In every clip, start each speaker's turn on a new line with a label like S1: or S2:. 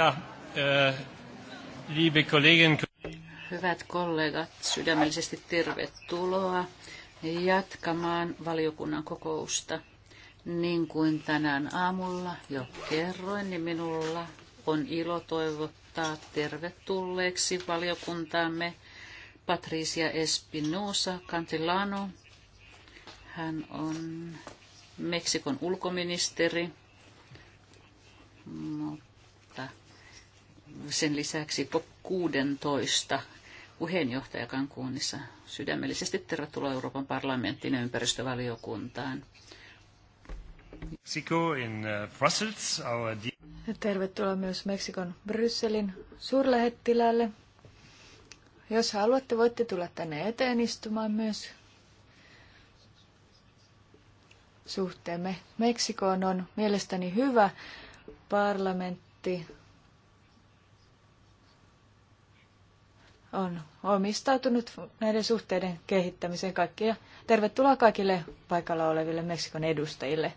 S1: Äh,
S2: Hyvät kollegat, sydämellisesti tervetuloa jatkamaan valiokunnan kokousta. Niin kuin tänään aamulla jo kerroin, niin minulla on ilo toivottaa tervetulleeksi valiokuntaamme Patricia Espinosa Cantilano. Hän on Meksikon ulkoministeri mutta sen lisäksi POP 16 puheenjohtajakan kunnissa sydämellisesti tervetuloa Euroopan parlamenttiin ja ympäristövaliokuntaan.
S1: Uh, tervetuloa myös Meksikon Brysselin suurlähettilälle. Jos haluatte, voitte tulla tänne eteen istumaan myös. Suhteemme Meksikoon on mielestäni hyvä Parlamentti on omistautunut näiden suhteiden kehittämiseen kaikkia. Tervetuloa kaikille paikalla oleville Meksikon edustajille.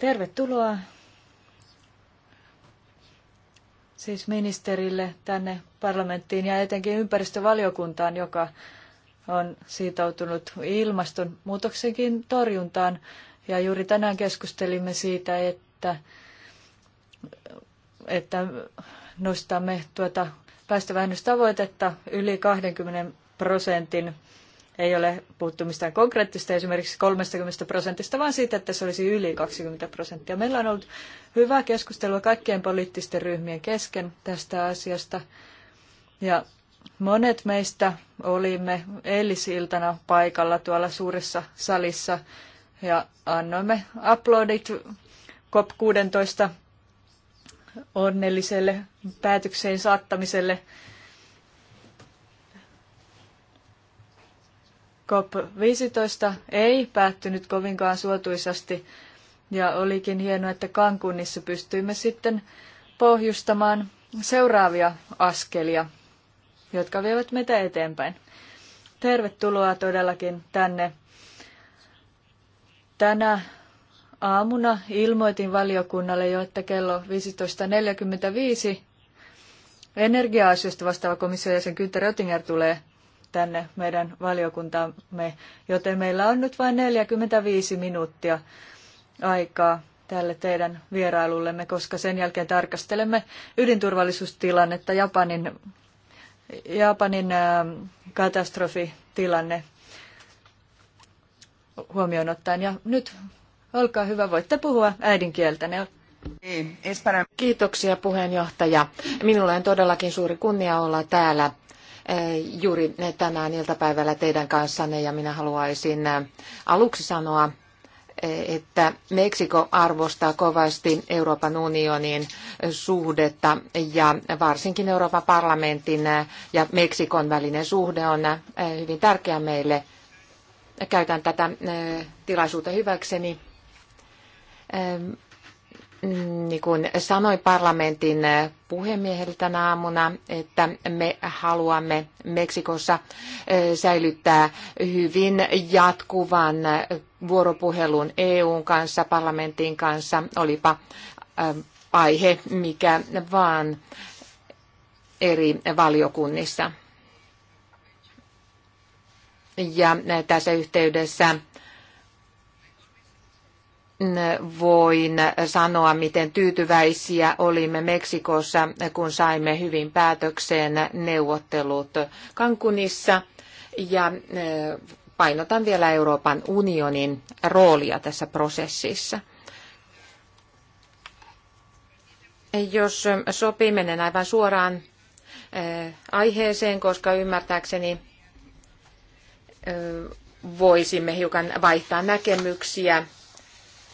S1: Tervetuloa siis ministerille tänne parlamenttiin ja etenkin ympäristövaliokuntaan, joka on sitoutunut ilmastonmuutoksenkin torjuntaan ja juuri tänään keskustelimme siitä, että, että nostamme tuota päästövähennystavoitetta yli 20 prosentin. Ei ole puhuttu mistään konkreettista esimerkiksi 30 prosentista, vaan siitä, että se olisi yli 20 prosenttia. Meillä on ollut hyvää keskustelua kaikkien poliittisten ryhmien kesken tästä asiasta. Ja monet meistä olimme eilisiltana paikalla tuolla suuressa salissa ja annoimme uploadit COP16 onnelliselle päätökseen saattamiselle. COP15 ei päättynyt kovinkaan suotuisasti ja olikin hienoa, että Kankunissa pystyimme sitten pohjustamaan seuraavia askelia, jotka vievät meitä eteenpäin. Tervetuloa todellakin tänne Tänä aamuna ilmoitin valiokunnalle jo, että kello 15.45 energia-asioista vastaava komission jäsen Günther Oettinger tulee tänne meidän valiokuntaamme, joten meillä on nyt vain 45 minuuttia aikaa tälle teidän vierailullemme, koska sen jälkeen tarkastelemme ydinturvallisuustilannetta, Japanin, Japanin katastrofitilannetta huomioon ottaen. Ja nyt olkaa hyvä, voitte puhua äidinkieltäne.
S3: Kiitoksia puheenjohtaja. Minulla on todellakin suuri kunnia olla täällä eh, juuri tänään iltapäivällä teidän kanssanne ja minä haluaisin eh, aluksi sanoa, eh, että Meksiko arvostaa kovasti Euroopan unionin suhdetta ja varsinkin Euroopan parlamentin ja Meksikon välinen suhde on hyvin tärkeä meille käytän tätä tilaisuutta hyväkseni. Mm, niin kuin sanoin parlamentin puhemiehelle tänä aamuna, että me haluamme Meksikossa säilyttää hyvin jatkuvan vuoropuhelun EUn kanssa, parlamentin kanssa, olipa aihe mikä vaan eri valiokunnissa ja tässä yhteydessä voin sanoa, miten tyytyväisiä olimme Meksikossa, kun saimme hyvin päätökseen neuvottelut Kankunissa. Ja painotan vielä Euroopan unionin roolia tässä prosessissa. Jos sopii, menen aivan suoraan aiheeseen, koska ymmärtääkseni voisimme hiukan vaihtaa näkemyksiä,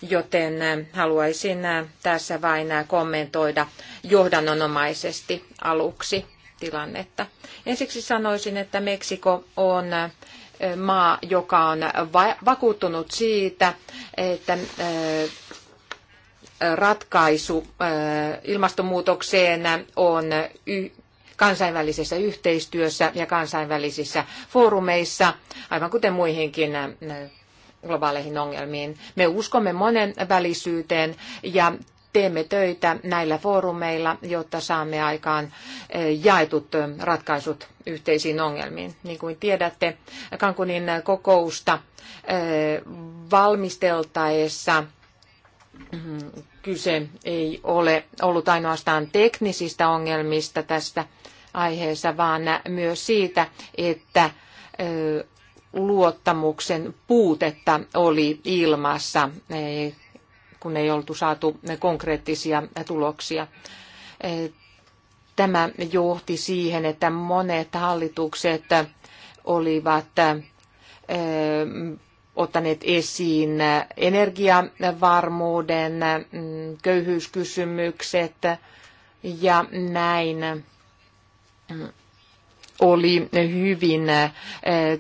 S3: joten haluaisin tässä vain kommentoida johdannonomaisesti aluksi tilannetta. Ensiksi sanoisin, että Meksiko on maa, joka on vakuuttunut siitä, että ratkaisu ilmastonmuutokseen on kansainvälisessä yhteistyössä ja kansainvälisissä foorumeissa, aivan kuten muihinkin äh, globaaleihin ongelmiin. Me uskomme monenvälisyyteen ja teemme töitä näillä foorumeilla, jotta saamme aikaan äh, jaetut äh, ratkaisut yhteisiin ongelmiin. Niin kuin tiedätte, Kankunin kokousta valmisteltaessa – kyse ei ole ollut ainoastaan teknisistä ongelmista tästä aiheessa, vaan myös siitä, että luottamuksen puutetta oli ilmassa, e, kun ei oltu saatu konkreettisia tuloksia. E, tämä johti siihen, että monet hallitukset olivat ottaneet esiin energiavarmuuden, köyhyyskysymykset ja näin oli hyvin eh,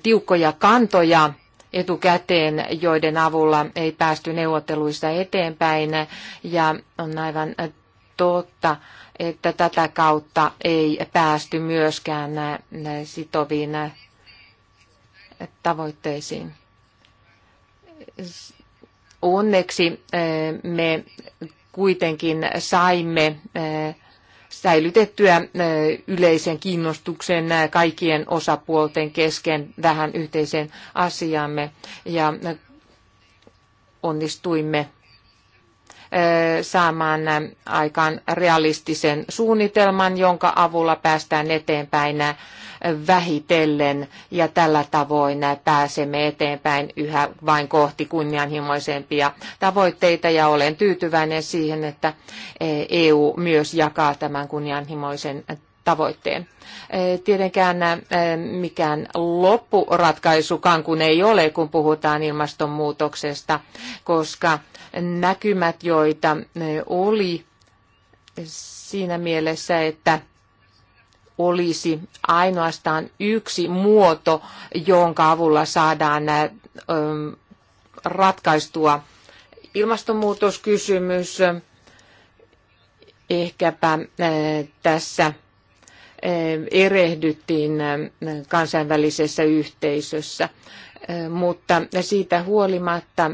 S3: tiukkoja kantoja etukäteen, joiden avulla ei päästy neuvotteluissa eteenpäin. Ja on aivan totta, että tätä kautta ei päästy myöskään eh, sitoviin eh, tavoitteisiin. Onneksi eh, me kuitenkin saimme eh, säilytettyä eh, yleisen kiinnostuksen kaikkien osapuolten kesken tähän yhteiseen asiaamme ja onnistuimme saamaan aikaan realistisen suunnitelman, jonka avulla päästään eteenpäin vähitellen ja tällä tavoin pääsemme eteenpäin yhä vain kohti kunnianhimoisempia tavoitteita ja olen tyytyväinen siihen, että EU myös jakaa tämän kunnianhimoisen tavoitteen. E, tietenkään e, mikään loppuratkaisu kun ei ole, kun puhutaan ilmastonmuutoksesta, koska näkymät, joita e, oli siinä mielessä, että olisi ainoastaan yksi muoto, jonka avulla saadaan ratkaistua ilmastonmuutoskysymys. Ehkäpä tässä erehdyttiin kansainvälisessä yhteisössä, mutta siitä huolimatta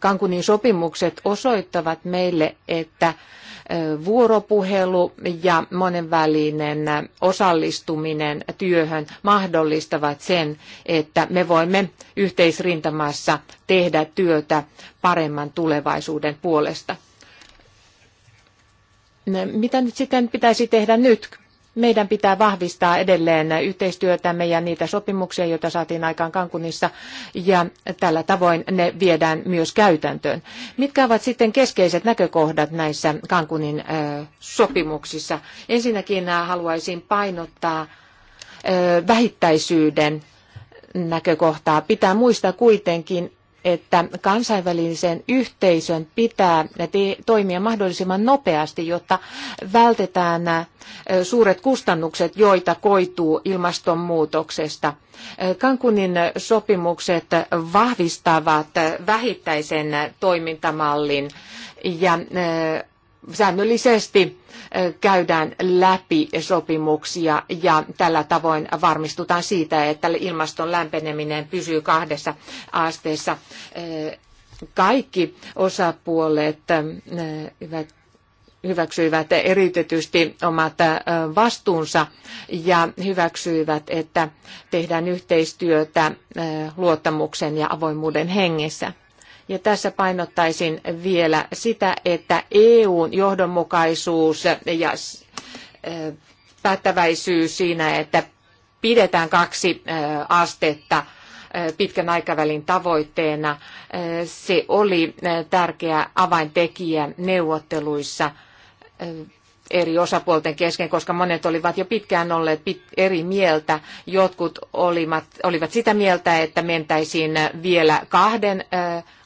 S3: Kankunin sopimukset osoittavat meille, että vuoropuhelu ja monenvälinen osallistuminen työhön mahdollistavat sen, että me voimme yhteisrintamassa tehdä työtä paremman tulevaisuuden puolesta. Mitä nyt sitten pitäisi tehdä nyt? meidän pitää vahvistaa edelleen yhteistyötämme ja niitä sopimuksia, joita saatiin aikaan Kankunissa, ja tällä tavoin ne viedään myös käytäntöön. Mitkä ovat sitten keskeiset näkökohdat näissä Kankunin sopimuksissa? Ensinnäkin äh, haluaisin painottaa vähittäisyyden näkökohtaa. Pitää muistaa kuitenkin, että kansainvälisen yhteisön pitää toimia mahdollisimman nopeasti, jotta vältetään suuret kustannukset, joita koituu ilmastonmuutoksesta. Kankunin sopimukset vahvistavat vähittäisen toimintamallin ja säännöllisesti käydään läpi sopimuksia ja tällä tavoin varmistutaan siitä, että ilmaston lämpeneminen pysyy kahdessa asteessa. Kaikki osapuolet hyväksyivät eriytetysti omat vastuunsa ja hyväksyivät, että tehdään yhteistyötä luottamuksen ja avoimuuden hengessä. Ja tässä painottaisin vielä sitä, että EUn johdonmukaisuus ja äh, päättäväisyys siinä, että pidetään kaksi äh, astetta äh, pitkän aikavälin tavoitteena. Se oli tärkeä avaintekijä neuvotteluissa eri osapuolten kesken, koska monet olivat jo pitkään olleet eri mieltä. Jotkut olivat, olivat sitä mieltä, että mentäisiin vielä kahden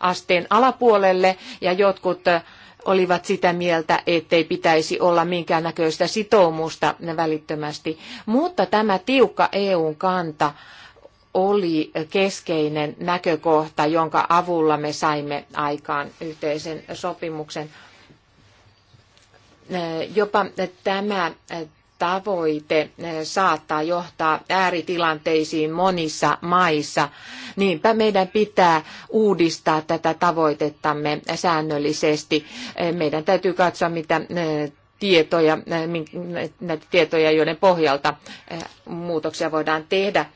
S3: asteen alapuolelle ja jotkut olivat sitä mieltä, ettei pitäisi olla minkäännäköistä sitoumusta välittömästi. Mutta tämä tiukka EUn kanta oli keskeinen näkökohta, jonka avulla me saimme aikaan yhteisen sopimuksen Jopa tämä tavoite saattaa johtaa ääritilanteisiin monissa maissa. Niinpä meidän pitää uudistaa tätä tavoitettamme säännöllisesti. Meidän täytyy katsoa, mitä tietoja, näitä tietoja, joiden pohjalta muutoksia voidaan tehdä.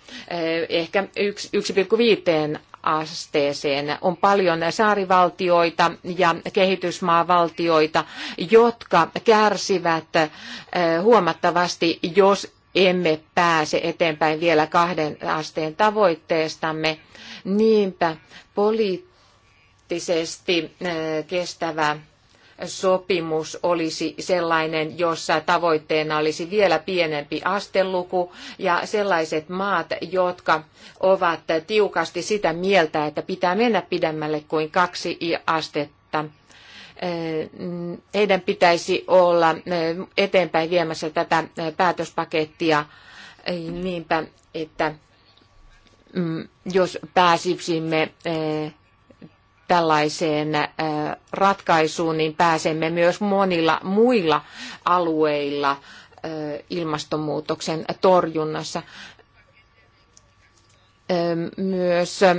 S3: Ehkä 1,5 asteeseen. On paljon saarivaltioita ja kehitysmaavaltioita, jotka kärsivät eh, huomattavasti, jos emme pääse eteenpäin vielä kahden asteen tavoitteestamme. Niinpä poliittisesti eh, kestävä sopimus olisi sellainen, jossa tavoitteena olisi vielä pienempi asteluku ja sellaiset maat, jotka ovat tiukasti sitä mieltä, että pitää mennä pidemmälle kuin kaksi astetta. Heidän pitäisi olla eteenpäin viemässä tätä päätöspakettia niinpä, että mm, jos pääsisimme eh, tällaiseen äh, ratkaisuun, niin pääsemme myös monilla muilla alueilla äh, ilmastonmuutoksen torjunnassa. Ähm, myös äh,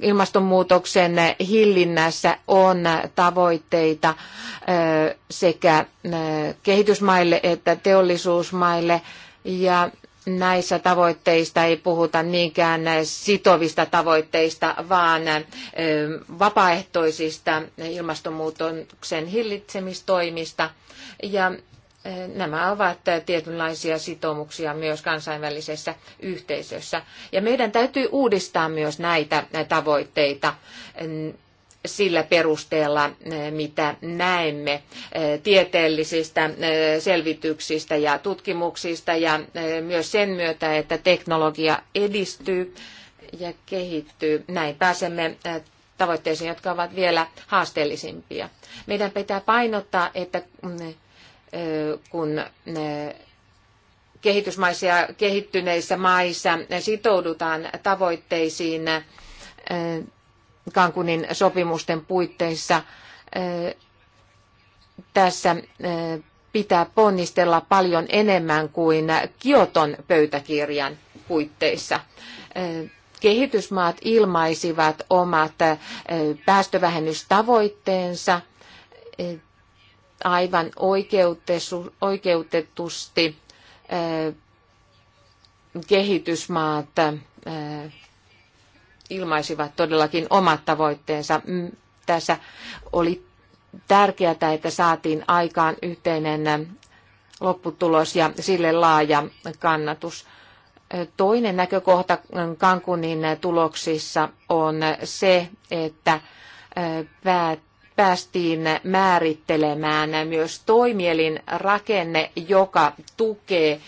S3: ilmastonmuutoksen hillinnässä on tavoitteita sekä kehitysmaille että teollisuusmaille. Ja näissä tavoitteista ei puhuta niinkään sitovista tavoitteista, vaan vapaaehtoisista ilmastonmuutoksen hillitsemistoimista. Ja nämä ovat tietynlaisia sitoumuksia myös kansainvälisessä yhteisössä. Ja meidän täytyy uudistaa myös näitä tavoitteita sillä perusteella, eh, mitä näemme eh, tieteellisistä eh, selvityksistä ja tutkimuksista ja myös sen myötä, että teknologia edistyy ja kehittyy. Näin pääsemme tavoitteisiin, jotka ovat vielä haasteellisimpia. Meidän pitää painottaa, että mm, kun kehitysmaissa ja kehittyneissä maissa sitoudutaan tavoitteisiin, Kankunin sopimusten puitteissa. Tässä pitää ponnistella paljon enemmän kuin Kioton pöytäkirjan puitteissa. Kehitysmaat ilmaisivat omat päästövähennystavoitteensa aivan oikeutetusti kehitysmaat ilmaisivat todellakin omat tavoitteensa. Mm, tässä oli tärkeää, että saatiin aikaan yhteinen äh, lopputulos ja sille laaja kannatus. Äh, toinen näkökohta äh, Kankunin tuloksissa on se, että päät päästiin määrittelemään myös toimielin rakenne, joka tukee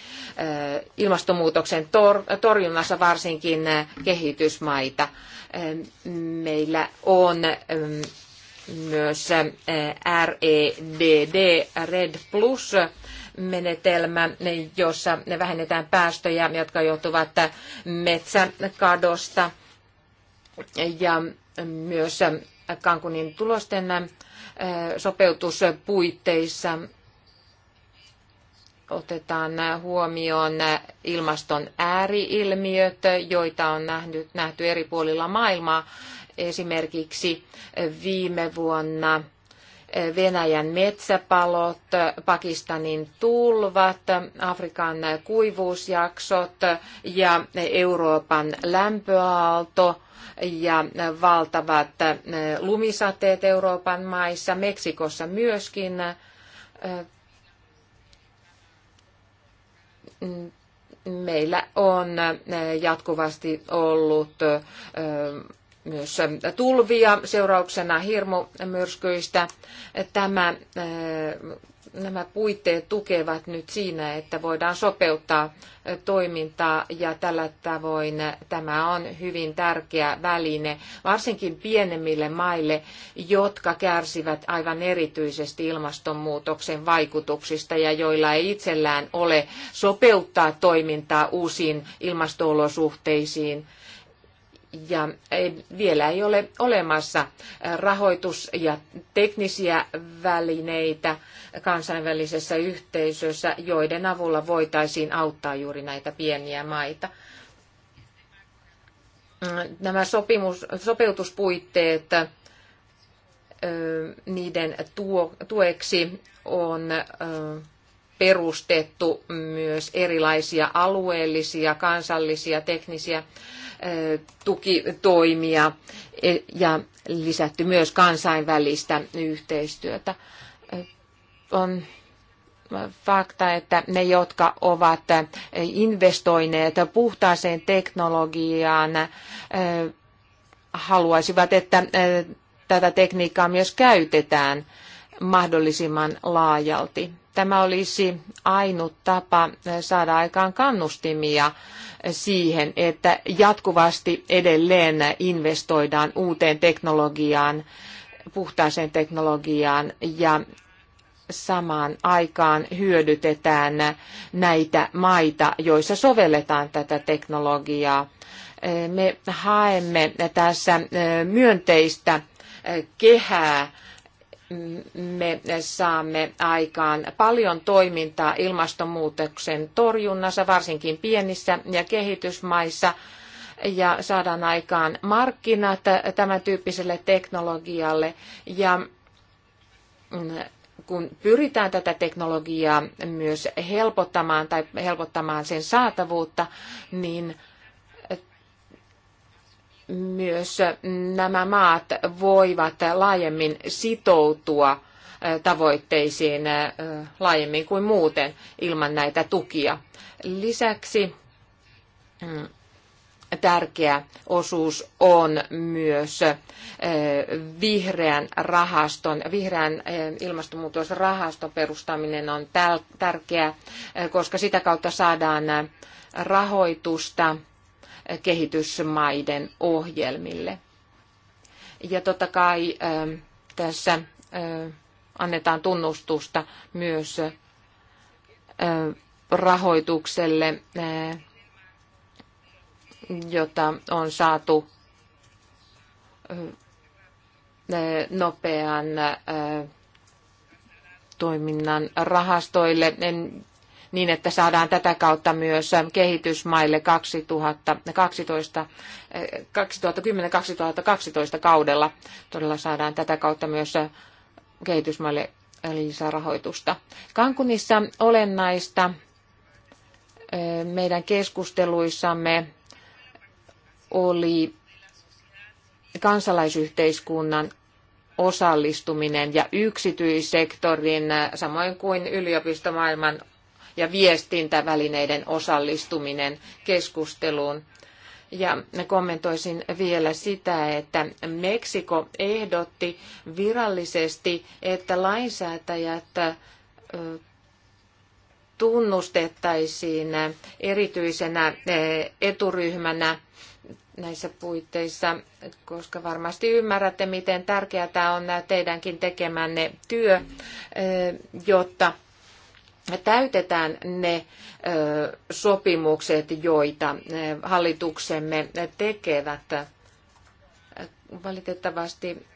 S3: ilmastonmuutoksen torjunnassa varsinkin kehitysmaita. Meillä on myös REDD, Red Plus, menetelmä, jossa vähennetään päästöjä, jotka johtuvat metsäkadosta ja myös Kankunin tulosten äh, sopeutuspuitteissa otetaan huomioon ilmaston ääriilmiöt, joita on nähty, nähty eri puolilla maailmaa. Esimerkiksi viime vuonna äh, Venäjän metsäpalot, Pakistanin tulvat, Afrikan kuivuusjaksot ja Euroopan lämpöaalto ja valtavat äh, lumisateet Euroopan maissa, Meksikossa myöskin. Äh, meillä on äh, jatkuvasti ollut myös tulvia seurauksena hirmumyrskyistä. Tämä nämä puitteet tukevat nyt siinä, että voidaan sopeuttaa toimintaa ja tällä tavoin tämä on hyvin tärkeä väline, varsinkin pienemmille maille, jotka kärsivät aivan erityisesti ilmastonmuutoksen vaikutuksista ja joilla ei itsellään ole sopeuttaa toimintaa uusiin ilmastoolosuhteisiin ja vielä ei ole olemassa äh, rahoitus- ja teknisiä välineitä kansainvälisessä yhteisössä, joiden avulla voitaisiin auttaa juuri näitä pieniä maita. Mm, nämä sopimus, sopeutuspuitteet niiden tueksi on perustettu myös erilaisia alueellisia, kansallisia, teknisiä tukitoimia e, ja lisätty myös kansainvälistä yhteistyötä. On fakta, että ne, jotka ovat investoineet puhtaaseen teknologiaan, haluaisivat, että tätä tekniikkaa myös käytetään mahdollisimman laajalti. Tämä olisi ainut tapa eh, saada aikaan kannustimia siihen, että jatkuvasti edelleen investoidaan uuteen teknologiaan, puhtaaseen teknologiaan ja samaan aikaan hyödytetään näitä maita, joissa sovelletaan tätä teknologiaa. Eh, me haemme tässä eh, myönteistä kehää me saamme aikaan paljon toimintaa ilmastonmuutoksen torjunnassa, varsinkin pienissä ja kehitysmaissa, ja saadaan aikaan markkinat tämän tyyppiselle teknologialle. Ja mm, kun pyritään tätä teknologiaa myös helpottamaan tai helpottamaan sen saatavuutta, niin myös nämä maat voivat laajemmin sitoutua tavoitteisiin laajemmin kuin muuten ilman näitä tukia. Lisäksi mm, tärkeä osuus on myös vihreän rahaston, vihreän ilmastonmuutosrahaston perustaminen on tärkeää, koska sitä kautta saadaan rahoitusta kehitysmaiden ohjelmille. Ja totta kai ähm, tässä äh, annetaan tunnustusta myös äh, rahoitukselle, äh, jota on saatu nopean toiminnan rahastoille niin että saadaan tätä kautta myös kehitysmaille 2012, 2010-2012 kaudella. Todella saadaan tätä kautta myös kehitysmaille lisärahoitusta. Kankunissa olennaista meidän keskusteluissamme oli kansalaisyhteiskunnan osallistuminen ja yksityissektorin, samoin kuin yliopistomaailman ja viestintävälineiden osallistuminen keskusteluun. Ja kommentoisin vielä sitä, että Meksiko ehdotti virallisesti, että lainsäätäjät tunnustettaisiin erityisenä eturyhmänä näissä puitteissa, koska varmasti ymmärrätte, miten tärkeää on teidänkin tekemänne työ, jotta täytetään ne sopimukset, joita hallituksemme tekevät. Valitettavasti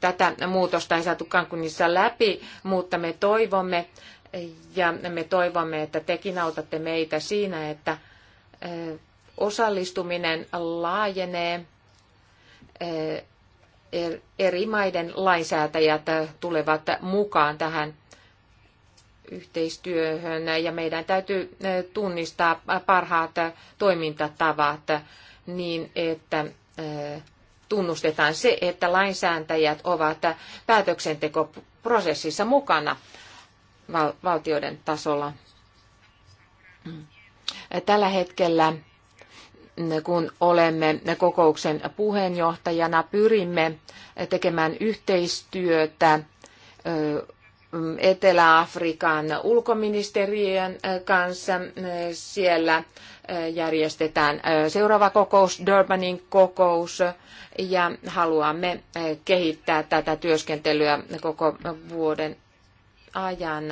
S3: tätä muutosta ei saatu Cancunissa läpi, mutta me toivomme ja me toivomme, että tekin autatte meitä siinä, että osallistuminen laajenee er, eri maiden lainsäätäjät tulevat mukaan tähän yhteistyöhön ja meidän täytyy eh, tunnistaa parhaat toimintatavat niin, että eh, tunnustetaan se, että lainsääntäjät ovat päätöksentekoprosessissa mukana valtioiden tasolla. Tällä hetkellä, kun olemme kokouksen puheenjohtajana, pyrimme tekemään yhteistyötä Etelä-Afrikan ulkoministeriön äh, kanssa. Äh, siellä äh, järjestetään seuraava kokous, Durbanin kokous, ja haluamme kehittää tätä työskentelyä koko vuoden ajan.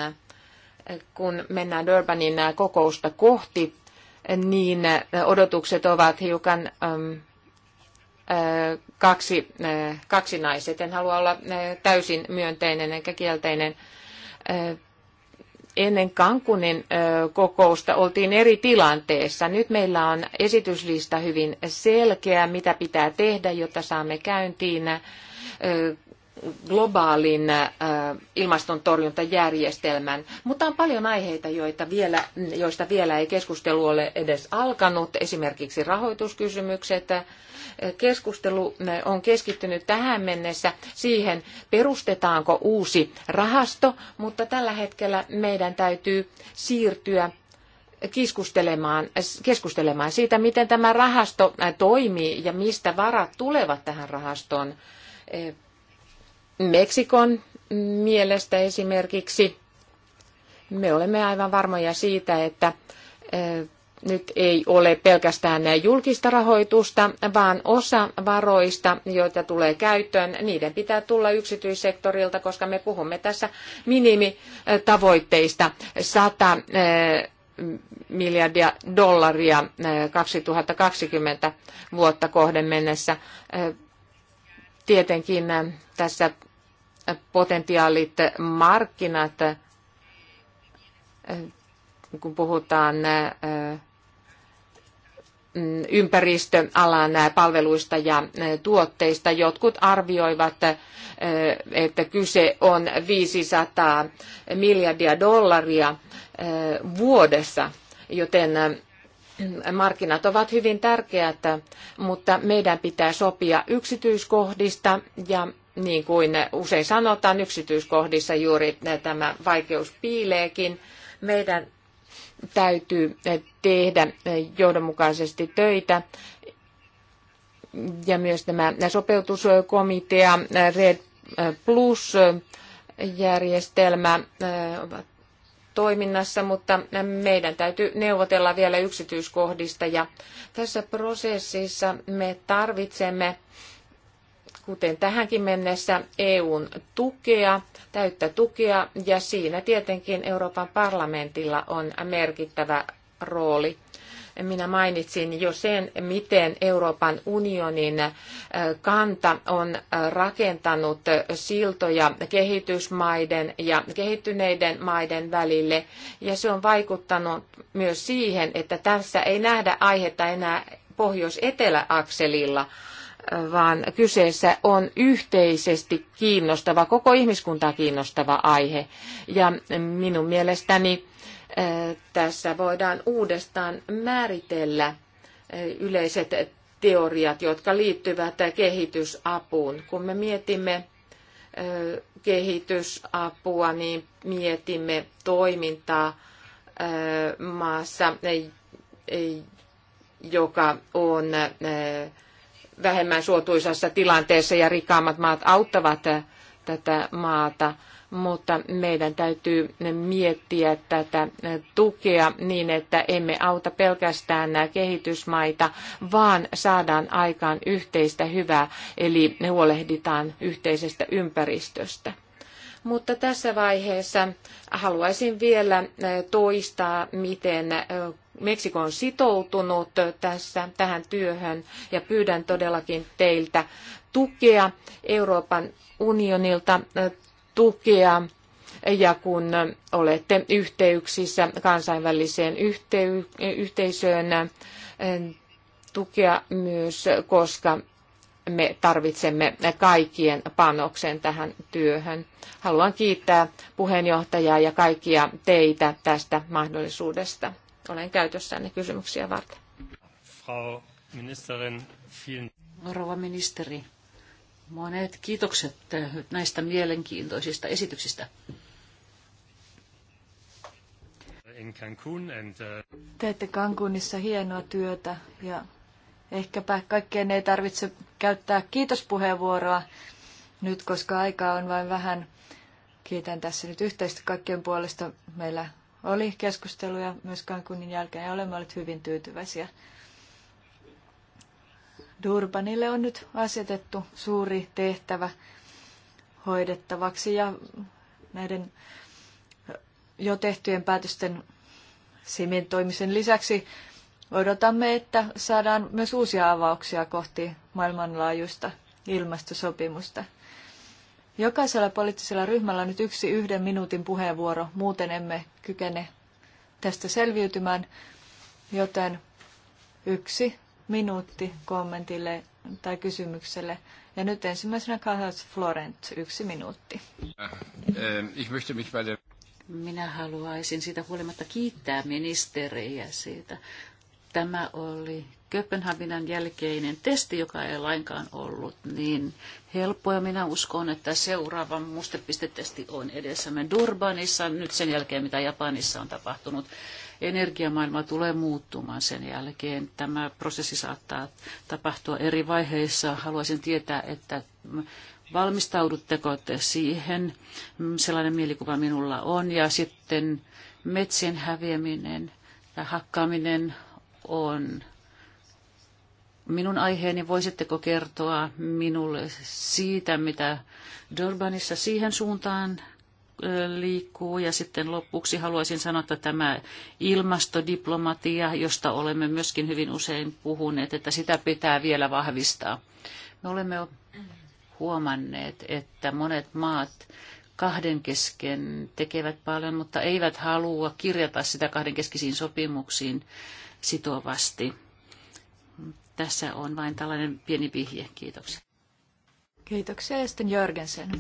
S3: Kun mennään Durbanin kokousta kohti, niin odotukset ovat hiukan kaksi, kaksi naiset. En halua olla täysin myönteinen enkä kielteinen. Ennen Kankunin kokousta oltiin eri tilanteessa. Nyt meillä on esityslista hyvin selkeä, mitä pitää tehdä, jotta saamme käyntiin globaalin äh, ilmastontorjuntajärjestelmän, mutta on paljon aiheita, joita vielä, joista vielä ei keskustelu ole edes alkanut, esimerkiksi rahoituskysymykset. Keskustelu äh, on keskittynyt tähän mennessä siihen, perustetaanko uusi rahasto, mutta tällä hetkellä meidän täytyy siirtyä keskustelemaan, keskustelemaan siitä, miten tämä rahasto äh, toimii ja mistä varat tulevat tähän rahastoon Meksikon mielestä esimerkiksi me olemme aivan varmoja siitä, että nyt ei ole pelkästään julkista rahoitusta, vaan osa varoista, joita tulee käyttöön, niiden pitää tulla yksityissektorilta, koska me puhumme tässä minimitavoitteista 100 miljardia dollaria 2020 vuotta kohden mennessä. Tietenkin tässä potentiaalit markkinat, äh, kun puhutaan äh, mm, ympäristöalan äh, palveluista ja tuotteista. Jotkut arvioivat, että kyse on 500 miljardia dollaria vuodessa, joten markkinat ovat hyvin tärkeät, mutta meidän pitää sopia yksityiskohdista ja niin kuin usein sanotaan, yksityiskohdissa juuri tämä vaikeus piileekin. Meidän täytyy tehdä johdonmukaisesti töitä. Ja myös tämä sopeutuskomitea, Red Plus-järjestelmä äh, ovat toiminnassa, mutta meidän täytyy neuvotella vielä yksityiskohdista. Ja tässä prosessissa me tarvitsemme kuten tähänkin mennessä, EUn tukea, täyttä tukea, ja siinä tietenkin Euroopan parlamentilla on merkittävä rooli. Minä mainitsin jo sen, miten Euroopan unionin äh, kanta on äh, rakentanut siltoja kehitysmaiden ja kehittyneiden maiden välille. Ja se on vaikuttanut myös siihen, että tässä ei nähdä aihetta enää pohjois-etelä-akselilla, vaan kyseessä on yhteisesti kiinnostava, koko ihmiskuntaa kiinnostava aihe. Ja minun mielestäni eh, tässä voidaan uudestaan määritellä eh, yleiset teoriat, jotka liittyvät kehitysapuun. Kun me mietimme eh, kehitysapua, niin mietimme toimintaa maassa, joka on vähemmän suotuisassa tilanteessa ja rikkaammat maat auttavat tätä maata, mutta meidän täytyy miettiä tätä tukea niin, että emme auta pelkästään nämä kehitysmaita, vaan saadaan aikaan yhteistä hyvää, eli ne huolehditaan yhteisestä ympäristöstä. Mutta tässä vaiheessa haluaisin vielä toistaa, miten Meksiko on sitoutunut tässä, tähän työhön ja pyydän todellakin teiltä tukea Euroopan unionilta tukea ja kun olette yhteyksissä kansainväliseen yhteisöön, tukea myös, koska me tarvitsemme kaikkien panoksen tähän työhön. Haluan kiittää puheenjohtajaa ja kaikkia teitä tästä mahdollisuudesta olen käytössänne kysymyksiä varten. Frau Ministerin, vielen...
S2: Rouva ministeri, monet kiitokset näistä mielenkiintoisista esityksistä. Uh,
S1: Teette Cancunissa hienoa työtä ja ehkäpä kaikkien ei tarvitse käyttää kiitospuheenvuoroa nyt, koska aikaa on vain vähän. Kiitän tässä nyt yhteistä kaikkien puolesta. Meillä oli keskusteluja myös Cancunin jälkeen ja olemme olleet hyvin tyytyväisiä. Durbanille on nyt asetettu suuri tehtävä hoidettavaksi ja näiden jo tehtyjen päätösten sementoimisen lisäksi odotamme, että saadaan myös uusia avauksia kohti maailmanlaajuista ilmastosopimusta. Jokaisella poliittisella ryhmällä on nyt yksi yhden minuutin puheenvuoro, muuten emme kykene tästä selviytymään, joten yksi minuutti kommentille tai kysymykselle. Ja nyt ensimmäisenä Karls Florent, yksi minuutti.
S2: Eh, eh, Minä haluaisin siitä huolimatta kiittää ministeriä siitä Tämä oli Kööpenhaminan jälkeinen testi, joka ei lainkaan ollut niin helppo. Ja minä uskon, että seuraava mustepistetesti on edessämme Durbanissa, nyt sen jälkeen mitä Japanissa on tapahtunut. Energiamaailma tulee muuttumaan sen jälkeen. Tämä prosessi saattaa tapahtua eri vaiheissa. Haluaisin tietää, että valmistaudutteko te siihen. Sellainen mielikuva minulla on. Ja sitten metsien häviäminen ja hakkaaminen on minun aiheeni. Voisitteko kertoa minulle siitä, mitä Durbanissa siihen suuntaan liikkuu. Ja sitten lopuksi haluaisin sanoa, että tämä ilmastodiplomatia, josta olemme myöskin hyvin usein puhuneet, että sitä pitää vielä vahvistaa. Me olemme huomanneet, että monet maat kahden kesken tekevät paljon, mutta eivät halua kirjata sitä kahden keskisiin sopimuksiin sitovasti. Tässä on vain tällainen pieni vihje. Kiitoksia.
S1: Kiitoksia. Ja sitten Jörgensen.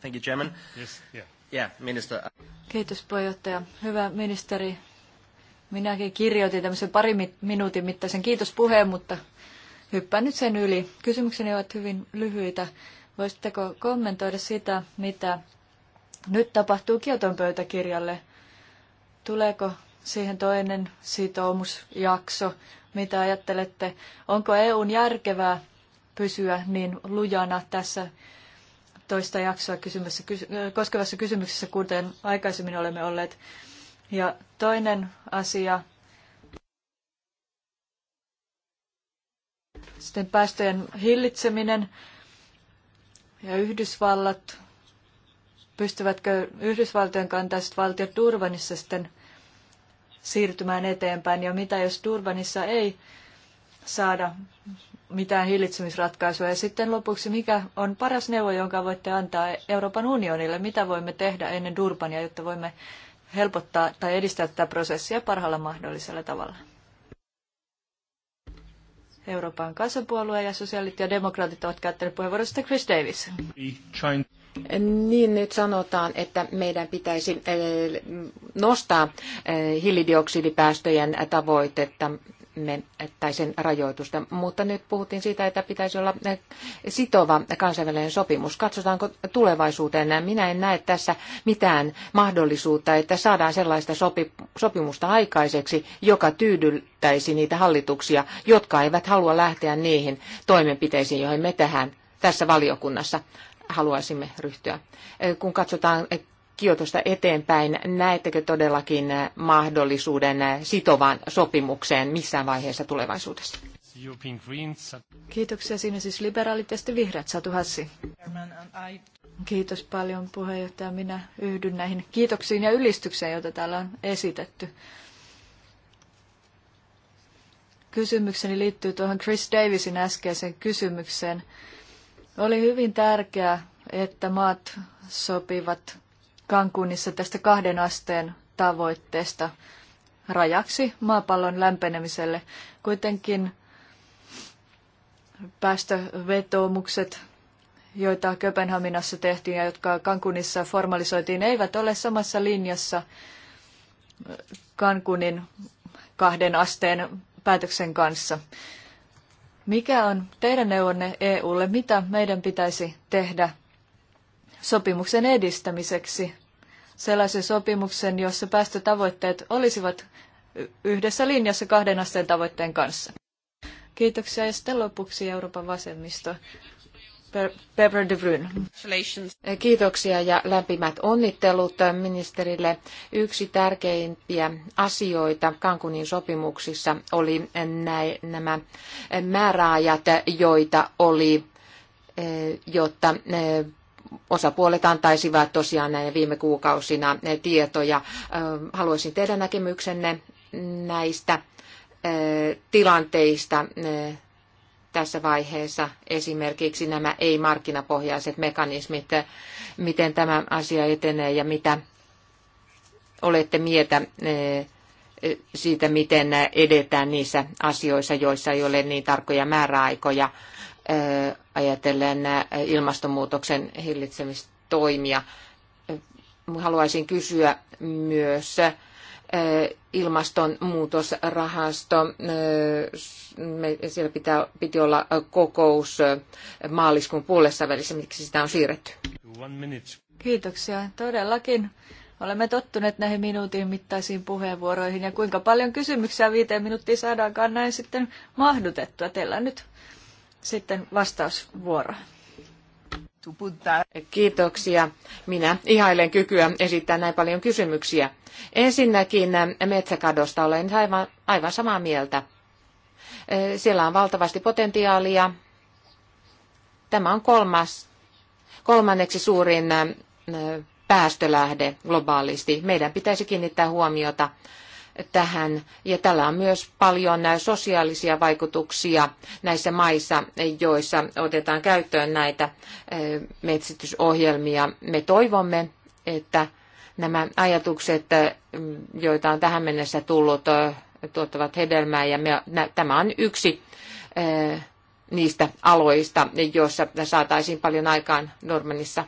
S2: Thank you, Chairman. Yes, yeah. Yeah, minister.
S1: Kiitos puheenjohtaja. Hyvä ministeri. Minäkin kirjoitin tämmöisen pari minuutin mittaisen kiitospuheen, mutta hyppään nyt sen yli. Kysymykseni ovat hyvin lyhyitä. Voisitteko kommentoida sitä, mitä nyt tapahtuu Kioton pöytäkirjalle? Tuleeko siihen toinen sitoumusjakso. Mitä ajattelette, onko EUn järkevää pysyä niin lujana tässä toista jaksoa kysymässä, koskevassa kysymyksessä, kuten aikaisemmin olemme olleet? Ja toinen asia, sitten päästöjen hillitseminen ja Yhdysvallat, pystyvätkö Yhdysvaltojen kantaiset valtiot Durbanissa sitten siirtymään eteenpäin. Ja mitä jos Durbanissa ei saada mitään hillitsemisratkaisua. Ja sitten lopuksi, mikä on paras neuvo, jonka voitte antaa Euroopan unionille? Mitä voimme tehdä ennen Durbania, jotta voimme helpottaa tai edistää tätä prosessia parhaalla mahdollisella tavalla? Euroopan kansanpuolue
S3: ja sosiaalit ja demokraatit ovat käyttäneet puheenvuorosta Chris Davis. Niin nyt sanotaan, että meidän pitäisi eh, nostaa eh, hiilidioksidipäästöjen tavoitetta tai sen rajoitusta, mutta nyt puhuttiin siitä, että pitäisi olla eh, sitova kansainvälinen sopimus. Katsotaanko tulevaisuuteen? Minä en näe tässä mitään mahdollisuutta, että saadaan sellaista sopi, sopimusta aikaiseksi, joka tyydyttäisi niitä hallituksia, jotka eivät halua lähteä niihin toimenpiteisiin, joihin me tähän tässä valiokunnassa haluaisimme ryhtyä. Kun katsotaan Kiotosta eteenpäin, näettekö todellakin mahdollisuuden sitovaan sopimukseen missään vaiheessa tulevaisuudessa?
S1: Kiitoksia. sinä siis liberaalit ja sitten vihreät. Satu Hassi. Kiitos paljon puheenjohtaja. Minä yhdyn näihin kiitoksiin ja ylistykseen, joita täällä on esitetty. Kysymykseni liittyy tuohon Chris Davisin äskeiseen kysymykseen. Oli hyvin tärkeää, että maat sopivat Cancunissa tästä kahden asteen tavoitteesta rajaksi maapallon lämpenemiselle. Kuitenkin päästövetoomukset, joita Köpenhaminassa tehtiin ja jotka Cancunissa formalisoitiin, eivät ole samassa linjassa Cancunin kahden asteen päätöksen kanssa. Mikä on teidän neuvonne EUlle? Mitä meidän pitäisi tehdä sopimuksen edistämiseksi? Sellaisen sopimuksen, jossa päästötavoitteet olisivat yhdessä linjassa kahden asteen tavoitteen kanssa. Kiitoksia ja sitten lopuksi
S3: Euroopan vasemmisto Pepper de Bruyne. Kiitoksia ja lämpimät onnittelut ministerille. Yksi tärkeimpiä asioita Kankunin sopimuksissa oli nämä määräajat, joita oli, eh, jotta eh, osapuolet antaisivat tosiaan näin viime kuukausina eh, tietoja. Haluaisin teidän näkemyksenne näistä tilanteista tässä vaiheessa esimerkiksi nämä ei-markkinapohjaiset mekanismit, miten tämä asia etenee ja mitä olette mieltä e, e, siitä, miten edetään niissä asioissa, joissa ei ole niin tarkkoja määräaikoja e, ajatellen ilmastonmuutoksen hillitsemistoimia. Haluaisin kysyä myös ilmastonmuutosrahasto. Siellä pitää, piti olla kokous maaliskuun puolessa välissä, miksi sitä on siirretty.
S1: Kiitoksia. Todellakin olemme tottuneet näihin minuutin mittaisiin puheenvuoroihin ja kuinka paljon kysymyksiä viiteen minuuttiin saadaankaan näin sitten mahdutettua. Teillä on nyt
S3: sitten vastausvuoro. Kiitoksia. Minä ihailen kykyä esittää näin paljon kysymyksiä. Ensinnäkin metsäkadosta olen aivan, aivan samaa mieltä. Siellä on valtavasti potentiaalia. Tämä on kolmas, kolmanneksi suurin päästölähde globaalisti. Meidän pitäisi kiinnittää huomiota tähän. Ja tällä on myös paljon sosiaalisia vaikutuksia näissä maissa, joissa otetaan käyttöön näitä eh, metsitysohjelmia. Me toivomme, että nämä ajatukset, eh, joita on tähän mennessä tullut, eh, tuottavat hedelmää ja me, tämä on yksi niistä aloista, joissa saataisiin paljon aikaan Normanissa.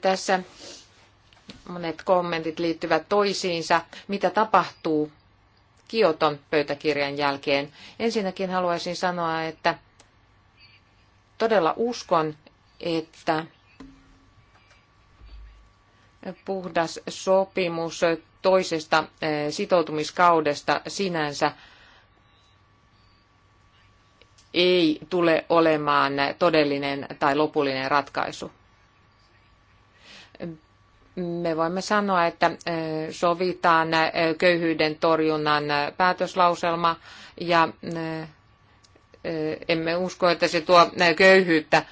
S3: Tässä Monet kommentit liittyvät toisiinsa. Mitä tapahtuu Kioton pöytäkirjan jälkeen? Ensinnäkin haluaisin sanoa, että todella uskon, että puhdas sopimus toisesta eh, sitoutumiskaudesta sinänsä ei tule olemaan todellinen tai lopullinen ratkaisu me voimme sanoa, että sovitaan köyhyyden torjunnan päätöslauselma ja emme usko, että se tuo köyhyyttä,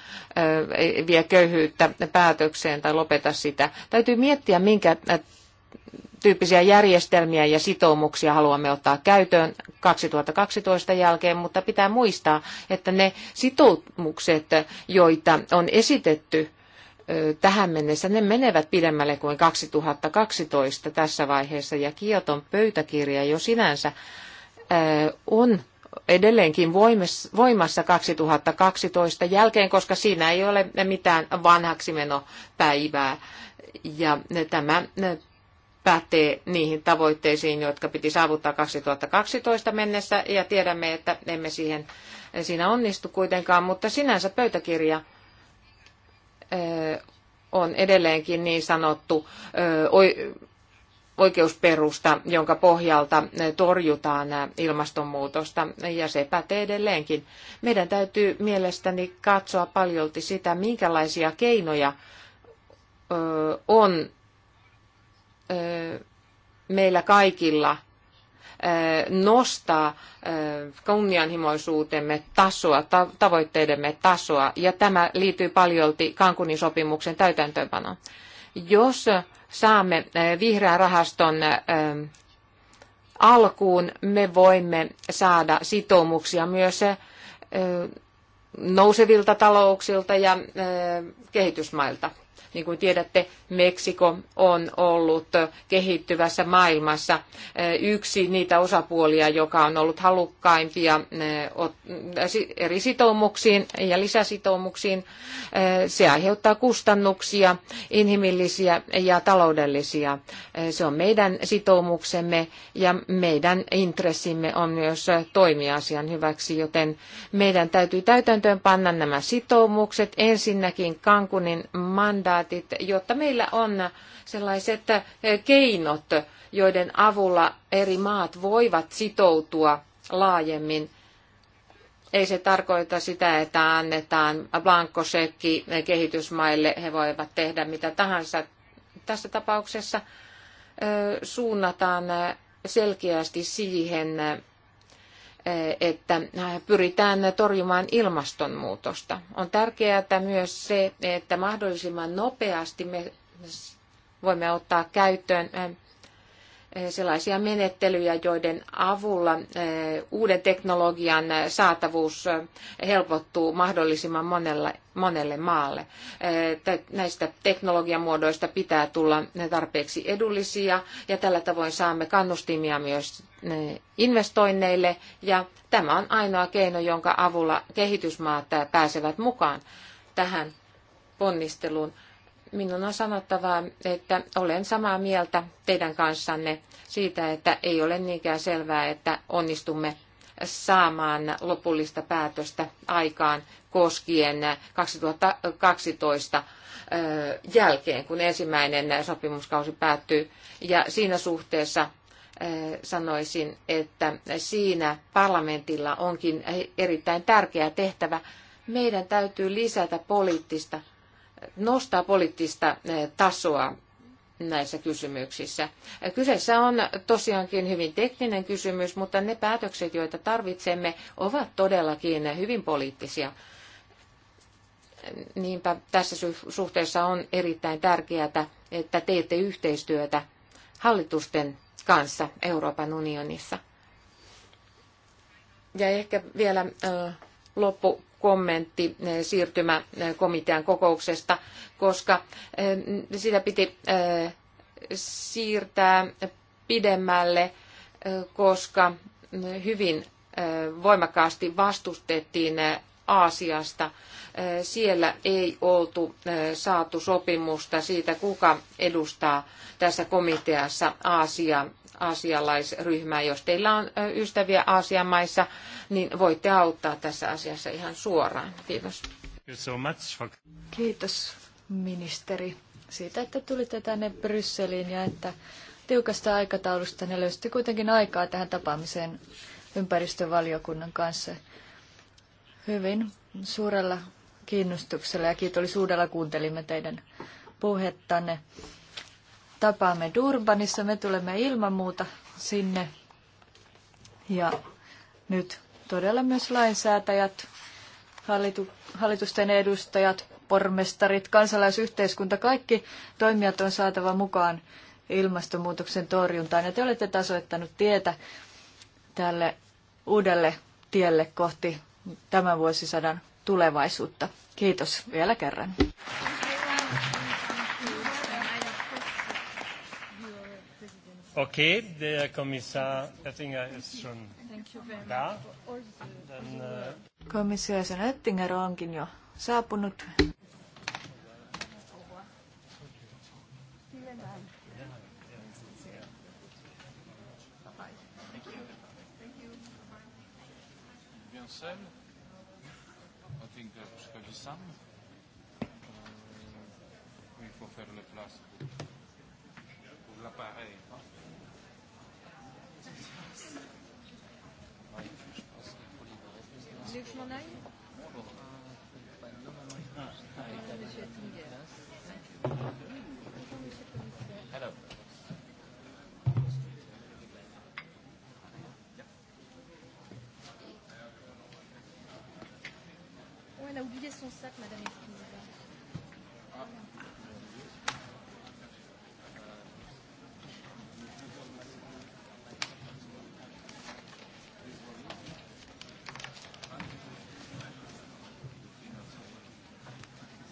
S3: vie köyhyyttä päätökseen tai lopeta sitä. Täytyy miettiä, minkä tyyppisiä järjestelmiä ja sitoumuksia haluamme ottaa käyttöön 2012 jälkeen, mutta pitää muistaa, että ne sitoumukset, joita on esitetty tähän mennessä ne menevät pidemmälle kuin 2012 tässä vaiheessa ja Kioton pöytäkirja jo sinänsä on edelleenkin voimassa 2012 jälkeen, koska siinä ei ole mitään vanhaksimenopäivää. Ja tämä pätee niihin tavoitteisiin, jotka piti saavuttaa 2012 mennessä, ja tiedämme, että emme siihen, siinä onnistu kuitenkaan, mutta sinänsä pöytäkirja on edelleenkin niin sanottu oikeusperusta, jonka pohjalta torjutaan ilmastonmuutosta, ja se pätee edelleenkin. Meidän täytyy mielestäni katsoa paljolti sitä, minkälaisia keinoja on meillä kaikilla – nostaa kunnianhimoisuutemme tasoa, tavoitteidemme tasoa, ja tämä liittyy paljolti Kankunin sopimuksen täytäntöönpanoon. Jos saamme vihreän rahaston alkuun, me voimme saada sitoumuksia myös nousevilta talouksilta ja kehitysmailta. Niin kuin tiedätte, Meksiko on ollut kehittyvässä maailmassa eh, yksi niitä osapuolia, joka on ollut halukkaimpia eh, eh, eri sitoumuksiin ja lisäsitoumuksiin. Se aiheuttaa kustannuksia, inhimillisiä ja taloudellisia. Se on meidän sitoumuksemme ja meidän intressimme on myös toimia asian hyväksi, joten meidän täytyy täytäntöön panna nämä sitoumukset. Ensinnäkin Kankunin mandaatti mandaatit, jotta meillä on sellaiset keinot, joiden avulla eri maat voivat sitoutua laajemmin. Ei se tarkoita sitä, että annetaan blankosekki kehitysmaille, he voivat tehdä mitä tahansa. Tässä tapauksessa suunnataan selkeästi siihen, että pyritään torjumaan ilmastonmuutosta. On tärkeää myös se, että mahdollisimman nopeasti me voimme ottaa käyttöön Eh, sellaisia menettelyjä, joiden avulla eh, uuden teknologian eh, saatavuus helpottuu mahdollisimman monelle, monelle maalle. Näistä teknologiamuodoista pitää tulla tarpeeksi edullisia ja tällä tavoin saamme kannustimia myös investoinneille ja tämä on ainoa keino, jonka avulla kehitysmaat pääsevät mukaan tähän ponnisteluun minun on sanottava, että olen samaa mieltä teidän kanssanne siitä, että ei ole niinkään selvää, että onnistumme saamaan lopullista päätöstä aikaan koskien 2012 jälkeen, kun ensimmäinen sopimuskausi päättyy. Ja siinä suhteessa sanoisin, että siinä parlamentilla onkin erittäin tärkeä tehtävä. Meidän täytyy lisätä poliittista nostaa poliittista eh, tasoa näissä kysymyksissä. Kyseessä on tosiaankin hyvin tekninen kysymys, mutta ne päätökset, joita tarvitsemme, ovat todellakin hyvin poliittisia. Niinpä tässä suhteessa on erittäin tärkeää, että teette yhteistyötä hallitusten kanssa Euroopan unionissa. Ja ehkä vielä eh, loppukommentti eh, siirtymäkomitean eh, kokouksesta, koska eh, sitä piti siirtää pidemmälle, koska hyvin voimakkaasti vastustettiin Aasiasta siellä ei oltu saatu sopimusta siitä, kuka edustaa tässä komiteassa Aasia, aasialaisryhmää. Jos teillä on ystäviä Aasian maissa, niin voitte auttaa tässä asiassa ihan suoraan. Kiitos. Kiitos
S1: ministeri siitä, että tulitte tänne Brysseliin ja että tiukasta aikataulusta ne löysitte kuitenkin aikaa tähän tapaamiseen ympäristövaliokunnan kanssa hyvin suurella kiinnostuksella ja kiitollisuudella kuuntelimme teidän puhettanne. Tapaamme Durbanissa, me tulemme ilman muuta sinne. Ja nyt todella myös lainsäätäjät, hallitu, hallitusten edustajat, pormestarit, kansalaisyhteiskunta, kaikki toimijat on saatava mukaan ilmastonmuutoksen torjuntaan. Ja te olette tasoittanut tietä tälle uudelle tielle kohti tämän vuosisadan tulevaisuutta. Kiitos vielä kerran. Okay, der Kommissar Oettinger ist schon da. Then, uh, Oettinger onkin jo saapunut. Thank you.
S2: Sam euh, Il faut faire pour l'appareil. Hein. Vous voulez que je m'en aille
S1: Ah, ah a oublié son sac, Madame Espinosa. Ah.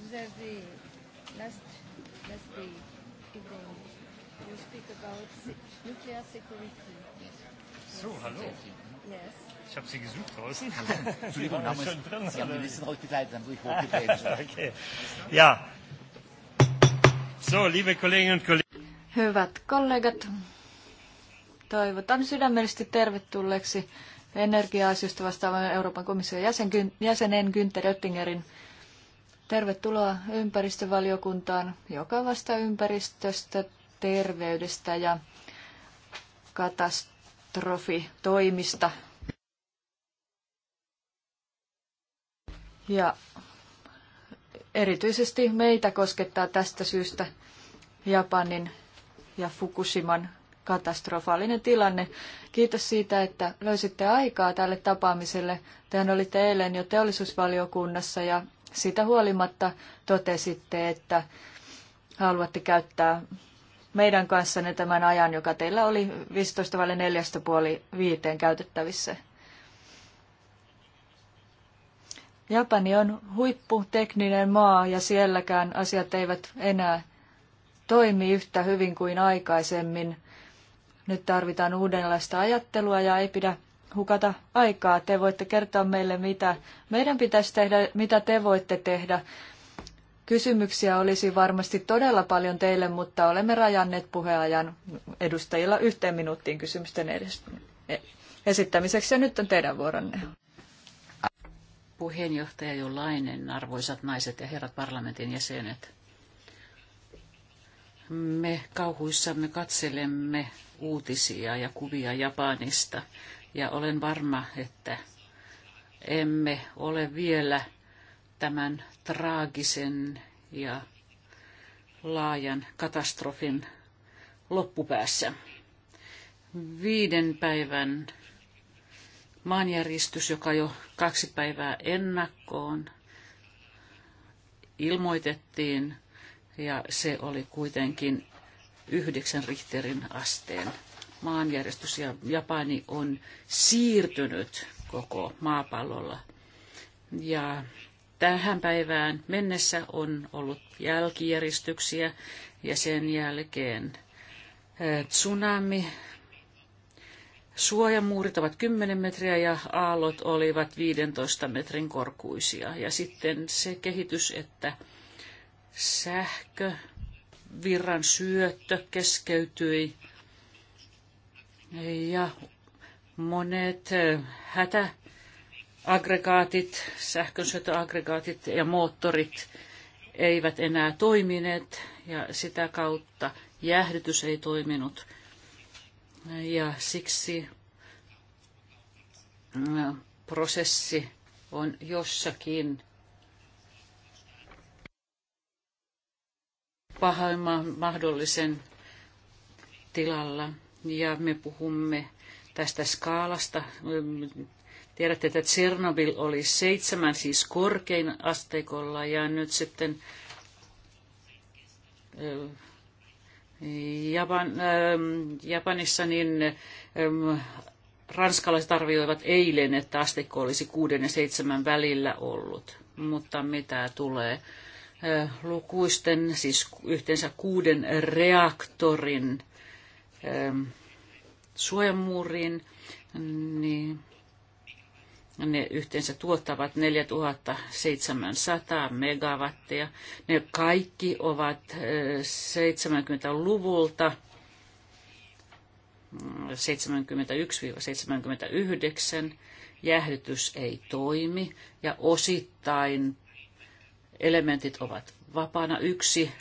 S1: Vous avez last last day evening you speak about nuclear
S2: security. So, hello. Yes.
S1: Ich habe sie gesucht draußen. Entschuldigung, damals, schon drin, Sie haben die Liste rausgekleidet, dann wurde ich okay. Ja. So, liebe Kolleginnen und Kollegen. Hyvät kollegat, toivotan sydämellisesti tervetulleeksi energia-asioista vastaavan Euroopan komission jäsen, jäsenen Günther Oettingerin. Tervetuloa ympäristövaliokuntaan, joka vastaa ympäristöstä, terveydestä ja katastrofitoimista Ja erityisesti meitä koskettaa tästä syystä Japanin ja Fukushiman katastrofaalinen tilanne. Kiitos siitä, että löysitte aikaa tälle tapaamiselle. Tehän olitte eilen jo teollisuusvaliokunnassa ja siitä huolimatta totesitte, että haluatte käyttää meidän kanssanne tämän ajan, joka teillä oli 15 puoli viiteen käytettävissä. Japani on huipputekninen maa ja sielläkään asiat eivät enää toimi yhtä hyvin kuin aikaisemmin. Nyt tarvitaan uudenlaista ajattelua ja ei pidä hukata aikaa. Te voitte kertoa meille, mitä meidän pitäisi tehdä, mitä te voitte tehdä. Kysymyksiä olisi varmasti todella paljon teille, mutta olemme rajanneet puheajan edustajilla yhteen
S2: minuuttiin kysymysten edes, e- esittämiseksi ja nyt on teidän vuoronne puheenjohtaja Jolainen, arvoisat naiset ja herrat parlamentin jäsenet. Me kauhuissamme katselemme uutisia ja kuvia Japanista ja olen varma, että emme ole vielä tämän traagisen ja laajan katastrofin loppupäässä. Viiden päivän maanjäristys, joka jo kaksi päivää ennakkoon ilmoitettiin, ja se oli kuitenkin yhdeksän Richterin asteen maanjäristys, ja Japani on siirtynyt koko maapallolla. Ja tähän päivään mennessä on ollut jälkijäristyksiä, ja sen jälkeen eh, tsunami Suojamuurit ovat 10 metriä ja aallot olivat 15 metrin korkuisia. Ja sitten se kehitys, että sähkö, virran syöttö keskeytyi ja monet eh, hätä aggregaatit, sähkönsyötöaggregaatit ja moottorit eivät enää toimineet ja sitä kautta jäähdytys ei toiminut. Ja siksi prosessi on jossakin pahimman mahdollisen tilalla. Ja me puhumme tästä skaalasta. Tiedätte, että Tsernobyl oli seitsemän, siis korkein asteikolla, ja nyt sitten Japan, ähm, Japanissa niin ähm, ranskalaiset arvioivat eilen, että asteikko olisi kuuden ja seitsemän välillä ollut. Mutta mitä tulee äh, lukuisten, siis yhteensä kuuden reaktorin ähm, suojamuuriin, niin ne yhteensä tuottavat 4700 megawattia. Ne kaikki ovat 70-luvulta 71-79. Jäähdytys ei toimi ja osittain elementit ovat vapaana. Yksi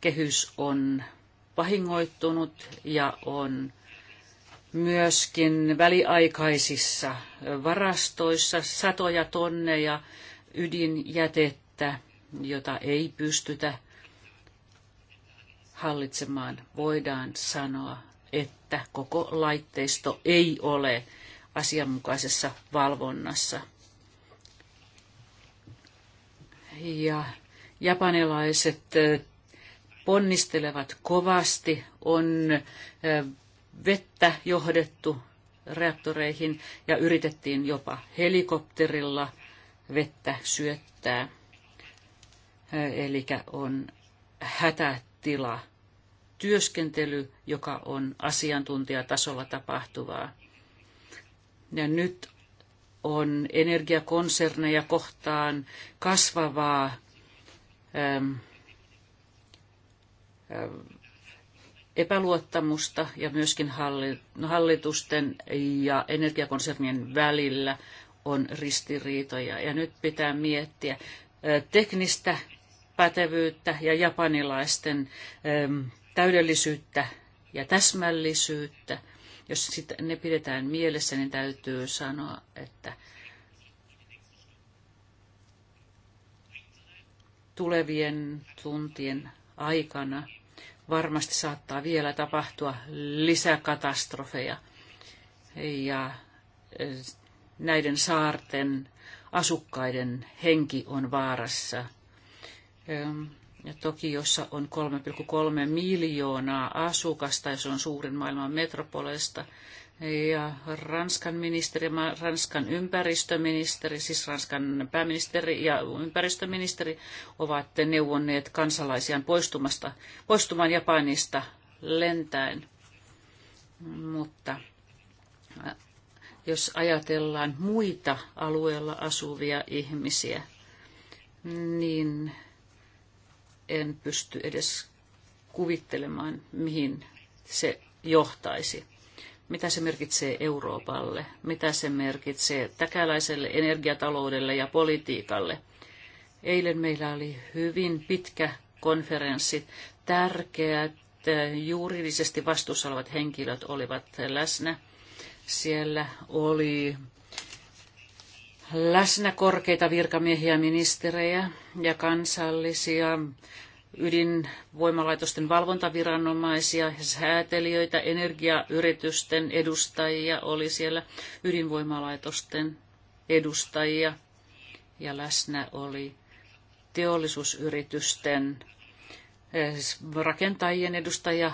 S2: kehys on vahingoittunut ja on myöskin väliaikaisissa varastoissa satoja tonneja ydinjätettä, jota ei pystytä hallitsemaan. Voidaan sanoa, että koko laitteisto ei ole asianmukaisessa valvonnassa. Ja japanilaiset eh, ponnistelevat kovasti, on eh, vettä johdettu reaktoreihin ja yritettiin jopa helikopterilla vettä syöttää. Eli on hätätila työskentely, joka on asiantuntijatasolla tapahtuvaa. Ja nyt on energiakonserneja kohtaan kasvavaa ähm, epäluottamusta ja myöskin hallitusten ja energiakonsernien välillä on ristiriitoja. Ja nyt pitää miettiä teknistä pätevyyttä ja japanilaisten täydellisyyttä ja täsmällisyyttä. Jos ne pidetään mielessä, niin täytyy sanoa, että tulevien tuntien aikana – varmasti saattaa vielä tapahtua lisäkatastrofeja. Ja e, näiden saarten asukkaiden henki on vaarassa. E, ja toki, jossa on 3,3 miljoonaa asukasta jos se on suurin maailman metropoleista ja Ranskan ministeri, Ranskan ympäristöministeri, siis Ranskan pääministeri ja ympäristöministeri ovat neuvonneet kansalaisiaan poistumasta, poistumaan Japanista lentäen. Mutta jos ajatellaan muita alueella asuvia ihmisiä, niin en pysty edes kuvittelemaan, mihin se johtaisi mitä se merkitsee Euroopalle, mitä se merkitsee täkäläiselle energiataloudelle ja politiikalle. Eilen meillä oli hyvin pitkä konferenssi. Tärkeät eh, juridisesti vastuussa olevat henkilöt olivat läsnä. Siellä oli läsnä korkeita virkamiehiä, ministerejä ja kansallisia ydinvoimalaitosten valvontaviranomaisia, säätelijöitä, energiayritysten edustajia oli siellä, ydinvoimalaitosten edustajia ja läsnä oli teollisuusyritysten siis rakentajien edustaja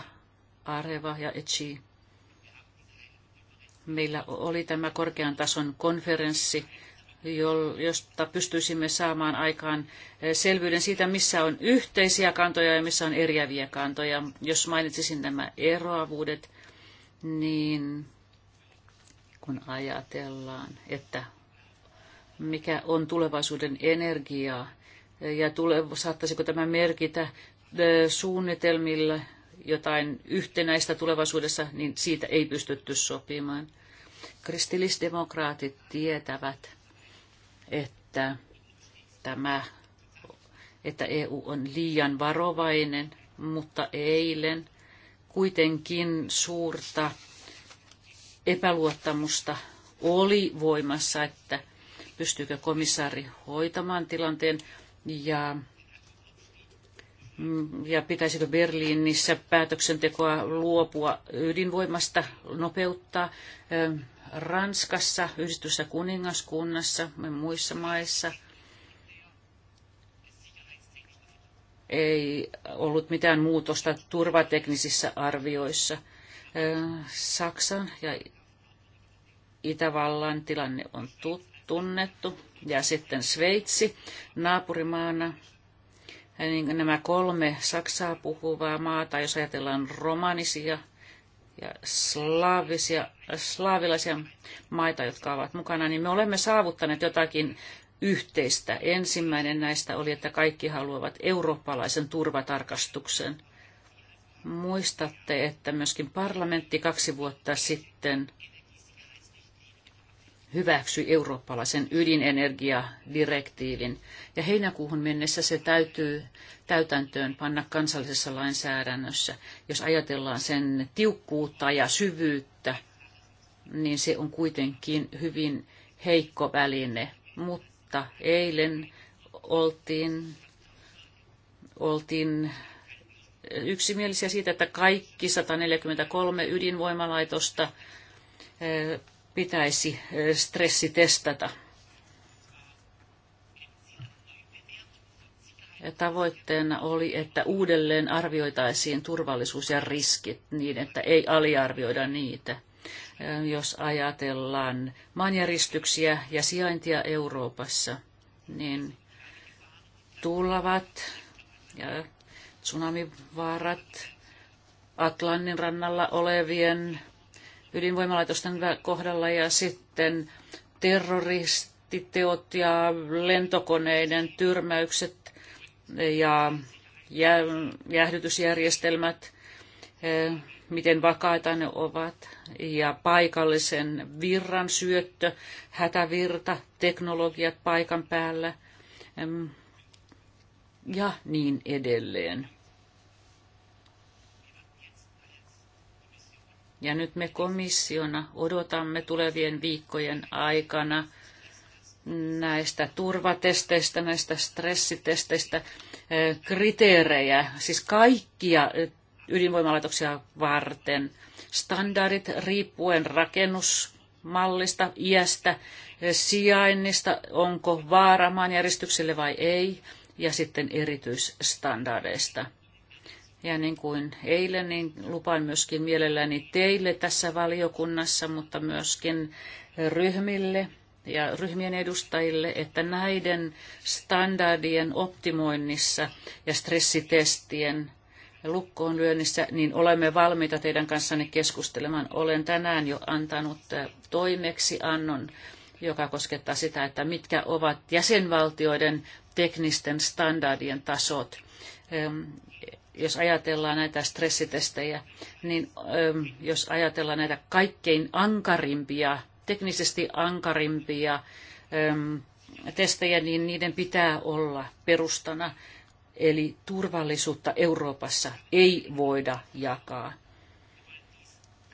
S2: Areva ja Echi. Meillä oli tämä korkean tason konferenssi josta pystyisimme saamaan aikaan eh, selvyyden siitä, missä on yhteisiä kantoja ja missä on eriäviä kantoja. Jos mainitsisin nämä eroavuudet, niin kun ajatellaan, että mikä on tulevaisuuden energiaa eh, ja tule, saattaisiko tämä merkitä eh, suunnitelmille jotain yhtenäistä tulevaisuudessa, niin siitä ei pystytty sopimaan. Kristillisdemokraatit tietävät, että tämä että EU on liian varovainen, mutta eilen kuitenkin suurta epäluottamusta oli voimassa, että pystyykö komissaari hoitamaan tilanteen ja, mm, ja pitäisikö Berliinissä päätöksentekoa luopua ydinvoimasta nopeuttaa. Ranskassa, Yhdistyssä kuningaskunnassa ja muissa maissa ei ollut mitään muutosta turvateknisissä arvioissa. Saksan ja Itävallan tilanne on tunnettu. Ja sitten Sveitsi naapurimaana. Nämä kolme Saksaa puhuvaa maata, jos ajatellaan romanisia ja slaavisia, slaavilaisia maita, jotka ovat mukana, niin me olemme saavuttaneet jotakin yhteistä. Ensimmäinen näistä oli, että kaikki haluavat eurooppalaisen turvatarkastuksen. Muistatte, että myöskin parlamentti kaksi vuotta sitten hyväksyi eurooppalaisen ydinenergiadirektiivin, ja heinäkuuhun mennessä se täytyy täytäntöön panna kansallisessa lainsäädännössä. Jos ajatellaan sen tiukkuutta ja syvyyttä, niin se on kuitenkin hyvin heikko väline. Mutta eilen oltiin, oltiin yksimielisiä siitä, että kaikki 143 ydinvoimalaitosta eh, pitäisi stressitestata. Ja tavoitteena oli, että uudelleen arvioitaisiin turvallisuus ja riskit niin, että ei aliarvioida niitä. Jos ajatellaan maanjäristyksiä ja sijaintia Euroopassa, niin tulvat ja tsunamivaarat, Atlannin rannalla olevien ydinvoimalaitosten kohdalla ja sitten terroristiteot ja lentokoneiden tyrmäykset ja jäähdytysjärjestelmät, eh, miten vakaita ne ovat, ja paikallisen virran syöttö, hätävirta, teknologiat paikan päällä ja niin edelleen. Ja nyt me komissiona odotamme tulevien viikkojen aikana näistä turvatesteistä, näistä stressitesteistä kriteerejä, siis kaikkia ydinvoimalaitoksia varten. Standardit riippuen rakennusmallista, iästä, sijainnista, onko vaara maanjäristykselle vai ei, ja sitten erityisstandardeista – ja niin kuin eilen, niin lupaan myöskin mielelläni teille tässä valiokunnassa, mutta myöskin ryhmille ja ryhmien edustajille, että näiden standardien optimoinnissa ja stressitestien lukkoon lyönnissä, niin olemme valmiita teidän kanssanne keskustelemaan. Olen tänään jo antanut toimeksi annon, joka koskettaa sitä, että mitkä ovat jäsenvaltioiden teknisten standardien tasot ehm, jos ajatellaan näitä stressitestejä, niin jos ajatellaan näitä kaikkein ankarimpia, teknisesti ankarimpia testejä, niin niiden pitää olla perustana. Eli turvallisuutta Euroopassa ei voida jakaa.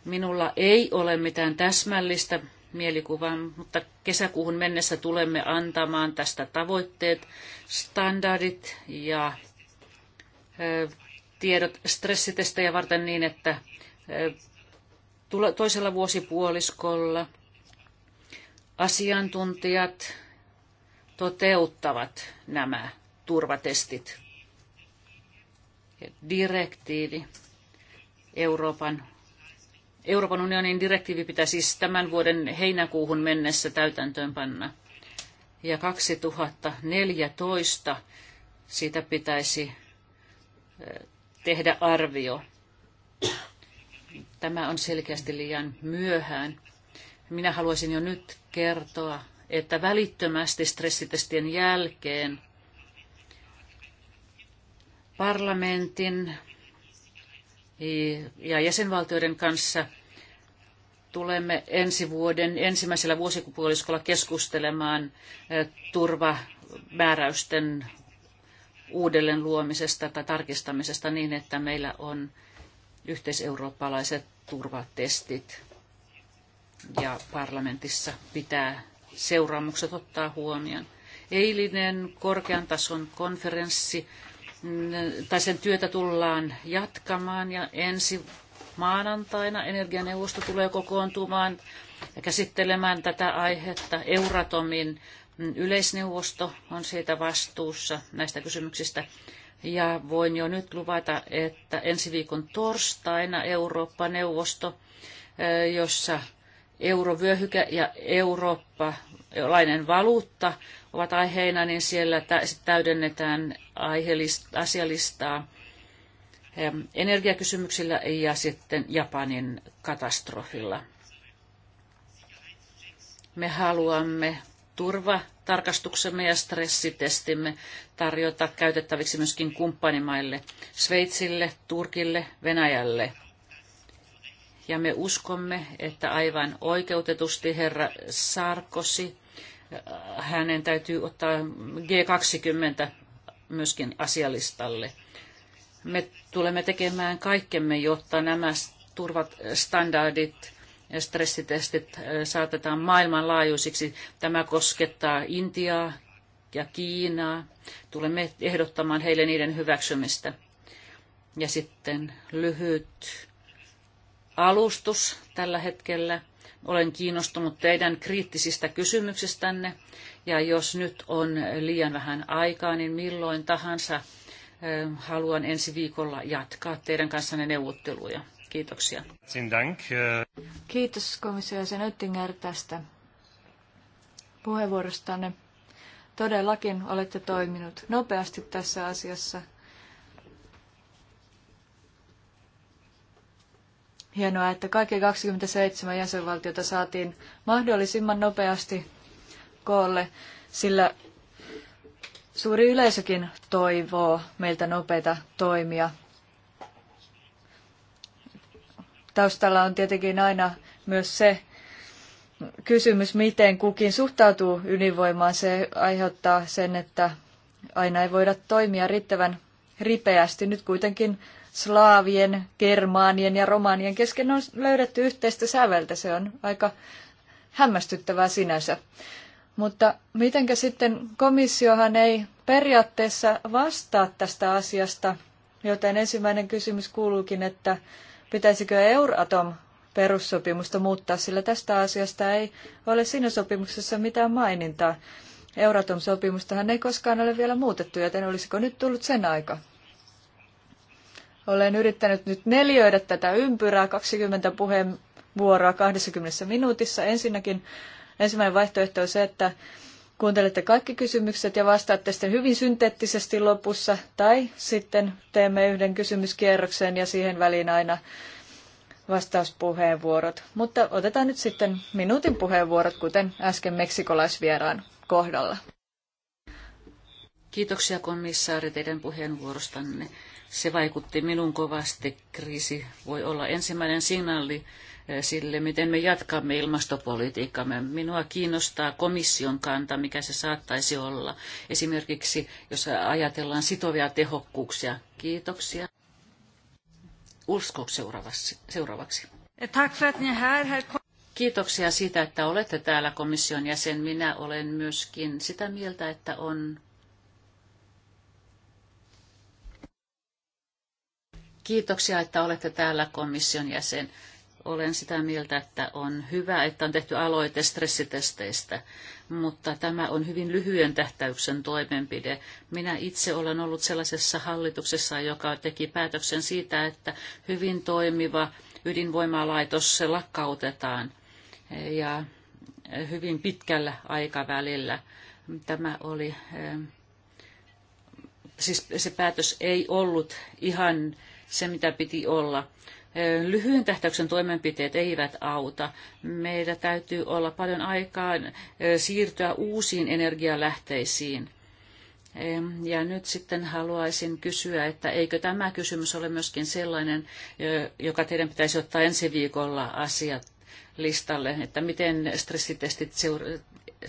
S2: Minulla ei ole mitään täsmällistä mielikuvaa, mutta kesäkuuhun mennessä tulemme antamaan tästä tavoitteet, standardit ja tiedot stressitestejä varten niin, että toisella vuosipuoliskolla asiantuntijat toteuttavat nämä turvatestit. Direktiivi Euroopan Euroopan unionin direktiivi pitää siis tämän vuoden heinäkuuhun mennessä täytäntöönpanna. Ja 2014 siitä pitäisi tehdä arvio. Tämä on selkeästi liian myöhään. Minä haluaisin jo nyt kertoa, että välittömästi stressitestien jälkeen parlamentin ja jäsenvaltioiden kanssa tulemme ensi vuoden ensimmäisellä vuosipuoliskolla keskustelemaan eh, turvamääräysten uudelleen luomisesta tai tarkistamisesta niin, että meillä on yhteiseurooppalaiset turvatestit ja parlamentissa pitää seuraamukset ottaa huomioon. Eilinen korkean tason konferenssi, tai sen työtä tullaan jatkamaan ja ensi maanantaina energianeuvosto tulee kokoontumaan ja käsittelemään tätä aihetta Euratomin Yleisneuvosto on siitä vastuussa näistä kysymyksistä. Ja voin jo nyt luvata, että ensi viikon torstaina Eurooppa-neuvosto, jossa eurovyöhyke ja eurooppalainen valuutta ovat aiheina, niin siellä täydennetään aiheellista, asialistaa energiakysymyksillä ja sitten Japanin katastrofilla. Me haluamme turvatarkastuksemme ja stressitestimme tarjota käytettäviksi myöskin kumppanimaille, Sveitsille, Turkille, Venäjälle. Ja me uskomme, että aivan oikeutetusti herra Sarkosi, äh, hänen täytyy ottaa G20 myöskin asialistalle. Me tulemme tekemään kaikkemme, jotta nämä turvat standardit stressitestit saatetaan maailmanlaajuisiksi. Tämä koskettaa Intiaa ja Kiinaa. Tulemme ehdottamaan heille niiden hyväksymistä. Ja sitten lyhyt alustus tällä hetkellä. Olen kiinnostunut teidän kriittisistä kysymyksistänne ja jos nyt on liian vähän aikaa, niin milloin tahansa haluan ensi viikolla jatkaa teidän kanssanne neuvotteluja. Kiitoksia. Äh, Kiitos komissio sen Oettinger tästä puheenvuorostanne.
S1: Todellakin olette toiminut nopeasti tässä asiassa. Hienoa, että kaikki 27 jäsenvaltiota saatiin mahdollisimman nopeasti koolle, sillä suuri yleisökin toivoo meiltä nopeita toimia taustalla on tietenkin aina myös se kysymys, miten kukin suhtautuu ydinvoimaan. Se aiheuttaa sen, että aina ei voida toimia riittävän ripeästi. Nyt kuitenkin slaavien, germaanien ja romaanien kesken on löydetty yhteistä säveltä. Se on aika hämmästyttävää sinänsä. Mutta mitenkä sitten komissiohan ei periaatteessa vastaa tästä asiasta, joten ensimmäinen kysymys kuuluukin, että Pitäisikö Euratom perussopimusta muuttaa, sillä tästä asiasta ei ole siinä sopimuksessa mitään mainintaa. Euratom-sopimustahan ei koskaan ole vielä muutettu, joten olisiko nyt tullut sen aika? Olen yrittänyt nyt neljöidä tätä ympyrää 20 puheenvuoroa 20 minuutissa. Ensinnäkin ensimmäinen vaihtoehto on se, että kuuntelette kaikki kysymykset ja vastaatte sitten hyvin synteettisesti lopussa, tai sitten teemme yhden kysymyskierroksen ja siihen väliin aina vastauspuheenvuorot. Mutta otetaan nyt sitten minuutin puheenvuorot, kuten äsken meksikolaisvieraan kohdalla.
S2: Kiitoksia komissaari teidän puheenvuorostanne. Se vaikutti minun kovasti. Kriisi voi olla ensimmäinen signaali sille, miten me jatkamme ilmastopolitiikkaamme. Minua kiinnostaa komission kanta, mikä se saattaisi olla. Esimerkiksi, jos ajatellaan sitovia tehokkuuksia. Kiitoksia. Ulskog seuraavaksi. seuraavaksi. Kiitoksia siitä, että olette täällä komission jäsen. Minä olen myöskin sitä mieltä, että on Kiitoksia, että olette täällä komission jäsen olen sitä mieltä, että on hyvä, että on tehty aloite stressitesteistä, mutta tämä on hyvin lyhyen tähtäyksen toimenpide. Minä itse olen ollut sellaisessa hallituksessa, joka teki päätöksen siitä, että hyvin toimiva ydinvoimalaitos se lakkautetaan ja hyvin pitkällä aikavälillä. Tämä oli, eh, siis se päätös ei ollut ihan se, mitä piti olla lyhyen tähtäyksen toimenpiteet eivät auta. Meidän täytyy olla paljon aikaa eh, siirtyä uusiin energialähteisiin. Ja nyt sitten haluaisin kysyä, että eikö tämä kysymys ole myöskin sellainen, eh, joka teidän pitäisi ottaa ensi viikolla asiat listalle, että miten stressitestit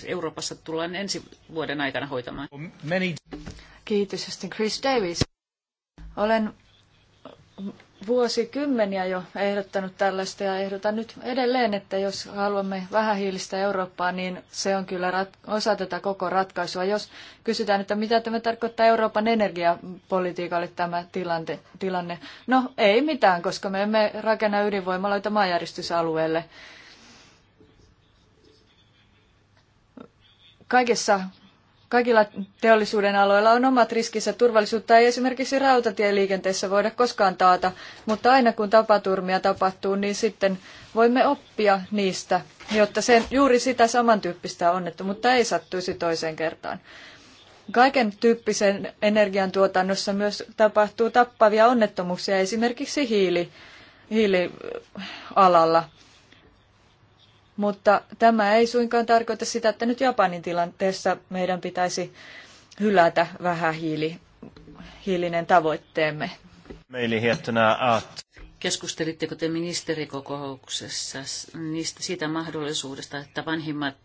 S2: Euroopassa tullaan ensi vuoden aikana hoitamaan.
S1: Kiitos, Justin Chris Davis. Olen vuosikymmeniä jo ehdottanut tällaista ja ehdotan nyt edelleen, että jos haluamme vähähiilistä Eurooppaa, niin se on kyllä osa tätä koko ratkaisua. Jos kysytään, että mitä tämä tarkoittaa Euroopan energiapolitiikalle tämä tilante, tilanne, no ei mitään, koska me emme rakenna ydinvoimaloita maanjäristysalueelle. Kaikessa Kaikilla teollisuuden aloilla on omat riskinsä. Turvallisuutta ei esimerkiksi rautatieliikenteessä voida koskaan taata, mutta aina kun tapaturmia tapahtuu, niin sitten voimme oppia niistä, jotta sen, juuri sitä samantyyppistä onnettomuutta ei sattuisi toiseen kertaan. Kaiken tyyppisen energiantuotannossa myös tapahtuu tappavia onnettomuuksia, esimerkiksi hiili, hiilialalla. Mutta tämä ei suinkaan tarkoita sitä, että nyt Japanin tilanteessa meidän pitäisi hylätä vähähiilinen tavoitteemme.
S2: Keskustelitteko te ministerikokouksessa niistä siitä mahdollisuudesta, että vanhimmat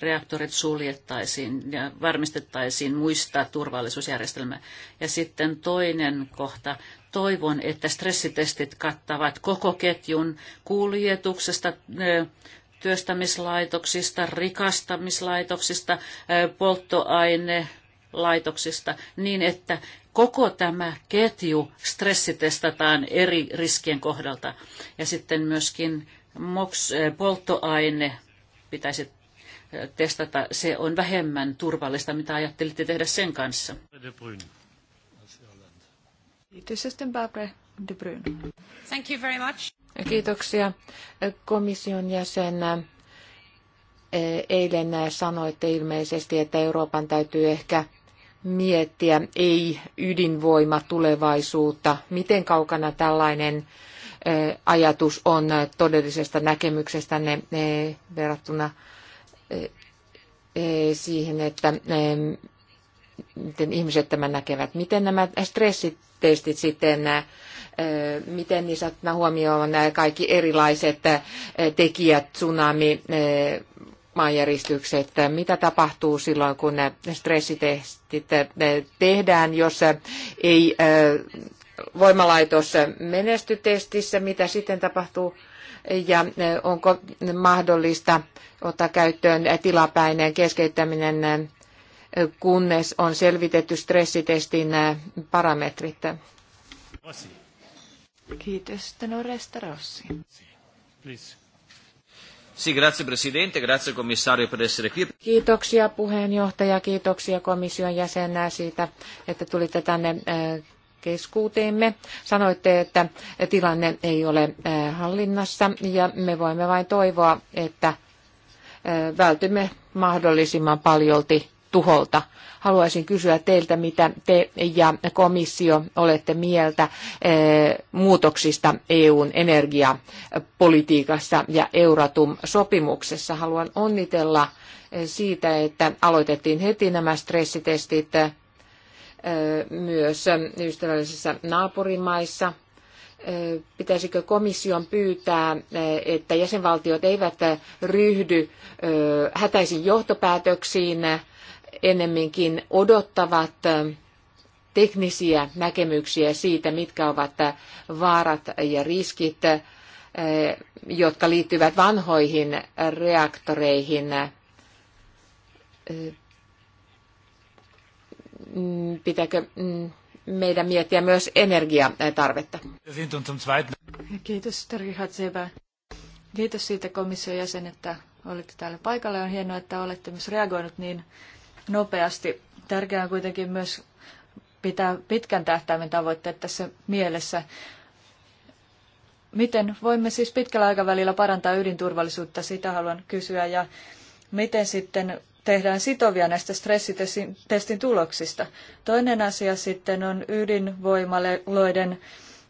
S2: reaktorit suljettaisiin ja varmistettaisiin muista turvallisuusjärjestelmää? Ja sitten toinen kohta. Toivon, että stressitestit kattavat koko ketjun kuljetuksesta työstämislaitoksista, rikastamislaitoksista, polttoainelaitoksista, niin että koko tämä ketju stressitestataan eri riskien kohdalta. Ja sitten myöskin polttoaine pitäisi testata. Se on vähemmän turvallista, mitä ajattelitte tehdä sen kanssa. de
S3: Bruyne. Thank you very much. Kiitoksia komission jäsen. Eilen sanoitte ilmeisesti, että Euroopan täytyy ehkä miettiä ei ydinvoima tulevaisuutta. Miten kaukana tällainen ajatus on todellisesta näkemyksestänne verrattuna siihen, että miten ihmiset tämän näkevät. Miten nämä stressitestit sitten, äh, miten niissä otetaan huomioon äh, kaikki erilaiset äh, tekijät, tsunami, maanjäristykset, mitä tapahtuu silloin, kun stressitestit tehdään, jos ei voimalaitos menesty testissä, mitä sitten tapahtuu ja onko mahdollista ottaa käyttöön tilapäinen keskeyttäminen kunnes on selvitetty stressitestin äh, parametrit.
S1: Kiitos. Sitten Resta Rossi. qui.
S3: Kiitoksia puheenjohtaja, kiitoksia komission jäsenää äh, siitä, että tulitte tänne äh, keskuuteemme. Sanoitte, että tilanne ei ole hallinnassa ja me voimme vain toivoa, että vältymme mahdollisimman paljolti tuholta. Haluaisin kysyä teiltä, mitä te ja komissio olette mieltä eh, muutoksista EUn energiapolitiikassa ja Euratum-sopimuksessa. Haluan onnitella eh, siitä, että aloitettiin heti nämä stressitestit eh, myös ystävällisissä naapurimaissa. Pitäisikö komission pyytää, että jäsenvaltiot eivät ryhdy hätäisiin johtopäätöksiin enemminkin odottavat teknisiä näkemyksiä siitä, mitkä ovat vaarat ja riskit, jotka liittyvät vanhoihin reaktoreihin. Mm, pitääkö mm, meidän miettiä myös energiatarvetta? Kiitos, Terhihat Kiitos siitä
S1: komission jäsen, että olette täällä paikalla. On hienoa, että olette myös reagoinut niin nopeasti. Tärkeää on kuitenkin myös pitää pitkän tähtäimen tavoitteet tässä mielessä. Miten voimme siis pitkällä aikavälillä parantaa ydinturvallisuutta, sitä haluan kysyä, ja miten sitten tehdään sitovia näistä stressitestin tuloksista. Toinen asia sitten on ydinvoimaloiden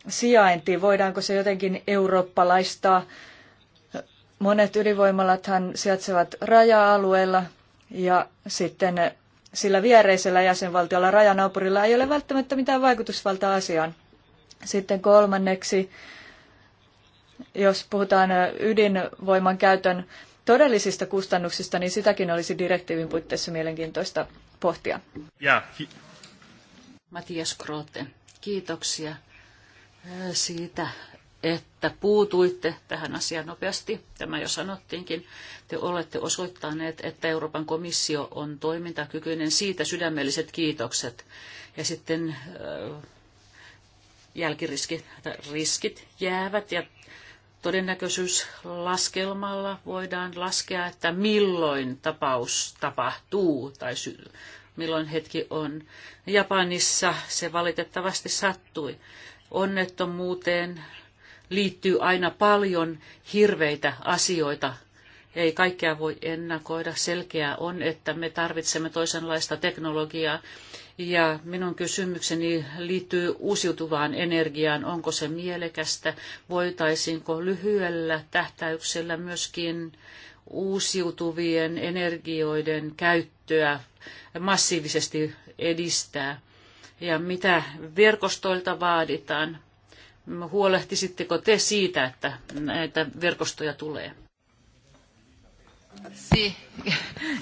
S1: sijainti. Voidaanko se jotenkin eurooppalaistaa? Monet ydinvoimalathan sijaitsevat raja-alueilla, ja sitten sillä viereisellä jäsenvaltiolla rajanaapurilla ei ole välttämättä mitään vaikutusvaltaa asiaan. Sitten kolmanneksi, jos puhutaan ydinvoiman käytön todellisista kustannuksista, niin sitäkin olisi direktiivin puitteissa mielenkiintoista pohtia. Ja.
S2: Matias Kroote, kiitoksia siitä että puutuitte tähän asiaan nopeasti. Tämä jo sanottiinkin. Te olette osoittaneet, että Euroopan komissio on toimintakykyinen. Siitä sydämelliset kiitokset. Ja sitten äh, jälkiriskit jäävät ja todennäköisyyslaskelmalla voidaan laskea, että milloin tapaus tapahtuu tai sy- milloin hetki on. Japanissa se valitettavasti sattui. Onnettomuuteen liittyy aina paljon hirveitä asioita. Ei kaikkea voi ennakoida. Selkeää on, että me tarvitsemme toisenlaista teknologiaa. Ja minun kysymykseni liittyy uusiutuvaan energiaan. Onko se mielekästä? Voitaisiinko lyhyellä tähtäyksellä myöskin uusiutuvien energioiden käyttöä massiivisesti edistää? Ja mitä verkostoilta vaaditaan? Huolehtisitteko te siitä, että näitä verkostoja tulee?
S1: Sì,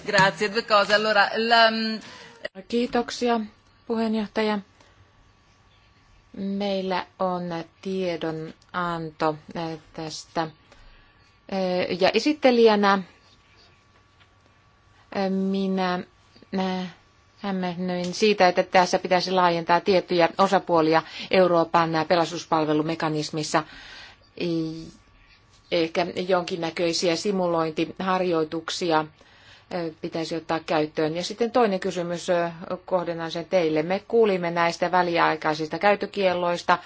S1: grazie. Due cose. Allora, la...
S3: Kiitoksia, puheenjohtaja. Meillä on tiedonanto eh, tästä. Eh, ja esittelijänä eh, minä hämmennyin siitä, että tässä pitäisi laajentaa tiettyjä osapuolia Euroopan pelastuspalvelumekanismissa ehkä jonkinnäköisiä simulointiharjoituksia pitäisi ottaa käyttöön. Ja sitten toinen kysymys, kohdennan sen teille. Me kuulimme näistä väliaikaisista käyttökielloista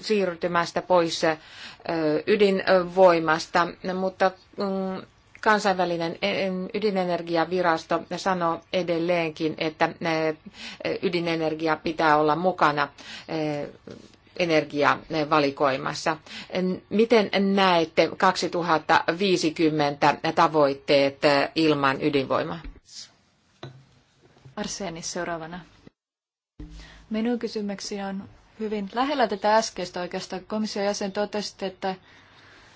S3: siirtymästä pois ydinvoimasta, mutta mm, Kansainvälinen e- ydinenergiavirasto sanoo edelleenkin, että e, ydinenergia pitää olla mukana e, energiavalikoimassa. Miten näette 2050 tavoitteet ilman ydinvoimaa?
S1: Arsenis seuraavana. Minun kysymykseni on hyvin lähellä tätä äskeistä oikeastaan. Komission jäsen totesi, että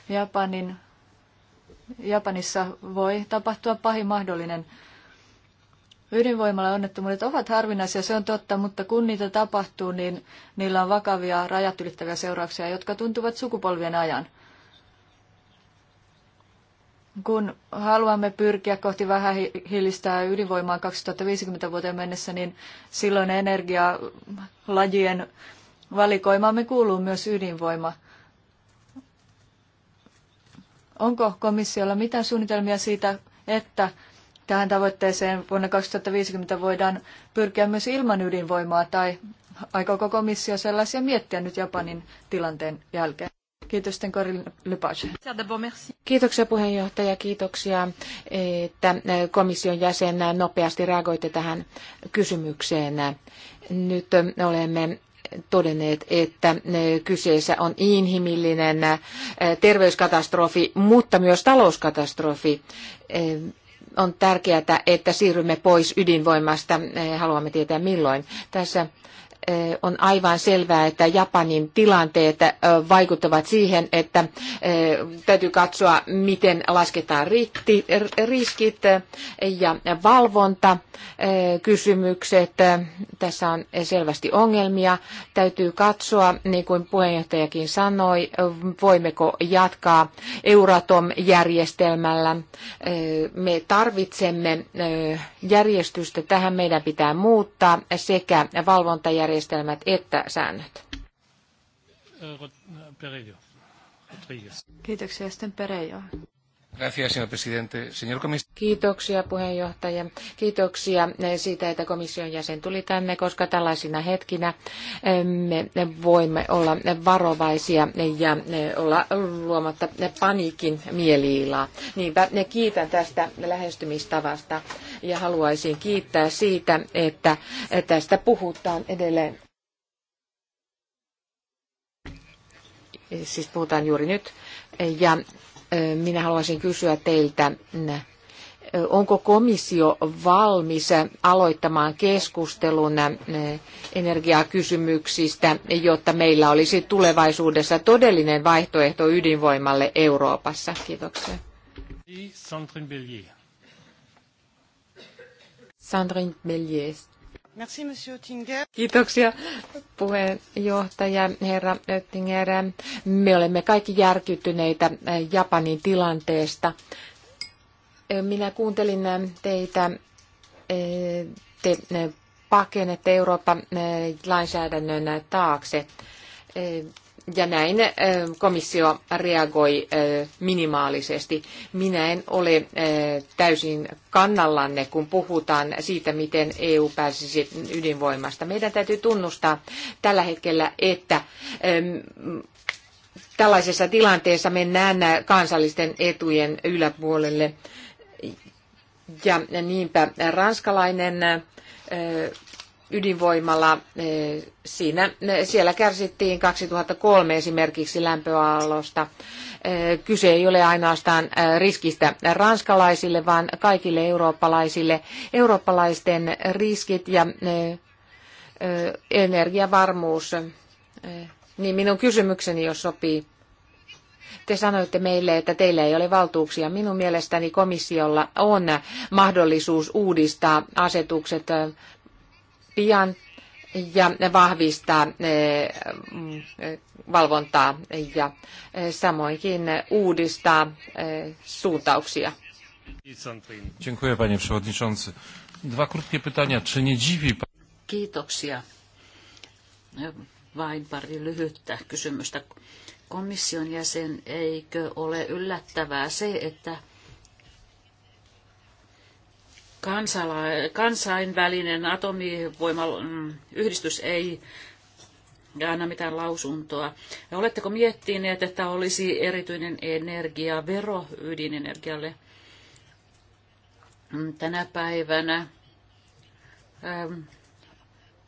S1: Japanin Japanissa voi tapahtua pahin mahdollinen. Ydinvoimalla onnettomuudet ovat harvinaisia, se on totta, mutta kun niitä tapahtuu, niin niillä on vakavia rajat ylittäviä seurauksia, jotka tuntuvat sukupolvien ajan. Kun haluamme pyrkiä kohti vähähiilistä ydinvoimaa 2050 vuoteen mennessä, niin silloin energialajien valikoimaamme kuuluu myös ydinvoima – Onko komissiolla mitään suunnitelmia siitä, että tähän tavoitteeseen vuonna 2050 voidaan pyrkiä myös ilman ydinvoimaa, tai aikooko komissio sellaisia miettiä nyt
S3: Japanin tilanteen jälkeen? Kiitos, Corin Lepage. Kiitoksia puheenjohtaja, kiitoksia, että komission jäsen nopeasti reagoitte tähän kysymykseen. Nyt olemme todenneet, että eh, kyseessä on inhimillinen eh, terveyskatastrofi, mutta myös talouskatastrofi. Eh, on tärkeää, että siirrymme pois ydinvoimasta. Haluamme tietää milloin. Tässä on aivan selvää, että Japanin tilanteet vaikuttavat siihen, että täytyy katsoa, miten lasketaan riskit ja valvonta kysymykset. Tässä on selvästi ongelmia. Täytyy katsoa, niin kuin puheenjohtajakin sanoi, voimmeko jatkaa Euratom-järjestelmällä. Me tarvitsemme järjestystä tähän. Meidän pitää muuttaa sekä valvontajärjestelmää järjestelmät että säännöt. Kiitoksia sitten Kiitoksia puheenjohtaja. Kiitoksia eh, siitä, että komission jäsen tuli tänne, koska tällaisina hetkinä eh, me voimme olla varovaisia ja eh, olla luomatta paniikin mieliilaa. Niinpä kiitän tästä lähestymistavasta ja haluaisin kiittää siitä, että tästä puhutaan edelleen. Siis puhutaan juuri nyt. Ja minä haluaisin kysyä teiltä, onko komissio valmis aloittamaan keskustelun energiakysymyksistä, jotta meillä olisi tulevaisuudessa todellinen vaihtoehto ydinvoimalle Euroopassa? Kiitoksia. Sandrine Bellier. Kiitoksia puheenjohtaja herra Oettinger. Me olemme kaikki järkyttyneitä äh, Japanin tilanteesta. Äh, minä kuuntelin äh, teitä, te pakenette Euroopan lainsäädännön taakse. Ja näin komissio reagoi minimaalisesti. Minä en ole täysin kannallanne, kun puhutaan siitä, miten EU pääsisi ydinvoimasta. Meidän täytyy tunnustaa tällä hetkellä, että tällaisessa tilanteessa mennään kansallisten etujen yläpuolelle. Ja niinpä ranskalainen ydinvoimalla, eh, siinä, eh, siellä kärsittiin 2003 esimerkiksi lämpöaallosta. Eh, kyse ei ole ainoastaan riskistä ranskalaisille, vaan kaikille eurooppalaisille. Eurooppalaisten riskit ja energiavarmuus. Niin minun kysymykseni, jos sopii. Te sanoitte meille, että teillä ei ole valtuuksia. Minun mielestäni komissiolla on mahdollisuus uudistaa asetukset pian ja vahvistaa eh, eh, valvontaa ja eh, samoinkin uudistaa suuntauksia.
S2: Dziękuję panie przewodniczący. Dwa krótkie pytania. Czy nie dziwi pan... Kiitoksia. Vain pari lyhyttä kysymystä. Komission jäsen, eikö ole yllättävää se, että kansala- kansainvälinen atomivoimayhdistys ei anna mitään lausuntoa. Ja oletteko miettineet, että olisi erityinen energiavero ydinenergialle tänä päivänä? Ähm,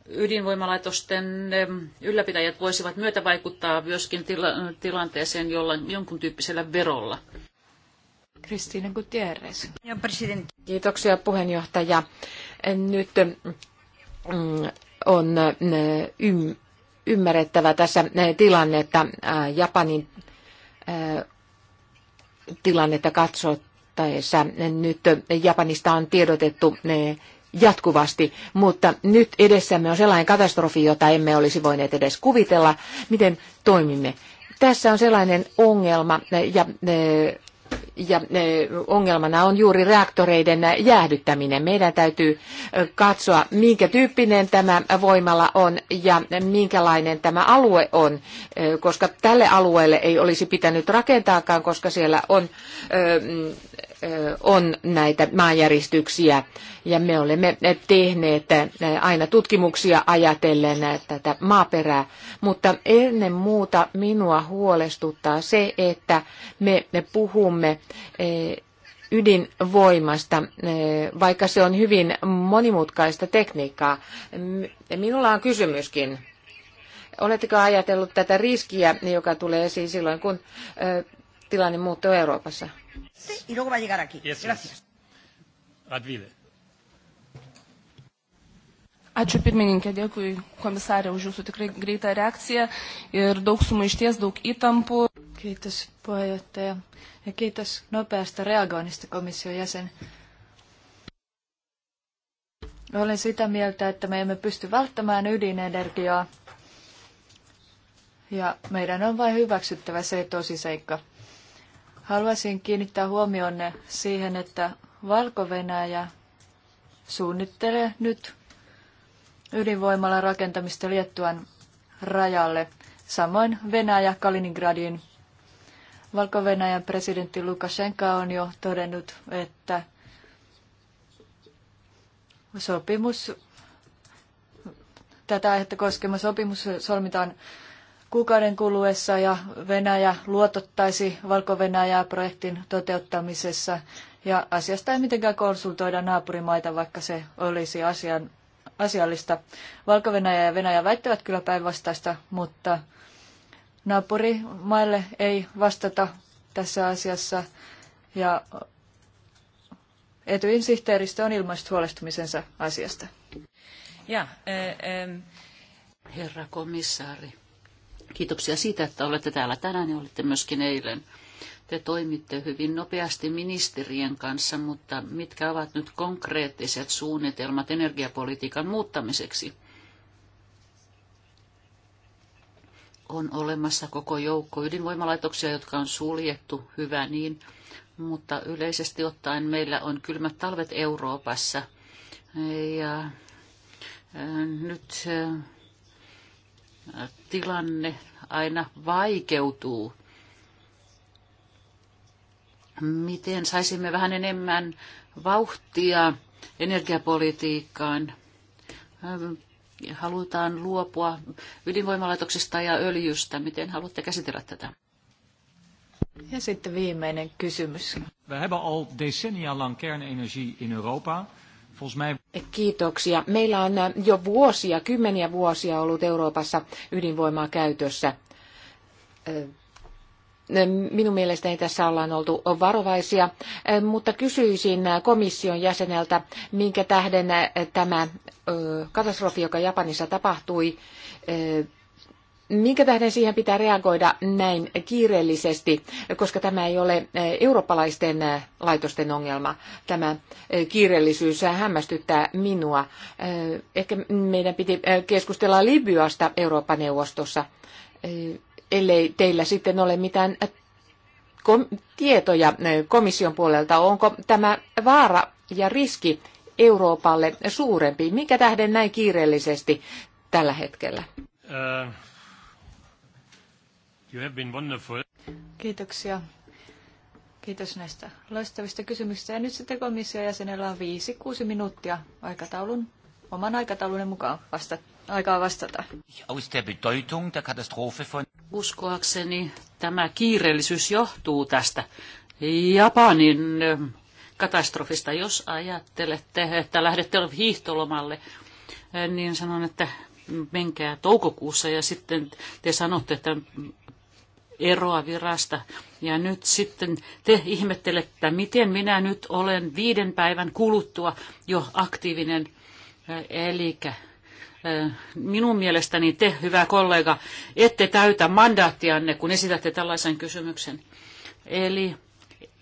S2: ydinvoimalaitosten ähm, ylläpitäjät voisivat myötävaikuttaa myöskin tila- tilanteeseen jollain, jonkun tyyppisellä verolla.
S3: Kristiina Gutierrez. Kiitoksia puheenjohtaja. Nyt mm, on mm, ymmärrettävä tässä mm, tilanne, että Japanin tilannetta katsottaessa. Nyt Japanista on tiedotettu jatkuvasti, mutta nyt edessämme on sellainen katastrofi, jota emme olisi voineet edes kuvitella, miten toimimme. Tässä on sellainen ongelma ja ja e, ongelmana on juuri reaktoreiden jäähdyttäminen. Meidän täytyy e, katsoa, minkä tyyppinen tämä voimala on ja minkälainen tämä alue on, e, koska tälle alueelle ei olisi pitänyt rakentaakaan, koska siellä on on näitä maanjäristyksiä ja me olemme tehneet aina tutkimuksia ajatellen tätä maaperää, mutta ennen muuta minua huolestuttaa se, että me puhumme ydinvoimasta, vaikka se on hyvin monimutkaista tekniikkaa. Minulla on kysymyskin. Oletteko ajatellut tätä riskiä, joka tulee esiin silloin, kun tilanne muuttuu Euroopassa? Sí, Y luego va a llegar aquí. Yes, Gracias. Radvile. Ačiū pirmininkė, dėkui komisarė už jūsų tikrai greitą reakciją
S1: ir daug sumaišties, daug įtampų. Kiitos puheenjohtaja ja kiitos nopeasta reagoinnista komission jäsen. Olen sitä mieltä, että me emme pysty välttämään ydinenergiaa ja meidän on vain hyväksyttävä se tosiseikka, Haluaisin kiinnittää huomionne siihen, että Valko-Venäjä suunnittelee nyt ydinvoimalan rakentamista Liettuan rajalle. Samoin Venäjä Kaliningradin. Valko-Venäjän presidentti Lukashenka on jo todennut, että sopimus, tätä aihetta koskema sopimus solmitaan kuukauden kuluessa ja Venäjä luotottaisi Valko-Venäjää projektin toteuttamisessa ja asiasta ei mitenkään konsultoida naapurimaita, vaikka se olisi asian, asiallista. valko -Venäjä ja Venäjä väittävät kyllä päinvastaista, mutta naapurimaille ei vastata tässä asiassa ja Etyin sihteeristö on ilmaissut huolestumisensa asiasta.
S2: Ja, eh, herra komissaari, Kiitoksia siitä, että olette täällä tänään ja olette myöskin eilen. Te toimitte hyvin nopeasti ministerien kanssa, mutta mitkä ovat nyt konkreettiset suunnitelmat energiapolitiikan muuttamiseksi? On olemassa koko joukko ydinvoimalaitoksia, jotka on suljettu, hyvä niin, mutta yleisesti ottaen meillä on kylmät talvet Euroopassa. Ja nyt tilanne aina vaikeutuu. Miten saisimme vähän enemmän vauhtia energiapolitiikkaan? Halutaan luopua ydinvoimalaitoksista ja öljystä. Miten haluatte käsitellä tätä? Ja sitten viimeinen kysymys.
S1: We hebben al decennia lang kernenergie in Europa.
S3: Kiitoksia. Meillä on äh, jo vuosia, kymmeniä vuosia ollut Euroopassa ydinvoimaa käytössä. Äh, äh, minun mielestäni tässä ollaan oltu varovaisia, mutta kysyisin komission jäseneltä, minkä tähden tämä katastrofi, joka Japanissa tapahtui, Minkä tähden siihen pitää reagoida näin kiireellisesti, koska tämä ei ole eh, eurooppalaisten eh, laitosten ongelma. Tämä eh, kiireellisyys hämmästyttää minua. Ehkä meidän piti keskustella Libyasta Euroopan neuvostossa, ellei teillä sitten ole mitään tietoja komission puolelta. Onko tämä vaara ja riski Euroopalle suurempi? Minkä tähden näin kiireellisesti tällä hetkellä? Äh.
S1: You have been wonderful.
S3: Kiitoksia. Kiitos näistä
S1: loistavista kysymyksistä. Ja nyt sitten komission jäsenellä on 5-6 minuuttia aikataulun, oman aikataulun mukaan vasta, aikaa vastata.
S3: Aus der Bedeutung der Katastrophe von...
S2: Uskoakseni tämä kiireellisyys johtuu tästä Japanin katastrofista. Jos ajattelette, että lähdette hiihtolomalle, niin sanon, että menkää toukokuussa ja sitten te sanotte, että eroa virasta. Ja nyt sitten te ihmettelette, miten minä nyt olen viiden päivän kuluttua jo aktiivinen. Eli minun mielestäni te, hyvä kollega, ette täytä mandaattianne, kun esitätte tällaisen kysymyksen. Eli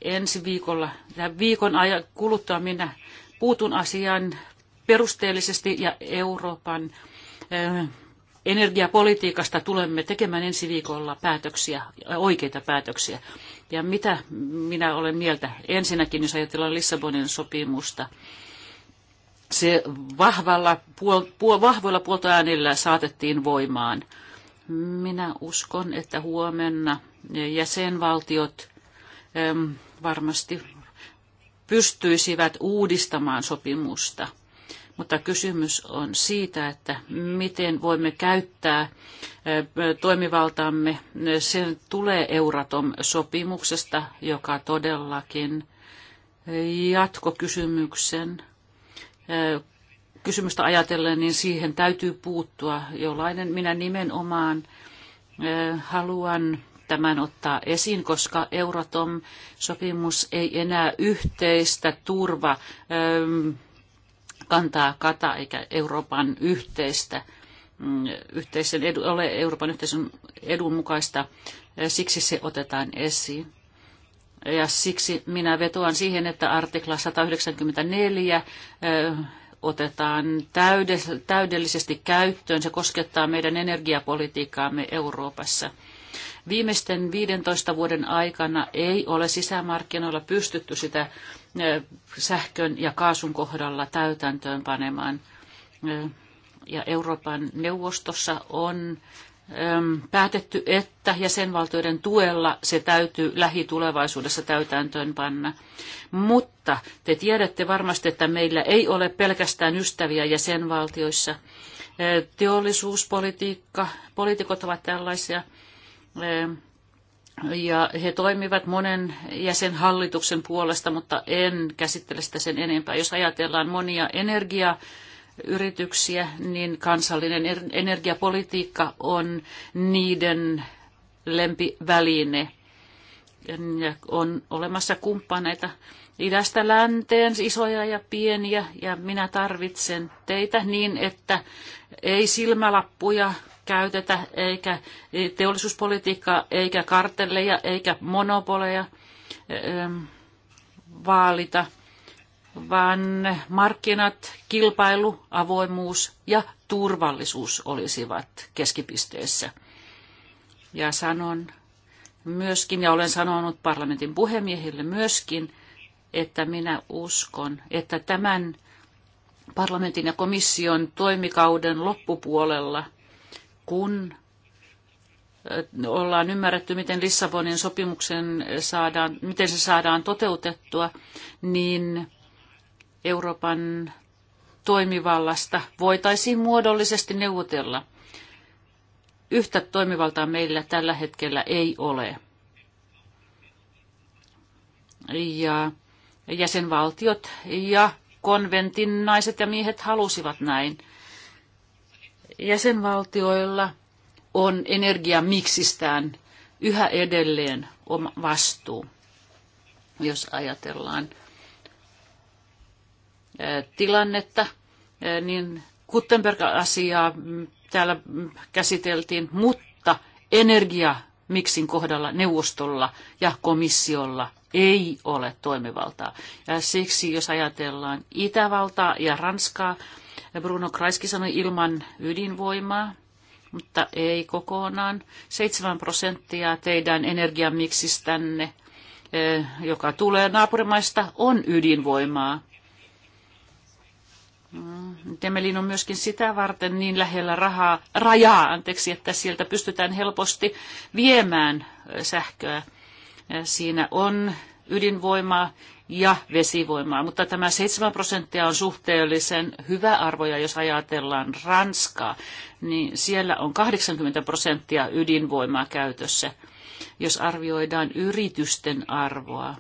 S2: ensi viikolla, tämän viikon ajan kuluttua minä puutun asiaan perusteellisesti ja Euroopan energiapolitiikasta tulemme tekemään ensi viikolla päätöksiä, oikeita päätöksiä. Ja mitä minä olen mieltä? Ensinnäkin, jos ajatellaan Lissabonin sopimusta, se vahvalla, puol, puol, vahvoilla puoltoäänillä saatettiin voimaan. Minä uskon, että huomenna jäsenvaltiot varmasti pystyisivät uudistamaan sopimusta – mutta kysymys on siitä, että miten voimme käyttää toimivaltaamme. Se tulee Euratom-sopimuksesta, joka todellakin jatkokysymyksen kysymystä ajatellen, niin siihen täytyy puuttua, jollainen minä nimenomaan haluan tämän ottaa esiin, koska Euratom-sopimus ei enää yhteistä turva kantaa kata, eikä Euroopan yhteistä, mm, yhteisen edu, ole Euroopan yhteisön edun mukaista. Siksi se otetaan esiin. Ja siksi minä vetoan siihen, että artikla 194 otetaan täydellisesti käyttöön. Se koskettaa meidän energiapolitiikkaamme Euroopassa. Viimeisten 15 vuoden aikana ei ole sisämarkkinoilla pystytty sitä sähkön ja kaasun kohdalla täytäntöön panemaan. Ja Euroopan neuvostossa on päätetty, että jäsenvaltioiden tuella se täytyy lähitulevaisuudessa täytäntöön panna. Mutta te tiedätte varmasti, että meillä ei ole pelkästään ystäviä jäsenvaltioissa. Teollisuuspolitiikka, poliitikot ovat tällaisia ja he toimivat monen jäsenhallituksen puolesta, mutta en käsittele sitä sen enempää. Jos ajatellaan monia energiayrityksiä, niin kansallinen er- energiapolitiikka on niiden lempiväline. Ja on olemassa kumppaneita idästä länteen, isoja ja pieniä, ja minä tarvitsen teitä niin, että ei silmälappuja käytetä, eikä teollisuuspolitiikkaa, eikä kartelleja, eikä monopoleja ähm, vaalita, vaan markkinat, kilpailu, avoimuus ja turvallisuus olisivat keskipisteessä. Ja sanon myöskin, ja olen sanonut parlamentin puhemiehille myöskin, että minä uskon, että tämän parlamentin ja komission toimikauden loppupuolella – kun ollaan ymmärretty, miten Lissabonin sopimuksen saadaan, miten se saadaan toteutettua, niin Euroopan toimivallasta voitaisiin muodollisesti neuvotella. Yhtä toimivaltaa meillä tällä hetkellä ei ole. Ja jäsenvaltiot ja konventin naiset ja miehet halusivat näin – jäsenvaltioilla on energiamiksistään yhä edelleen oma vastuu, jos ajatellaan tilannetta, niin Gutenberg-asiaa mm, täällä käsiteltiin, mutta energia miksin kohdalla neuvostolla ja komissiolla ei ole toimivaltaa. Ja siksi, jos ajatellaan Itävaltaa ja Ranskaa, Bruno Kreisky sanoi ilman ydinvoimaa, mutta ei kokonaan. 7 prosenttia teidän energiamiksistänne, joka tulee naapurimaista, on ydinvoimaa. Mm, Temelin on myöskin sitä varten niin lähellä rahaa, rajaa, anteeksi, että sieltä pystytään helposti viemään sähköä. Siinä on ydinvoimaa ja vesivoimaa. Mutta tämä 7 prosenttia on suhteellisen hyvä arvo, ja jos ajatellaan Ranskaa, niin siellä on 80 prosenttia ydinvoimaa käytössä. Jos arvioidaan yritysten arvoa,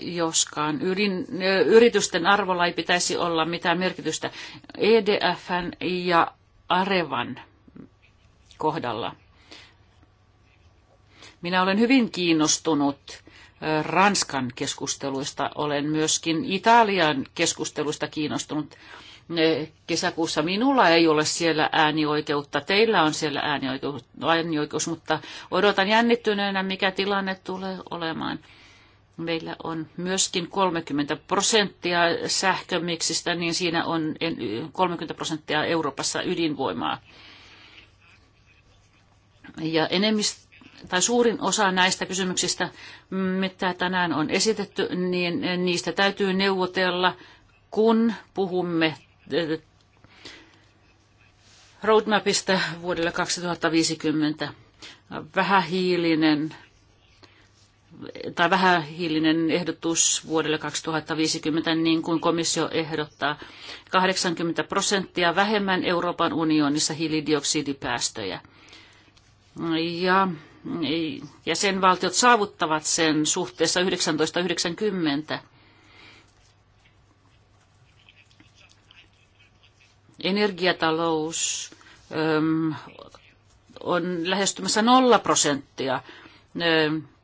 S2: joskaan ydin, yritysten arvolla ei pitäisi olla mitään merkitystä EDFn ja Arevan kohdalla. Minä olen hyvin kiinnostunut Ranskan keskusteluista. Olen myöskin Italian keskusteluista kiinnostunut kesäkuussa. Minulla ei ole siellä äänioikeutta, teillä on siellä äänioikeus, äänioikeus mutta odotan jännittyneenä, mikä tilanne tulee olemaan. Meillä on myöskin 30 prosenttia sähkömiksistä, niin siinä on 30 prosenttia Euroopassa ydinvoimaa. Ja enemmistö tai suurin osa näistä kysymyksistä, mitä tänään on esitetty, niin niistä täytyy neuvotella, kun puhumme eh, roadmapista vuodelle 2050. Vähähiilinen tai vähähiilinen ehdotus vuodelle 2050, niin kuin komissio ehdottaa, 80 prosenttia vähemmän Euroopan unionissa hiilidioksidipäästöjä. Ja jäsenvaltiot saavuttavat sen suhteessa 1990. Energiatalous on lähestymässä nolla prosenttia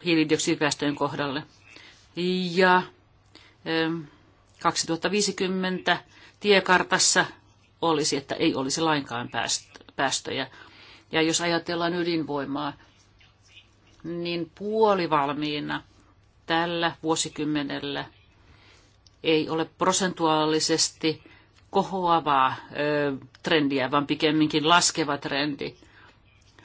S2: hiilidioksidipäästöjen kohdalle. Ja 2050 tiekartassa olisi, että ei olisi lainkaan päästöjä. Ja jos ajatellaan ydinvoimaa, niin puolivalmiina tällä vuosikymmenellä ei ole prosentuaalisesti kohoavaa ö, trendiä, vaan pikemminkin laskeva trendi.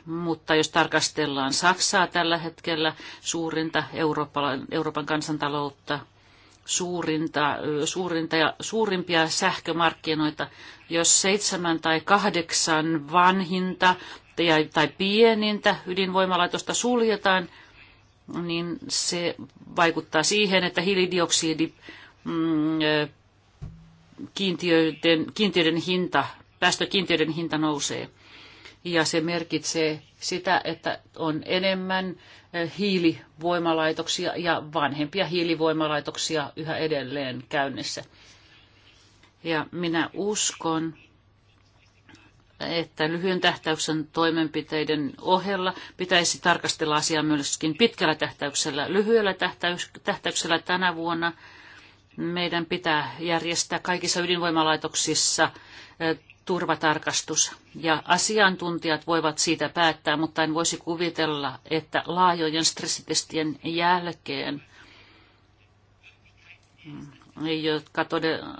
S2: Mutta jos tarkastellaan Saksaa tällä hetkellä, suurinta Euroopan, Euroopan kansantaloutta, suurinta, suurinta ja suurimpia sähkömarkkinoita, jos seitsemän tai kahdeksan vanhinta tai pienintä ydinvoimalaitosta suljetaan, niin se vaikuttaa siihen, että hiilidioksidi mm, kiintiöiden, kiintiöiden hinta, päästökiintiöiden hinta nousee. Ja se merkitsee sitä, että on enemmän hiilivoimalaitoksia ja vanhempia hiilivoimalaitoksia yhä edelleen käynnissä. Ja minä uskon, että lyhyen tähtäyksen toimenpiteiden ohella pitäisi tarkastella asiaa myöskin pitkällä tähtäyksellä. Lyhyellä tähtäyksellä tänä vuonna meidän pitää järjestää kaikissa ydinvoimalaitoksissa turvatarkastus. Ja asiantuntijat voivat siitä päättää, mutta en voisi kuvitella, että laajojen stressitestien jälkeen, mm, jotka todella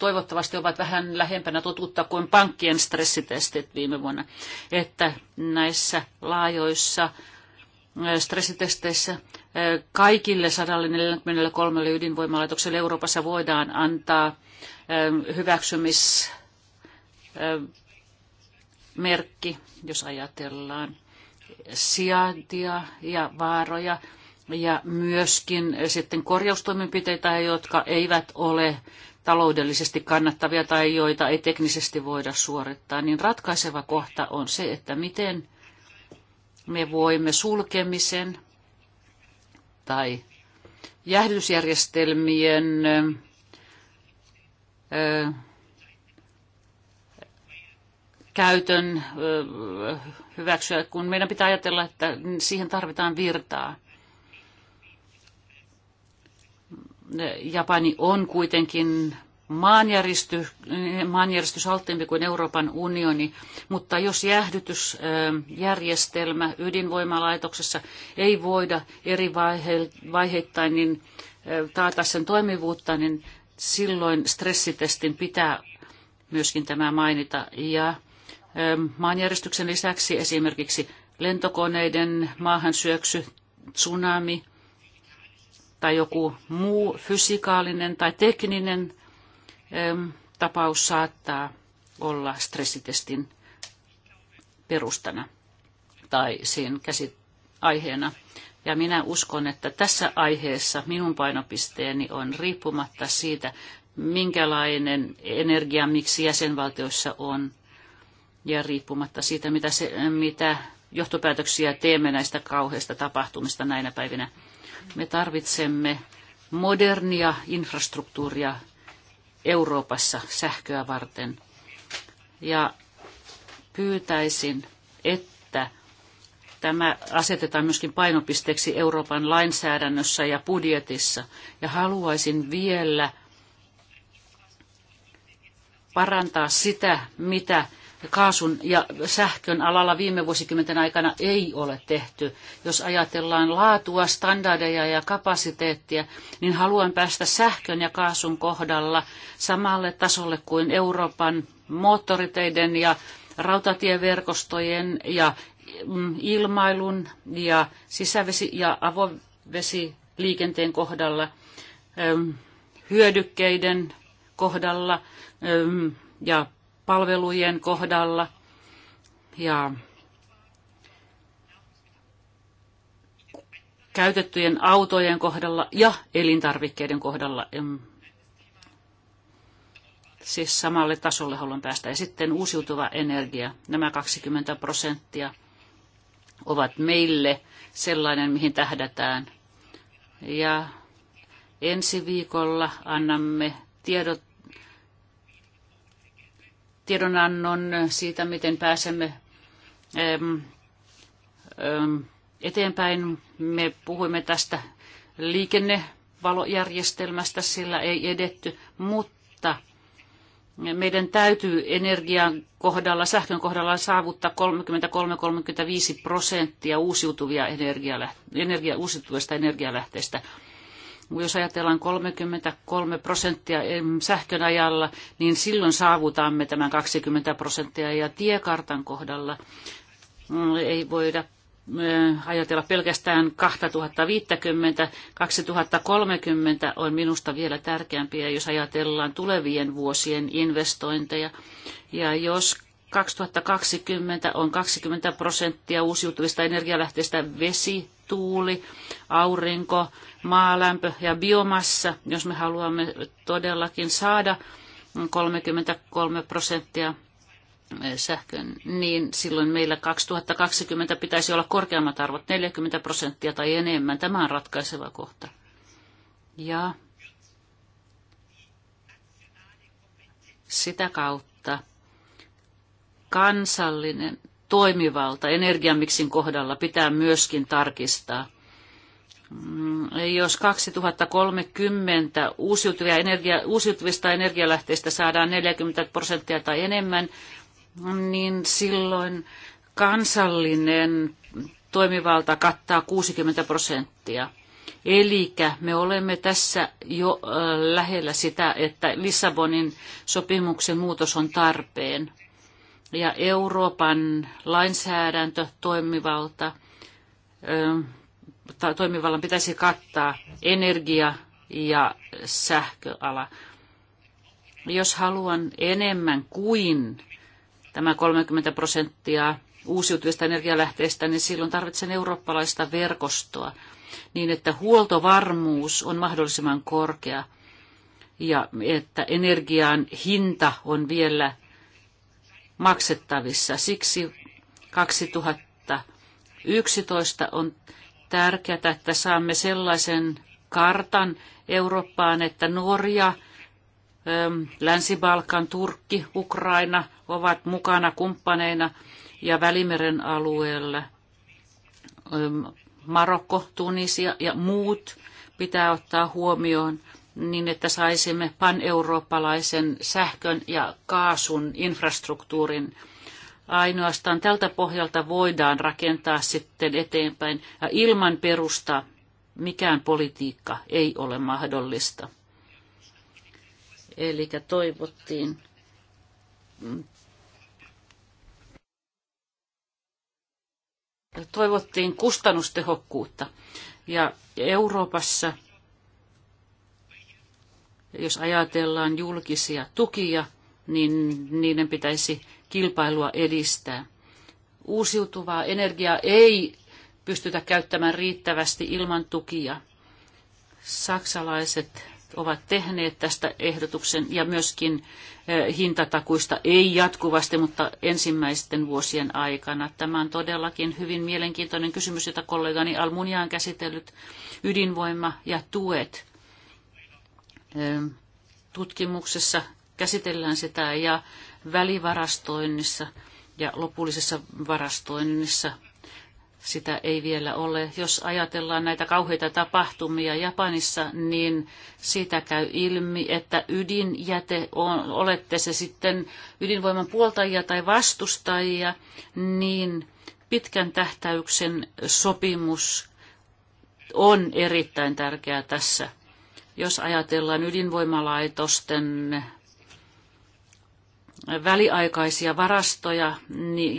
S2: toivottavasti ovat vähän lähempänä totuutta kuin pankkien stressitestit viime vuonna, että näissä laajoissa stressitesteissä kaikille 143 ydinvoimalaitokselle Euroopassa voidaan antaa hyväksymismerkki, jos ajatellaan sijaintia ja vaaroja ja myöskin sitten korjaustoimenpiteitä, jotka eivät ole taloudellisesti kannattavia tai joita ei teknisesti voida suorittaa, niin ratkaiseva kohta on se, että miten me voimme sulkemisen tai jäähdysjärjestelmien ö, käytön ö, hyväksyä, kun meidän pitää ajatella, että siihen tarvitaan virtaa. Japani on kuitenkin maanjäristys, maanjäristysalttiimpi kuin Euroopan unioni, mutta jos jäähdytysjärjestelmä ydinvoimalaitoksessa ei voida eri vaihe, vaiheittain niin taata sen toimivuutta, niin silloin stressitestin pitää myöskin tämä mainita. Ja maanjäristyksen lisäksi esimerkiksi lentokoneiden maahansyöksy, tsunami, tai joku muu fysikaalinen tai tekninen tapaus saattaa olla stressitestin perustana tai sen käsiaiheena. Ja minä uskon, että tässä aiheessa minun painopisteeni on riippumatta siitä, minkälainen energia miksi jäsenvaltioissa on ja riippumatta siitä, mitä, se, mitä johtopäätöksiä teemme näistä kauheista tapahtumista näinä päivinä – me tarvitsemme modernia infrastruktuuria Euroopassa sähköä varten. Ja pyytäisin, että tämä asetetaan myöskin painopisteeksi Euroopan lainsäädännössä ja budjetissa. Ja haluaisin vielä parantaa sitä, mitä kaasun ja sähkön alalla viime vuosikymmenten aikana ei ole tehty. Jos ajatellaan laatua, standardeja ja kapasiteettia, niin haluan päästä sähkön ja kaasun kohdalla samalle tasolle kuin Euroopan moottoriteiden ja rautatieverkostojen ja mm, ilmailun ja sisävesi- ja avovesiliikenteen kohdalla, mm, hyödykkeiden kohdalla mm, ja palvelujen kohdalla ja käytettyjen autojen kohdalla ja elintarvikkeiden kohdalla. Siis samalle tasolle haluan päästä. Ja sitten uusiutuva energia, nämä 20 prosenttia ovat meille sellainen, mihin tähdätään. Ja ensi viikolla annamme tiedot tiedonannon siitä, miten pääsemme eteenpäin. Me puhuimme tästä liikennevalojärjestelmästä, sillä ei edetty, mutta meidän täytyy energian kohdalla, sähkön kohdalla saavuttaa 33-35 prosenttia uusiutuvia energia, energia, uusiutuvista energialähteistä. Jos ajatellaan 33 prosenttia sähkön ajalla, niin silloin saavutamme tämän 20 prosenttia. Ja tiekartan kohdalla mm, ei voida ajatella pelkästään 2050. 2030 on minusta vielä tärkeämpiä, jos ajatellaan tulevien vuosien investointeja. Ja jos 2020 on 20 prosenttia uusiutuvista energialähteistä vesi, tuuli, aurinko, maalämpö ja biomassa, jos me haluamme todellakin saada 33 prosenttia eh, sähkön, niin silloin meillä 2020 pitäisi olla korkeammat arvot, 40 prosenttia tai enemmän. Tämä on ratkaiseva kohta. Ja sitä kautta kansallinen toimivalta energiamiksin kohdalla pitää myöskin tarkistaa. Mm, jos 2030 uusiutuvia energia, uusiutuvista energialähteistä saadaan 40 prosenttia tai enemmän, niin silloin kansallinen toimivalta kattaa 60 prosenttia. Eli me olemme tässä jo lähellä sitä, että Lissabonin sopimuksen muutos on tarpeen ja Euroopan lainsäädäntö toimivalta, toimivallan pitäisi kattaa energia ja sähköala. Jos haluan enemmän kuin tämä 30 prosenttia uusiutuvista energialähteistä, niin silloin tarvitsen eurooppalaista verkostoa niin, että huoltovarmuus on mahdollisimman korkea ja että energian hinta on vielä maksettavissa. Siksi 2011 on tärkeää, että saamme sellaisen kartan Eurooppaan, että Norja, Länsi-Balkan, Turkki, Ukraina ovat mukana kumppaneina ja Välimeren alueella Marokko, Tunisia ja muut pitää ottaa huomioon niin että saisimme paneurooppalaisen sähkön ja kaasun infrastruktuurin. Ainoastaan tältä pohjalta voidaan rakentaa sitten eteenpäin ja ilman perusta mikään politiikka ei ole mahdollista. Eli toivottiin toivottiin kustannustehokkuutta. Ja Euroopassa jos ajatellaan julkisia tukia, niin niiden pitäisi kilpailua edistää. Uusiutuvaa energiaa ei pystytä käyttämään riittävästi ilman tukia. Saksalaiset ovat tehneet tästä ehdotuksen ja myöskin eh, hintatakuista ei jatkuvasti, mutta ensimmäisten vuosien aikana. Tämä on todellakin hyvin mielenkiintoinen kysymys, jota kollegani Almunia on käsitellyt, ydinvoima ja tuet tutkimuksessa käsitellään sitä ja välivarastoinnissa ja lopullisessa varastoinnissa sitä ei vielä ole. Jos ajatellaan näitä kauheita tapahtumia Japanissa, niin siitä käy ilmi, että ydinjäte on, olette se sitten ydinvoiman puoltajia tai vastustajia, niin pitkän tähtäyksen sopimus on erittäin tärkeä tässä jos ajatellaan ydinvoimalaitosten väliaikaisia varastoja niin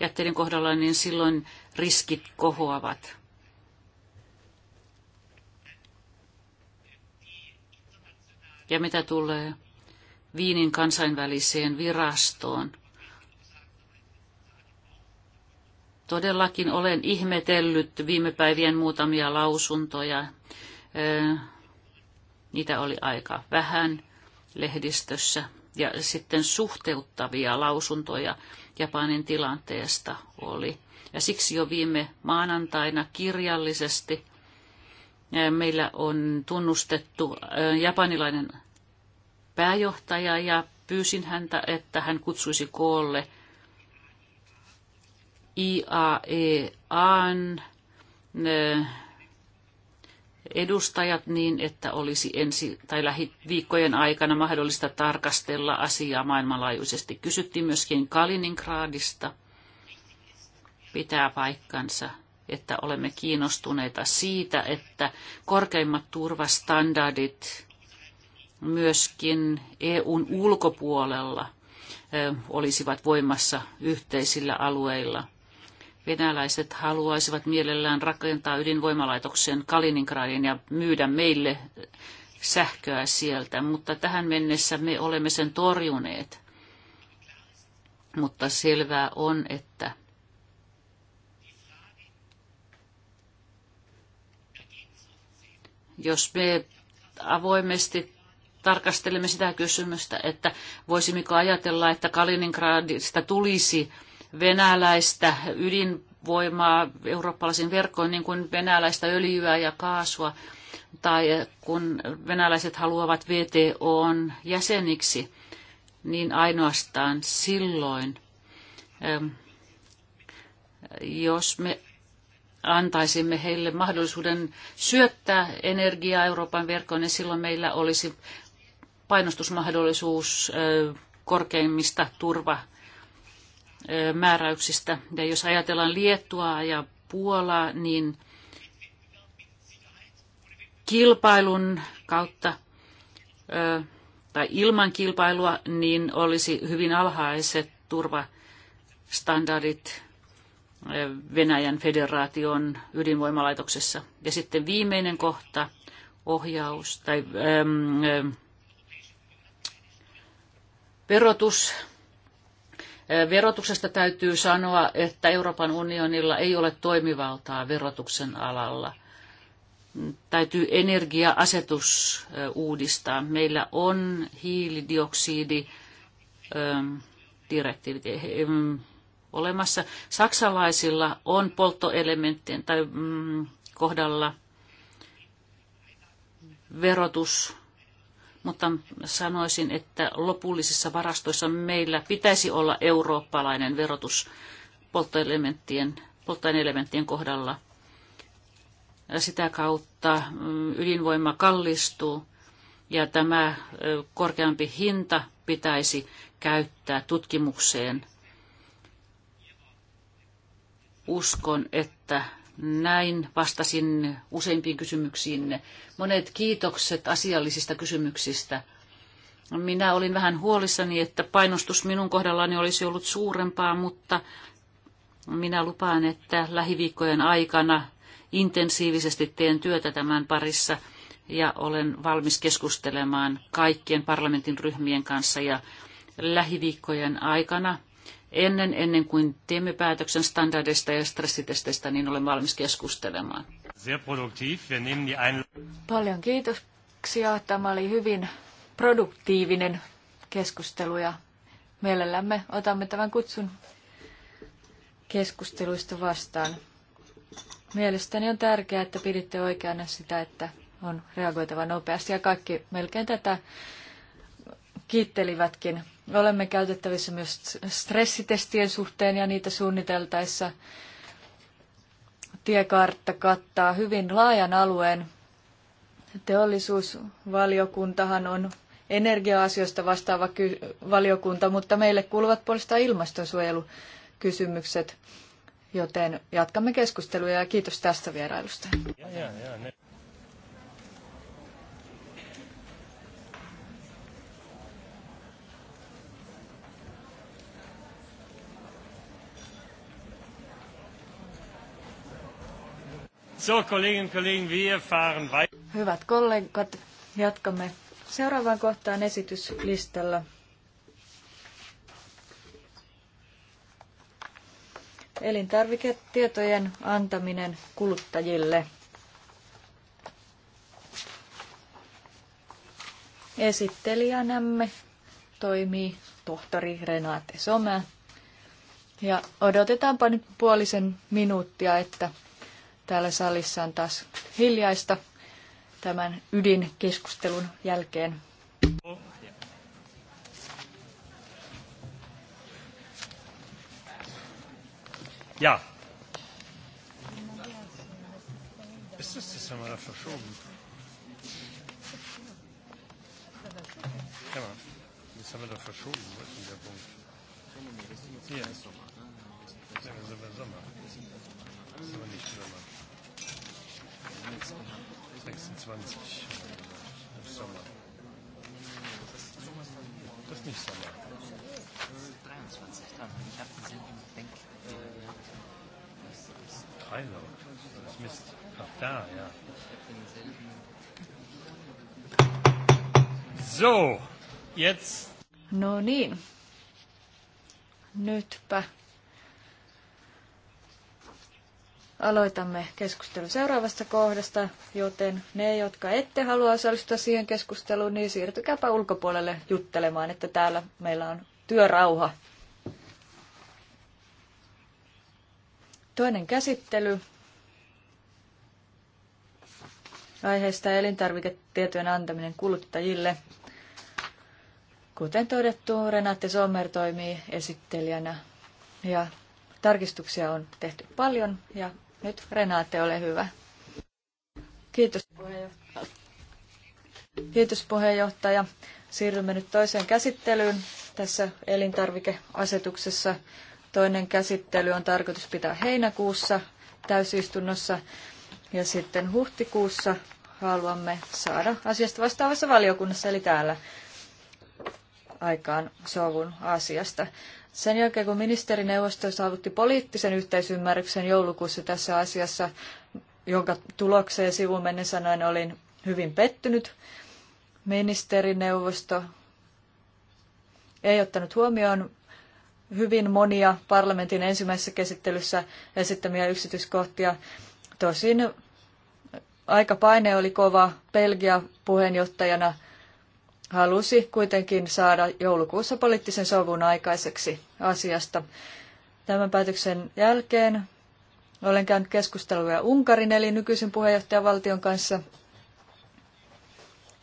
S2: jätteiden kohdalla, niin silloin riskit kohoavat. Ja mitä tulee Viinin kansainväliseen virastoon? Todellakin olen ihmetellyt viime päivien muutamia lausuntoja niitä oli aika vähän lehdistössä. Ja sitten suhteuttavia lausuntoja Japanin tilanteesta oli. Ja siksi jo viime maanantaina kirjallisesti meillä on tunnustettu japanilainen pääjohtaja ja pyysin häntä, että hän kutsuisi koolle IAEAn edustajat niin, että olisi ensi tai lähiviikkojen aikana mahdollista tarkastella asiaa maailmanlaajuisesti. Kysyttiin myöskin Kaliningradista. Pitää paikkansa, että olemme kiinnostuneita siitä, että korkeimmat turvastandardit myöskin EUn ulkopuolella olisivat voimassa yhteisillä alueilla – Venäläiset haluaisivat mielellään rakentaa ydinvoimalaitoksen Kaliningradin ja myydä meille sähköä sieltä, mutta tähän mennessä me olemme sen torjuneet. Mutta selvää on, että jos me avoimesti tarkastelemme sitä kysymystä, että voisimmeko ajatella, että Kaliningradista tulisi venäläistä ydinvoimaa eurooppalaisiin verkkoon, niin kuin venäläistä öljyä ja kaasua, tai kun venäläiset haluavat VTOn jäseniksi, niin ainoastaan silloin, ähm, jos me antaisimme heille mahdollisuuden syöttää energiaa Euroopan verkkoon, niin silloin meillä olisi painostusmahdollisuus äh, korkeimmista turva määräyksistä. Ja jos ajatellaan Liettua ja Puolaa, niin kilpailun kautta tai ilman kilpailua, niin olisi hyvin alhaiset turvastandardit Venäjän federaation ydinvoimalaitoksessa. Ja sitten viimeinen kohta, ohjaus tai äm, ähm, verotus Verotuksesta täytyy sanoa, että Euroopan unionilla ei ole toimivaltaa verotuksen alalla. Täytyy energia-asetus uudistaa. Meillä on hiilidioksidi direktiivi e, olemassa. Saksalaisilla on polttoelementtien tai mm, kohdalla verotus mutta sanoisin, että lopullisissa varastoissa meillä pitäisi olla eurooppalainen verotus polttoelementtien, polttoaineelementtien kohdalla. Sitä kautta mm, ydinvoima kallistuu ja tämä korkeampi hinta pitäisi käyttää tutkimukseen. Uskon, että näin vastasin useimpiin kysymyksiin. Monet kiitokset asiallisista kysymyksistä. Minä olin vähän huolissani, että painostus minun kohdallani olisi ollut suurempaa, mutta minä lupaan, että lähiviikkojen aikana intensiivisesti teen työtä tämän parissa ja olen valmis keskustelemaan kaikkien parlamentin ryhmien kanssa ja lähiviikkojen aikana ennen, ennen kuin teemme päätöksen standardeista ja stressitesteistä, niin olen valmis keskustelemaan.
S1: Paljon kiitoksia. Tämä oli hyvin produktiivinen keskustelu ja mielellämme otamme tämän kutsun keskusteluista vastaan. Mielestäni on tärkeää, että piditte oikeana sitä, että on reagoitava nopeasti ja kaikki melkein tätä kiittelivätkin. olemme käytettävissä myös stressitestien suhteen ja niitä suunniteltaessa. Tiekartta kattaa hyvin laajan alueen. Teollisuusvaliokuntahan on energia-asioista vastaava valiokunta, mutta meille kuuluvat puolesta ilmastonsuojelukysymykset, joten jatkamme keskustelua ja kiitos tästä vierailusta. Ja, ja, ja, Hyvät kollegat, jatkamme seuraavaan kohtaan esityslistalla. Elintarviketietojen antaminen kuluttajille. Esittelijänämme toimii tohtori Renate Somä. Ja odotetaanpa nyt puolisen minuuttia, että Täällä salissa on taas hiljaista tämän ydinkeskustelun jälkeen. Ja. Ist Ja,
S2: das haben wir verschoben, wo ist der Punkt? Hier. Ja, das ist aber Sommer. Das ist aber nicht Sommer. 26. Im Sommer.
S3: Das ist nicht Sommer. 23
S2: dran. Ich habe gesehen im Bank.
S3: Treiber. Das ist Mist. Ach, da, ja.
S1: So, jetzt. No niin. Nytpä Aloitamme keskustelun seuraavasta kohdasta, joten ne, jotka ette halua osallistua siihen keskusteluun, niin siirtykääpä ulkopuolelle juttelemaan, että täällä meillä on työrauha. Toinen käsittely aiheesta elintarviketietojen antaminen kuluttajille. Kuten todettu, Renate Sommer toimii esittelijänä ja tarkistuksia on tehty paljon ja nyt Renate, ole hyvä. Kiitos puheenjohtaja. Kiitos puheenjohtaja. Siirrymme nyt toiseen käsittelyyn tässä elintarvikeasetuksessa. Toinen käsittely on tarkoitus pitää heinäkuussa täysistunnossa ja sitten huhtikuussa haluamme saada asiasta vastaavassa valiokunnassa eli täällä aikaan sovun asiasta. Sen jälkeen, kun ministerineuvosto saavutti poliittisen yhteisymmärryksen joulukuussa tässä asiassa, jonka tulokseen sivuun mennen sanoen olin hyvin pettynyt, ministerineuvosto ei ottanut huomioon hyvin monia parlamentin ensimmäisessä käsittelyssä esittämiä yksityiskohtia. Tosin aikapaine oli kova. Belgia puheenjohtajana – halusi kuitenkin saada joulukuussa poliittisen sovun aikaiseksi asiasta. Tämän päätöksen jälkeen olen käynyt keskusteluja Unkarin eli nykyisen puheenjohtajavaltion kanssa.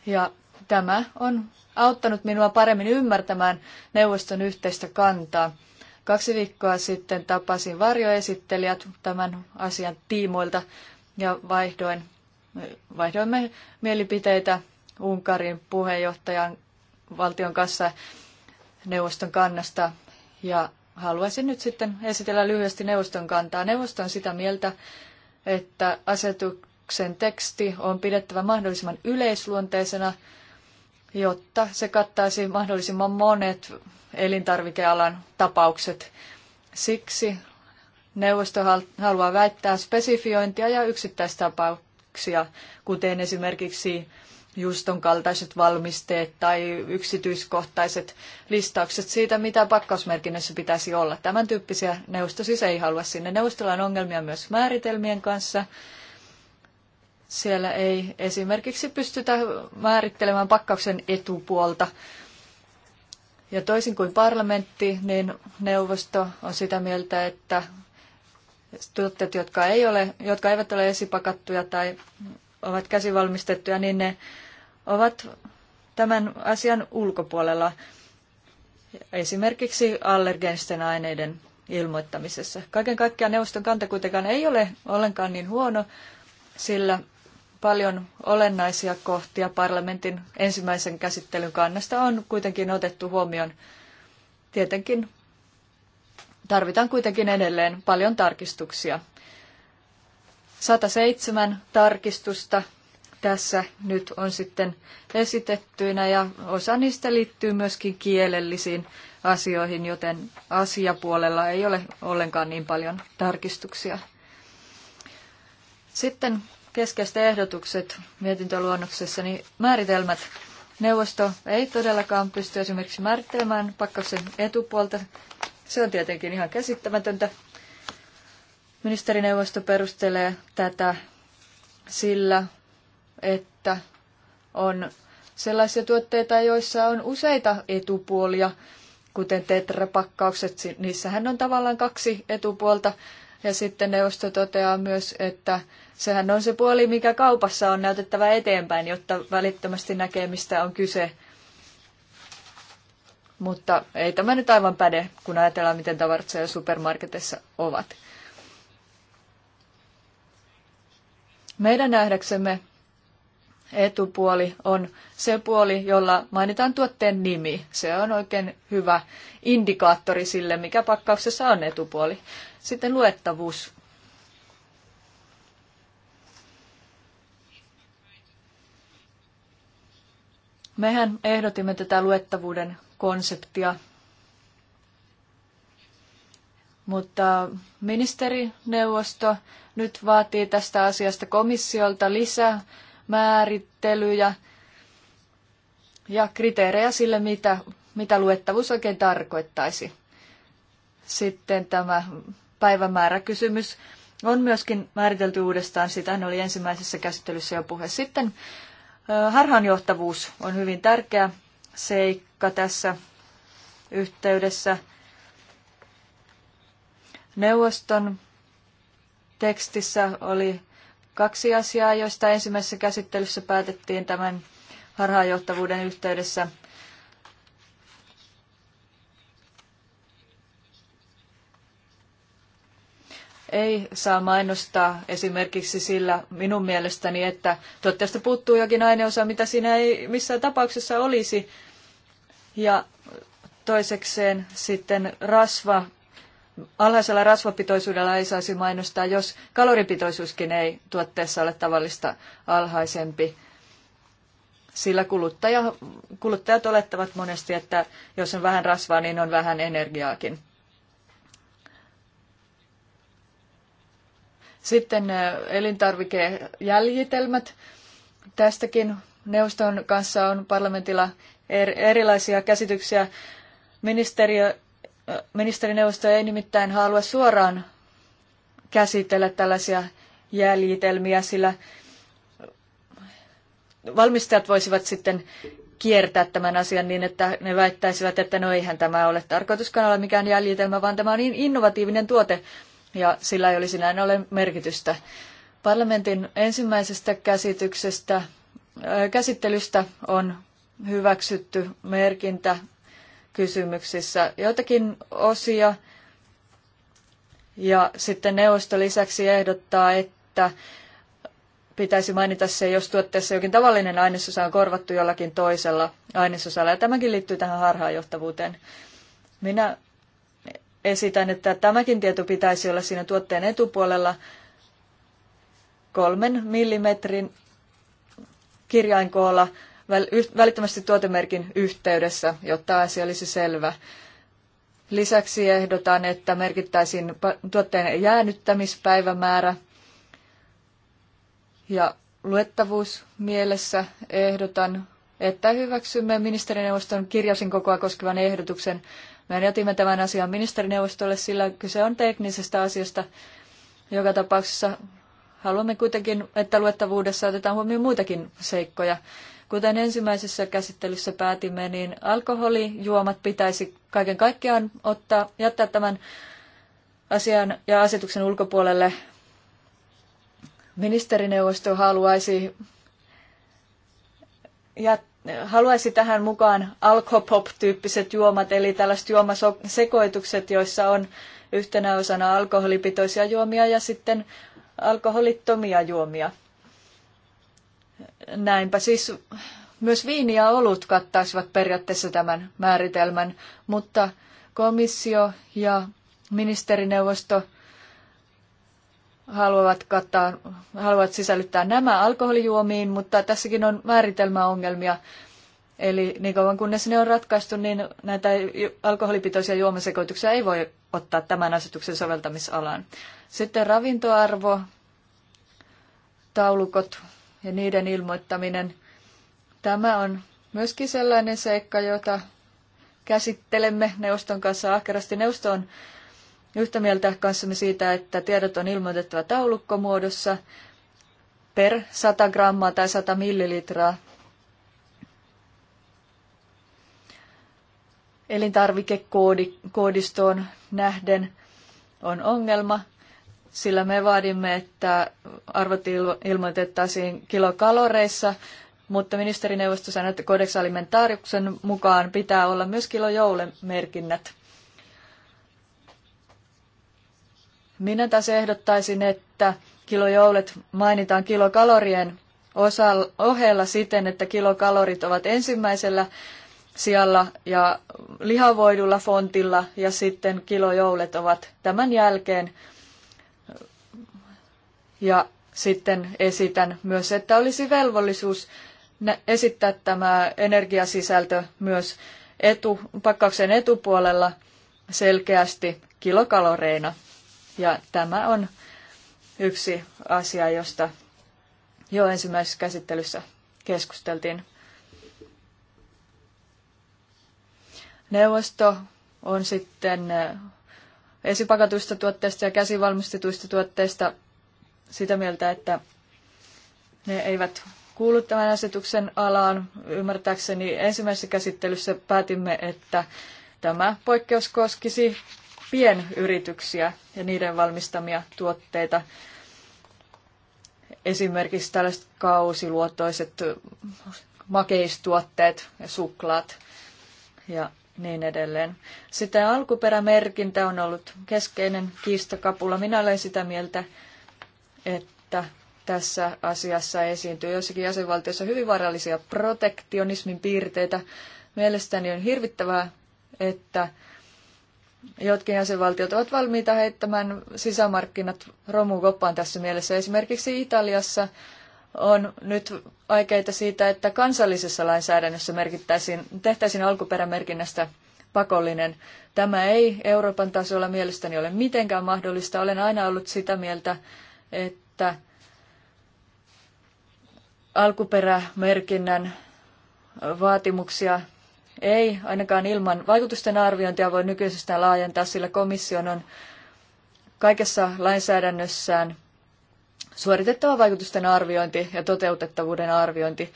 S1: Ja tämä on auttanut minua paremmin ymmärtämään neuvoston yhteistä kantaa. Kaksi viikkoa sitten tapasin varjoesittelijät tämän asian tiimoilta ja vaihdoin, vaihdoimme mielipiteitä Unkarin puheenjohtajan valtion kanssa neuvoston kannasta ja haluaisin nyt sitten esitellä lyhyesti neuvoston kantaa. Neuvosto on sitä mieltä, että asetuksen teksti on pidettävä mahdollisimman yleisluonteisena, jotta se kattaisi mahdollisimman monet elintarvikealan tapaukset. Siksi neuvosto haluaa väittää spesifiointia ja yksittäistapauksia, kuten esimerkiksi juuston kaltaiset valmisteet tai yksityiskohtaiset listaukset siitä, mitä pakkausmerkinnässä pitäisi olla. Tämän tyyppisiä neuvosto siis ei halua sinne. Neuvostolla on ongelmia myös määritelmien kanssa. Siellä ei esimerkiksi pystytä määrittelemään pakkauksen etupuolta. Ja toisin kuin parlamentti, niin neuvosto on sitä mieltä, että tuotteet, jotka, ei ole, jotka eivät ole esipakattuja tai ovat käsivalmistettuja, niin ne ovat tämän asian ulkopuolella esimerkiksi allergenisten aineiden ilmoittamisessa. Kaiken kaikkiaan neuvoston kanta kuitenkaan ei ole ollenkaan niin huono, sillä paljon olennaisia kohtia parlamentin ensimmäisen käsittelyn kannasta on kuitenkin otettu huomioon. Tietenkin tarvitaan kuitenkin edelleen paljon tarkistuksia. 107 tarkistusta tässä nyt on sitten esitettyinä ja osa niistä liittyy myöskin kielellisiin asioihin, joten asiapuolella ei ole ollenkaan niin paljon tarkistuksia. Sitten keskeiset ehdotukset mietintöluonnoksessa, niin määritelmät. Neuvosto ei todellakaan pysty esimerkiksi määrittelemään pakkauksen etupuolta. Se on tietenkin ihan käsittämätöntä. Ministerineuvosto perustelee tätä sillä, että on sellaisia tuotteita, joissa on useita etupuolia, kuten tetrapakkaukset, niissähän on tavallaan kaksi etupuolta. Ja sitten neuvosto toteaa myös, että sehän on se puoli, mikä kaupassa on näytettävä eteenpäin, jotta välittömästi näkee, mistä on kyse. Mutta ei tämä nyt aivan päde, kun ajatellaan, miten tavarat siellä supermarketissa ovat. Meidän nähdäksemme etupuoli on se puoli, jolla mainitaan tuotteen nimi. Se on oikein hyvä indikaattori sille, mikä pakkauksessa on etupuoli. Sitten luettavuus. Mehän ehdotimme tätä luettavuuden konseptia, mutta ministerineuvosto nyt vaatii tästä asiasta komissiolta lisää määrittelyjä ja kriteerejä sille, mitä, mitä luettavuus oikein tarkoittaisi. Sitten tämä päivämääräkysymys on myöskin määritelty uudestaan. Sitä oli ensimmäisessä käsittelyssä jo puhe. Sitten harhaanjohtavuus on hyvin tärkeä seikka tässä yhteydessä. Neuvoston tekstissä oli kaksi asiaa, joista ensimmäisessä käsittelyssä päätettiin tämän harhaanjohtavuuden yhteydessä. Ei saa mainostaa esimerkiksi sillä minun mielestäni, että tuotteesta puuttuu jokin aineosa, mitä siinä ei missään tapauksessa olisi. Ja toisekseen sitten rasva Alhaisella rasvapitoisuudella ei saisi mainostaa, jos kaloripitoisuuskin ei tuotteessa ole tavallista alhaisempi. Sillä kuluttaja, kuluttajat olettavat monesti, että jos on vähän rasvaa, niin on vähän energiaakin. Sitten elintarvikejäljitelmät. Tästäkin neuvoston kanssa on parlamentilla er, erilaisia käsityksiä. Ministeriö Ministerineuvosto ei nimittäin halua suoraan käsitellä tällaisia jäljitelmiä, sillä valmistajat voisivat sitten kiertää tämän asian niin, että ne väittäisivät, että no eihän tämä ole tarkoituskaan olla mikään jäljitelmä, vaan tämä on niin innovatiivinen tuote ja sillä ei olisi näin ollen merkitystä. Parlamentin ensimmäisestä käsityksestä, äh, käsittelystä on hyväksytty merkintä kysymyksissä. Joitakin osia ja sitten neuvosto lisäksi ehdottaa, että pitäisi mainita se, jos tuotteessa jokin tavallinen ainesosa on korvattu jollakin toisella ainesosalla. Ja tämäkin liittyy tähän harhaanjohtavuuteen. Minä esitän, että tämäkin tieto pitäisi olla siinä tuotteen etupuolella kolmen millimetrin kirjainkoolla – välittömästi tuotemerkin yhteydessä, jotta asia olisi selvä. Lisäksi ehdotan, että merkittäisiin tuotteen jäänyttämispäivämäärä ja luettavuus mielessä ehdotan, että hyväksymme ministerineuvoston kirjasin kokoa koskevan ehdotuksen. Me jätimme tämän asian ministerineuvostolle, sillä kyse on teknisestä asiasta. Joka tapauksessa haluamme kuitenkin, että luettavuudessa otetaan huomioon muitakin seikkoja. Kuten ensimmäisessä käsittelyssä päätimme, niin alkoholijuomat pitäisi kaiken kaikkiaan ottaa, jättää tämän asian ja asetuksen ulkopuolelle. Ministerineuvosto haluaisi, jät, haluaisi tähän mukaan alkopop-tyyppiset juomat, eli tällaiset juomasekoitukset, joissa on yhtenä osana alkoholipitoisia juomia ja sitten alkoholittomia juomia. Näinpä siis myös viini ja olut kattaisivat periaatteessa tämän määritelmän, mutta komissio ja ministerineuvosto haluavat, kattaa, haluavat sisällyttää nämä alkoholijuomiin, mutta tässäkin on määritelmäongelmia. Eli niin kauan kunnes ne on ratkaistu, niin näitä alkoholipitoisia juomasekoituksia ei voi ottaa tämän asetuksen soveltamisalaan. Sitten ravintoarvo, taulukot ja niiden ilmoittaminen. Tämä on myöskin sellainen seikka, jota käsittelemme neuvoston kanssa ahkerasti. Neuvosto on yhtä mieltä kanssamme siitä, että tiedot on ilmoitettava taulukkomuodossa per 100 grammaa tai 100 millilitraa. Elintarvikekoodistoon nähden on ongelma – sillä me vaadimme, että arvot ilmoitettaisiin kilokaloreissa, mutta ministerineuvosto sanoi, että Codex Alimentariuksen mukaan pitää olla myös kilojoulemerkinnät. Minä taas ehdottaisin, että kilojoulet mainitaan kilokalorien ohella siten, että kilokalorit ovat ensimmäisellä sijalla ja lihavoidulla fontilla ja sitten kilojoulet ovat tämän jälkeen ja sitten esitän myös, että olisi velvollisuus esittää tämä energiasisältö myös etu, pakkauksen etupuolella selkeästi kilokaloreina. Ja tämä on yksi asia, josta jo ensimmäisessä käsittelyssä keskusteltiin. Neuvosto on sitten eh, esipakatuista tuotteista ja käsivalmistetuista tuotteista sitä mieltä, että ne eivät kuulu tämän asetuksen alaan. Ymmärtääkseni ensimmäisessä käsittelyssä päätimme, että tämä poikkeus koskisi pienyrityksiä ja niiden valmistamia tuotteita. Esimerkiksi tällaiset kausiluotoiset makeistuotteet ja suklaat ja niin edelleen. Sitä alkuperämerkintä on ollut keskeinen kiistakapula. Minä olen sitä mieltä, että tässä asiassa esiintyy jossakin jäsenvaltiossa hyvin vaarallisia protektionismin piirteitä. Mielestäni on hirvittävää, että jotkin jäsenvaltiot ovat valmiita heittämään sisämarkkinat romukoppaan tässä mielessä. Esimerkiksi Italiassa on nyt aikeita siitä, että kansallisessa lainsäädännössä merkittäisiin, tehtäisiin alkuperämerkinnästä pakollinen. Tämä ei Euroopan tasolla mielestäni ole mitenkään mahdollista. Olen aina ollut sitä mieltä, että alkuperämerkinnän vaatimuksia ei ainakaan ilman vaikutusten arviointia voi nykyisestään laajentaa, sillä komission on kaikessa lainsäädännössään suoritettava vaikutusten arviointi ja toteutettavuuden arviointi.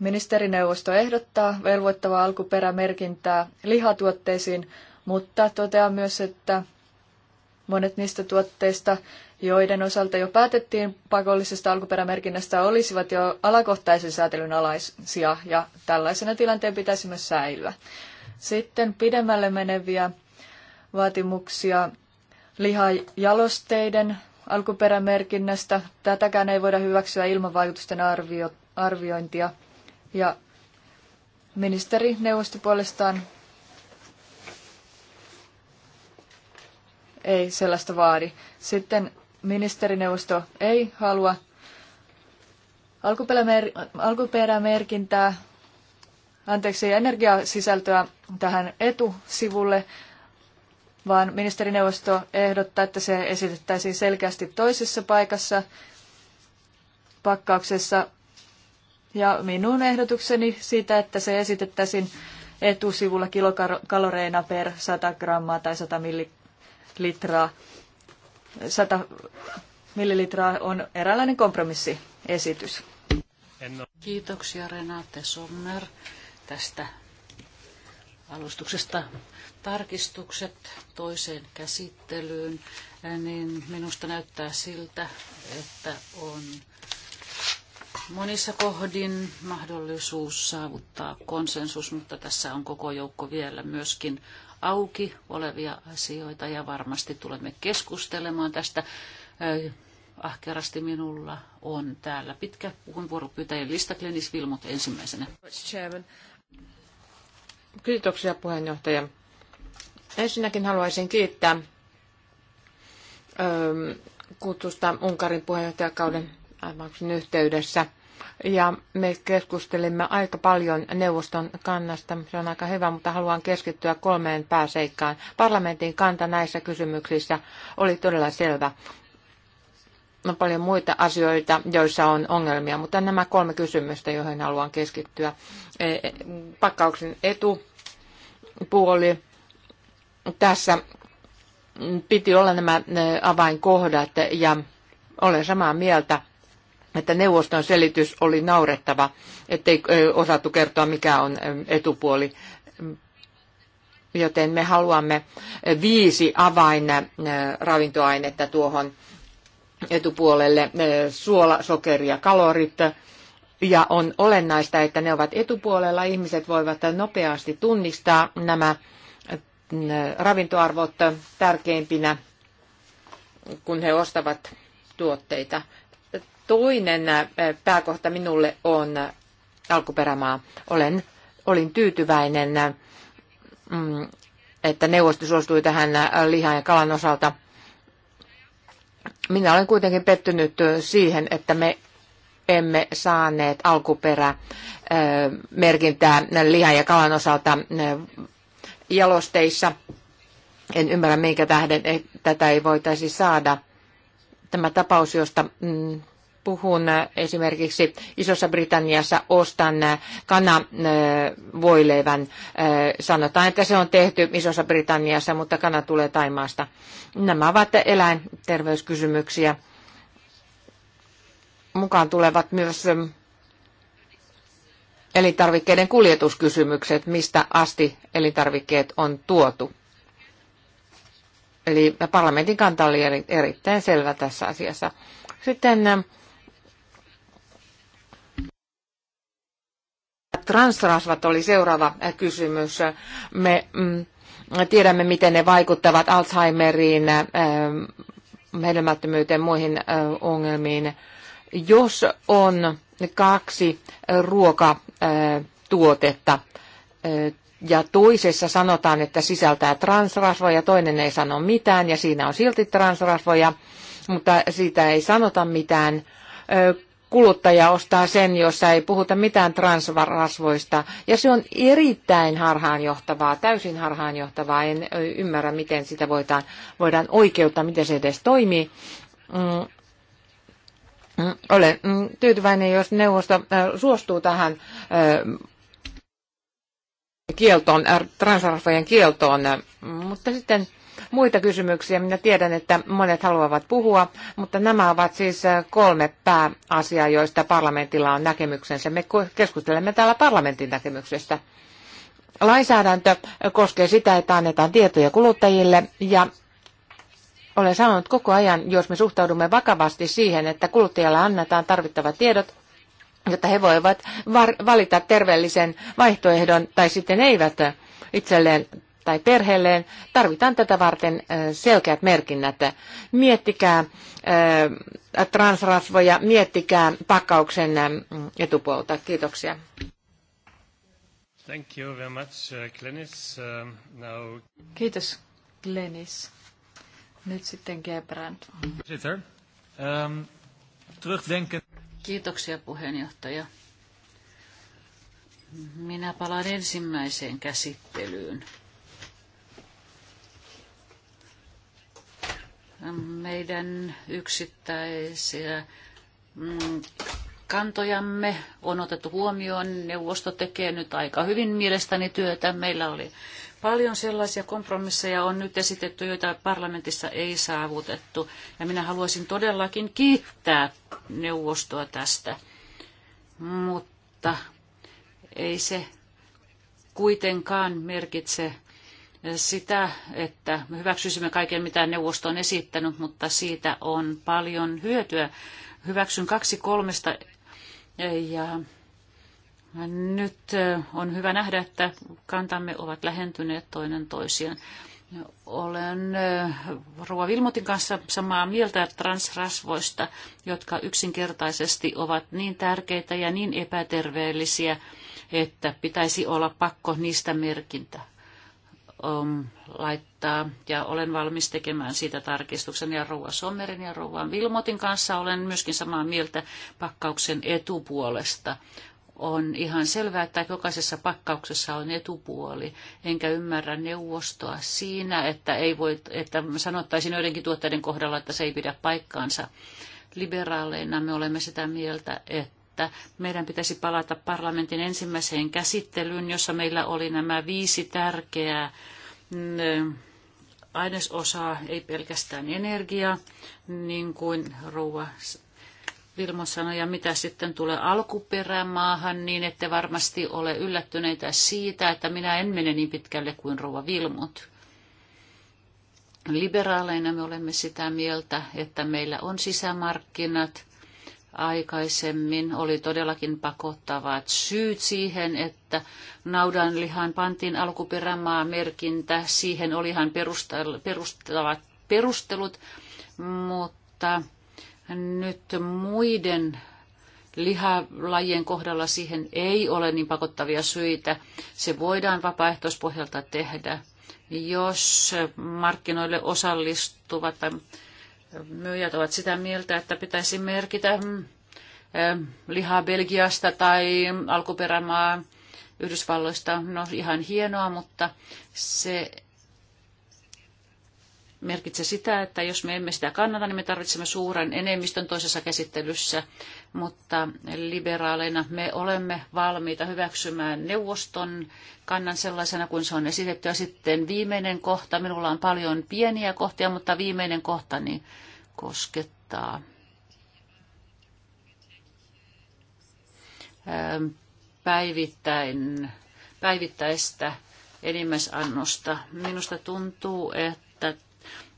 S1: Ministerineuvosto ehdottaa velvoittavaa alkuperämerkintää lihatuotteisiin, mutta toteaa myös, että monet niistä tuotteista, joiden osalta jo päätettiin pakollisesta alkuperämerkinnästä, olisivat jo alakohtaisen säätelyn alaisia ja tällaisena tilanteen pitäisi myös säilyä. Sitten pidemmälle meneviä vaatimuksia lihajalosteiden alkuperämerkinnästä. Tätäkään ei voida hyväksyä ilman vaikutusten arvio, arviointia. Ja ministeri neuvosti puolestaan ei sellaista vaadi. Sitten ministerineuvosto ei halua alkuperämerkintää, anteeksi, energiasisältöä tähän etusivulle, vaan ministerineuvosto ehdottaa, että se esitettäisiin selkeästi toisessa paikassa pakkauksessa. Ja minun ehdotukseni siitä, että se esitettäisiin etusivulla kilokaloreina per 100 grammaa tai 100 millilitraa 100
S2: millilitraa on eräänlainen kompromissiesitys. Kiitoksia Renate Sommer tästä alustuksesta. Tarkistukset toiseen käsittelyyn, niin minusta näyttää siltä, että on monissa kohdin mahdollisuus saavuttaa konsensus, mutta tässä on koko joukko vielä myöskin auki olevia asioita ja varmasti tulemme keskustelemaan tästä. Ahkerasti minulla on täällä pitkä puheenvuoropyytäjien lista. Glenis Vilmut ensimmäisenä.
S3: Kiitoksia puheenjohtaja. Ensinnäkin haluaisin kiittää kutsusta Unkarin puheenjohtajakauden avauksen yhteydessä – ja me keskustelimme aika paljon neuvoston kannasta. Se on aika hyvä, mutta haluan keskittyä kolmeen pääseikkaan. Parlamentin kanta näissä kysymyksissä oli todella selvä. On paljon muita asioita, joissa on ongelmia, mutta nämä kolme kysymystä, joihin haluan keskittyä. E, pakkauksen etupuoli. Tässä piti olla nämä e, avainkohdat ja olen samaa mieltä että neuvoston selitys oli naurettava, ettei osattu kertoa, mikä on etupuoli. Joten me haluamme viisi avainravintoainetta tuohon etupuolelle, suola, sokeri ja kalorit. Ja on olennaista, että ne ovat etupuolella. Ihmiset voivat nopeasti tunnistaa nämä ravintoarvot tärkeimpinä, kun he ostavat tuotteita toinen pääkohta minulle on alkuperämaa. Olen, olin tyytyväinen, mm, että neuvosto suostui tähän lihan ja kalan osalta. Minä olen kuitenkin pettynyt siihen, että me emme saaneet alkuperämerkintää merkintää lihan ja kalan osalta jalosteissa. En ymmärrä, minkä tähden eh, tätä ei voitaisi saada. Tämä tapaus, josta mm, puhun äh, esimerkiksi Isossa Britanniassa ostan äh, kanavoilevan äh, Sanotaan, että se on tehty Isossa Britanniassa, mutta kana tulee Taimaasta. Nämä ovat eläinterveyskysymyksiä. Mukaan tulevat myös ähm, elintarvikkeiden kuljetuskysymykset, mistä asti elintarvikkeet on tuotu. Eli parlamentin kanta oli erittäin selvä tässä asiassa. Sitten ähm, transrasvat oli seuraava äh, kysymys. Me mm, tiedämme, miten ne vaikuttavat Alzheimeriin, äh, hedelmättömyyteen, muihin äh, ongelmiin. Jos on kaksi ruokatuotetta ja toisessa sanotaan, että sisältää transrasvoja, toinen ei sano mitään ja siinä on silti transrasvoja, mutta siitä ei sanota mitään kuluttaja ostaa sen, jossa ei puhuta mitään transrasvoista. Ja se on erittäin harhaanjohtavaa, täysin harhaanjohtavaa. En ymmärrä, miten sitä voidaan, voidaan oikeuttaa, miten se edes toimii. Mm. mm. Olen mm, tyytyväinen, jos neuvosto suostuu tähän kieltoon, transrasvojen kieltoon, mutta sitten muita kysymyksiä. Minä tiedän, että monet haluavat puhua, mutta nämä ovat siis äh, kolme pääasiaa, joista parlamentilla on näkemyksensä. Me keskustelemme täällä parlamentin näkemyksestä. Lainsäädäntö koskee sitä, että annetaan tietoja kuluttajille ja olen sanonut koko ajan, jos me suhtaudumme vakavasti siihen, että kuluttajalle annetaan tarvittavat tiedot, jotta he voivat valita terveellisen vaihtoehdon tai sitten eivät itselleen tai perheelleen, tarvitaan tätä varten selkeät merkinnät. Miettikää transrasvoja, miettikää pakkauksen etupuolta. Kiitoksia.
S2: Thank you very much, uh, Glenis. Uh, now...
S1: Kiitos, Glenis. Nyt sitten Gebrand.
S2: Sitter. Ehm, Kiitoksia puheenjohtaja. Minä palaan ensimmäiseen käsittelyyn. meidän yksittäisiä mm, kantojamme on otettu huomioon. Neuvosto tekee nyt aika hyvin mielestäni työtä. Meillä oli paljon sellaisia kompromisseja on nyt esitetty, joita parlamentissa ei saavutettu. Ja minä haluaisin todellakin kiittää neuvostoa tästä. Mutta ei se kuitenkaan merkitse sitä, että me hyväksyisimme kaiken, mitä neuvosto on esittänyt, mutta siitä on paljon hyötyä. Hyväksyn kaksi kolmesta ja nyt on hyvä nähdä, että kantamme ovat lähentyneet toinen toisiaan. Olen Rova Vilmotin kanssa samaa mieltä transrasvoista, jotka yksinkertaisesti ovat niin tärkeitä ja niin epäterveellisiä, että pitäisi olla pakko niistä merkintä um, laittaa ja olen valmis tekemään siitä tarkistuksen ja Rouva Sommerin ja Rouva Vilmotin kanssa olen myöskin samaa mieltä pakkauksen etupuolesta. On ihan selvää, että jokaisessa pakkauksessa on etupuoli, enkä ymmärrä neuvostoa siinä, että, ei voi, että sanottaisiin joidenkin tuotteiden kohdalla, että se ei pidä paikkaansa liberaaleina me olemme sitä mieltä, että että meidän pitäisi palata parlamentin ensimmäiseen käsittelyyn, jossa meillä oli nämä viisi tärkeää mm, ainesosaa, ei pelkästään energia, niin kuin rouva Vilmo sanoi, ja mitä sitten tulee alkuperämaahan, niin ette varmasti ole yllättyneitä siitä, että minä en mene niin pitkälle kuin rouva Vilmut. Liberaaleina me olemme sitä mieltä, että meillä on sisämarkkinat, aikaisemmin oli todellakin pakottavat syyt siihen, että naudanlihan pantiin alkuperämaa merkintä. Siihen olihan perustavat perustelut, mutta nyt muiden lihalajien kohdalla siihen ei ole niin pakottavia syitä. Se voidaan vapaaehtoispohjalta tehdä, jos markkinoille osallistuvat tai myyjät ovat sitä mieltä, että pitäisi merkitä mm, lihaa Belgiasta tai alkuperämaa Yhdysvalloista. No ihan hienoa, mutta se merkitse sitä, että jos me emme sitä kannata, niin me tarvitsemme suuren enemmistön toisessa käsittelyssä, mutta liberaaleina me olemme valmiita hyväksymään neuvoston kannan sellaisena kuin se on esitetty. Ja sitten viimeinen kohta, minulla on paljon pieniä kohtia, mutta viimeinen kohta niin koskettaa ähm, päivittäin, päivittäistä enimmäisannosta. Minusta tuntuu, että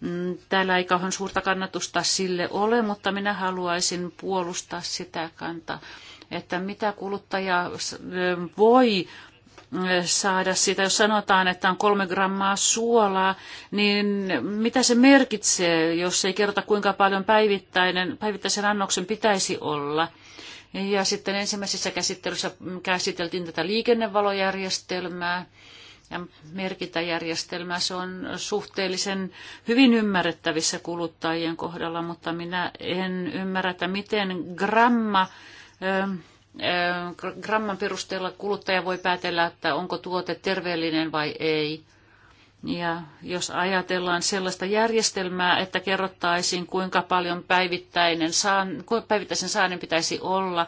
S2: Mm, täällä ei kauhean suurta kannatusta sille ole, mutta minä haluaisin puolustaa sitä kantaa, että mitä kuluttaja voi saada sitä, jos sanotaan, että on kolme grammaa suolaa, niin mitä se merkitsee, jos ei kerrota kuinka paljon päivittäinen, päivittäisen annoksen pitäisi olla. Ja sitten ensimmäisessä käsittelyssä käsiteltiin tätä liikennevalojärjestelmää, ja merkintäjärjestelmä. Se on suhteellisen hyvin ymmärrettävissä kuluttajien kohdalla, mutta minä en ymmärrä, että miten gramma, gramman perusteella kuluttaja voi päätellä, että onko tuote terveellinen vai ei. Ja jos ajatellaan sellaista järjestelmää, että kerrottaisiin, kuinka paljon päivittäinen saan, kuinka päivittäisen saanen pitäisi olla,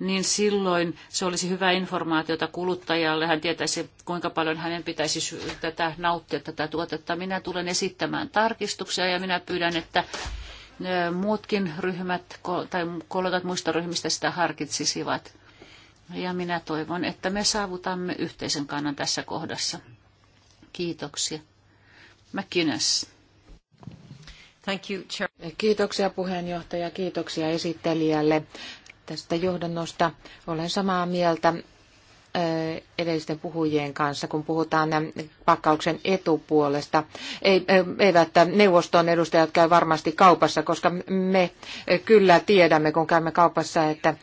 S2: niin silloin se olisi hyvä informaatiota kuluttajalle. Hän tietäisi, kuinka paljon hänen pitäisi tätä nauttia, tätä tuotetta. Minä tulen esittämään tarkistuksia ja minä pyydän, että muutkin ryhmät tai kollegat muista ryhmistä sitä harkitsisivat. Ja minä toivon, että me saavutamme yhteisen kannan tässä kohdassa. Kiitoksia. McInnes.
S3: Thank you, Kiitoksia puheenjohtaja, kiitoksia esittelijälle tästä johdannosta. Olen samaa mieltä edellisten puhujien kanssa, kun puhutaan pakkauksen etupuolesta. Ei, eivät neuvoston edustajat käy varmasti kaupassa, koska me kyllä tiedämme, kun käymme kaupassa, että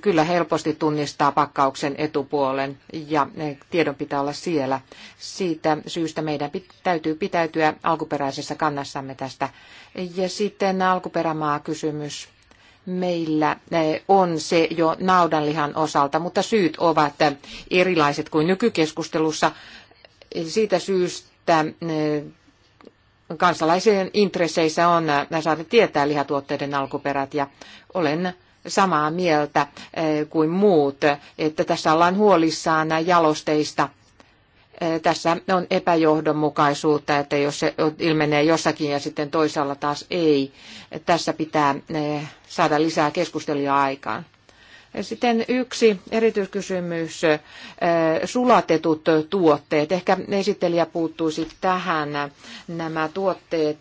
S3: kyllä helposti tunnistaa pakkauksen etupuolen ja tiedon pitää olla siellä. Siitä syystä meidän täytyy pitäytyä alkuperäisessä kannassamme tästä. Ja sitten alkuperämaa kysymys meillä eh, on se jo naudanlihan osalta, mutta syyt ovat eh, erilaiset kuin nykykeskustelussa. Siitä syystä eh, kansalaisen intresseissä on saada tietää lihatuotteiden alkuperät ja olen samaa mieltä kuin muut, että tässä ollaan huolissaan jalosteista tässä on epäjohdonmukaisuutta, että jos se ilmenee jossakin ja sitten toisaalla taas ei. Tässä pitää eh, saada lisää keskustelua aikaan. Sitten yksi erityiskysymys, eh, sulatetut tuotteet. Ehkä esittelijä puuttuisi tähän. Nämä tuotteet,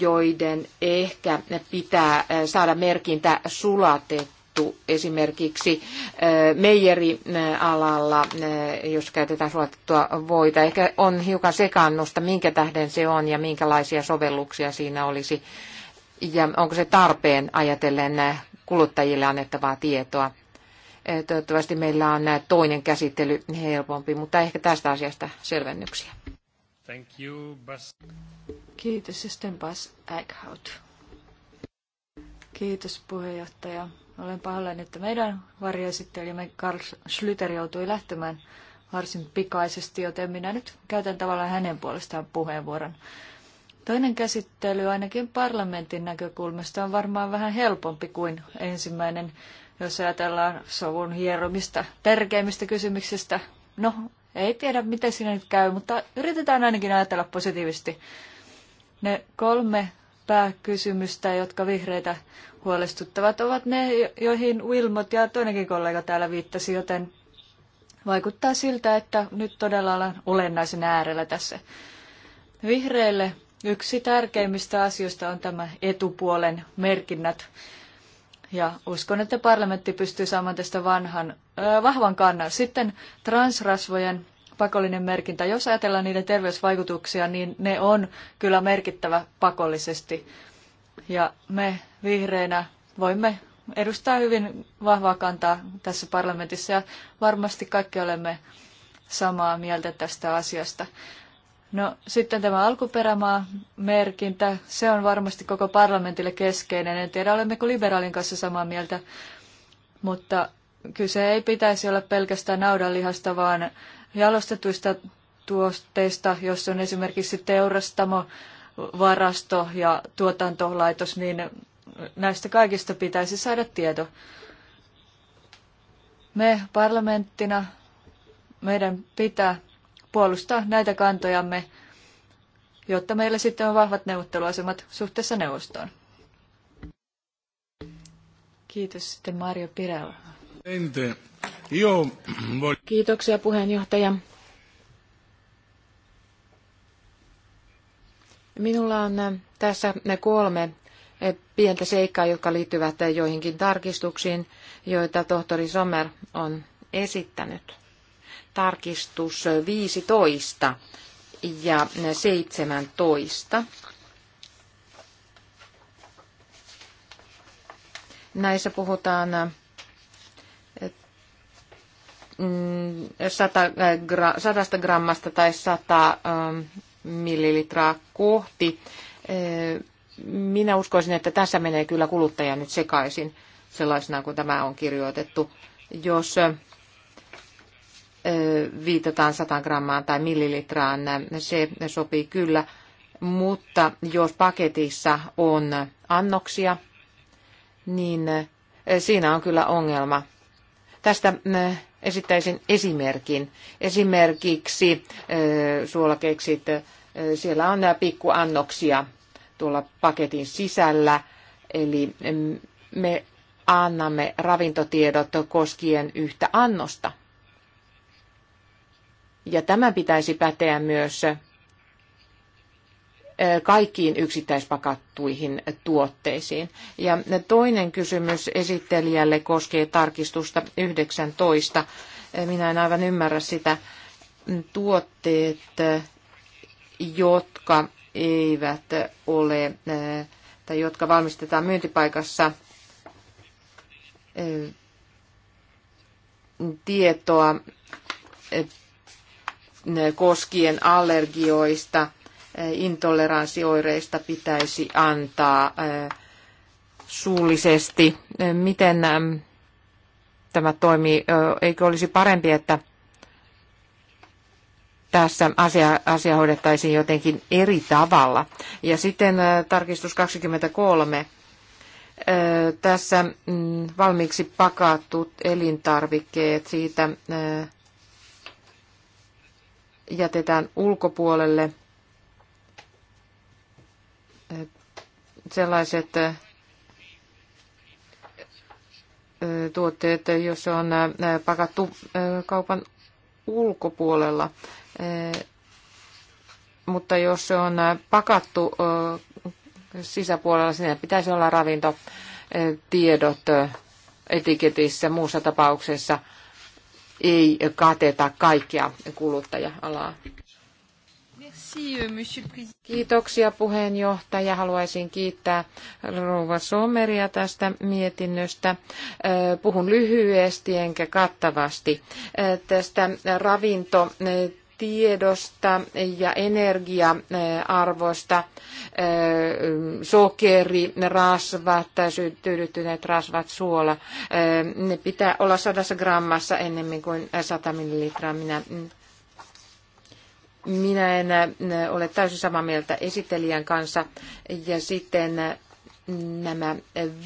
S3: joiden ehkä pitää eh, saada merkintä sulatettu todettu esimerkiksi eh, meijerialalla, eh, eh, jos käytetään suotettua voita. Ehkä on hiukan sekannusta, minkä tähden se on ja minkälaisia sovelluksia siinä olisi. Ja onko se tarpeen ajatellen kuluttajille annettavaa tietoa. Toivottavasti meillä on toinen käsittely helpompi, mutta ehkä tästä asiasta selvennyksiä.
S2: Thank you, Bas.
S1: Kiitos, sitten Bas Eichhout. Kiitos puheenjohtaja. Olen pahoillani, että meidän varjoesittelijämme Karl Schlüter joutui lähtemään varsin pikaisesti, joten minä nyt käytän tavallaan hänen puolestaan puheenvuoron. Toinen käsittely ainakin parlamentin näkökulmasta on varmaan vähän helpompi kuin ensimmäinen, jos ajatellaan sovun hieromista tärkeimmistä kysymyksistä. No, ei tiedä miten siinä nyt käy, mutta yritetään ainakin ajatella positiivisesti. Ne kolme pääkysymystä, jotka vihreitä huolestuttavat, ovat ne, joihin Wilmot ja toinenkin kollega täällä viittasi, joten vaikuttaa siltä, että nyt todella ollaan olennaisen äärellä tässä. Vihreille yksi tärkeimmistä asioista on tämä etupuolen merkinnät. Ja uskon, että parlamentti pystyy saamaan tästä vanhan, äh, vahvan kannan. Sitten transrasvojen pakollinen merkintä. Jos ajatellaan niiden terveysvaikutuksia, niin ne on kyllä merkittävä pakollisesti. Ja me vihreinä voimme edustaa hyvin vahvaa kantaa tässä parlamentissa ja varmasti kaikki olemme samaa mieltä tästä asiasta. No sitten tämä alkuperämaa merkintä, se on varmasti koko parlamentille keskeinen. En tiedä, olemmeko liberaalin kanssa samaa mieltä, mutta kyse ei pitäisi olla pelkästään naudanlihasta, vaan jalostetuista tuotteista, jos on esimerkiksi teurastamo, varasto ja tuotantolaitos, niin näistä kaikista pitäisi saada tieto. Me parlamenttina, meidän pitää puolustaa näitä kantojamme, jotta meillä sitten on vahvat neuvotteluasemat suhteessa neuvostoon. Kiitos sitten Mario Pirella.
S2: Joo.
S3: Kiitoksia puheenjohtaja. Minulla on äh, tässä ne kolme äh, pientä seikkaa, jotka liittyvät äh, joihinkin tarkistuksiin, joita tohtori Sommer on esittänyt. Tarkistus 15 ja 17. Näissä puhutaan 100 grammasta tai 100 ähm, millilitraa kohti. Äh, minä uskoisin, että tässä menee kyllä kuluttaja nyt sekaisin sellaisena kuin tämä on kirjoitettu. Jos äh, viitataan 100 grammaan tai millilitraan, se sopii kyllä, mutta jos paketissa on annoksia, niin äh, siinä on kyllä ongelma. Tästä esittäisin esimerkin. Esimerkiksi suolakeksit, siellä on nämä pikkuannoksia tuolla paketin sisällä, eli mm, me annamme ravintotiedot koskien yhtä annosta. Ja tämä pitäisi päteä myös kaikkiin yksittäispakattuihin tuotteisiin. Ja toinen kysymys esittelijälle koskee tarkistusta 19. Minä en aivan ymmärrä sitä tuotteet, jotka eivät ole tai jotka valmistetaan myyntipaikassa tietoa koskien allergioista – Eh, intoleranssioireista pitäisi antaa eh, suullisesti. Eh, miten tämä toimii? Eikö olisi parempi, että tässä asia, asia hoidettaisiin jotenkin eri tavalla. Ja sitten tarkistus 23. Tässä mm, valmiiksi pakattut elintarvikkeet siitä jätetään ulkopuolelle – sellaiset tuotteet, jos on pakattu kaupan ulkopuolella. Mutta jos se on pakattu sisäpuolella, siinä pitäisi olla ravintotiedot etiketissä. Muussa tapauksessa ei kateta kaikkia kuluttaja-alaa. Euh, Kiitoksia puheenjohtaja. Haluaisin kiittää rouva Sommeria tästä mietinnöstä. Puhun lyhyesti enkä kattavasti tästä ravinto tiedosta ja energiaarvoista, sokeri, rasvat, tyydyttyneet rasvat, suola. Ne pitää olla sadassa grammassa ennemmin kuin 100 millilitraa. Minä minä en äh, ole täysin samaa mieltä esittelijän kanssa. Ja sitten äh, nämä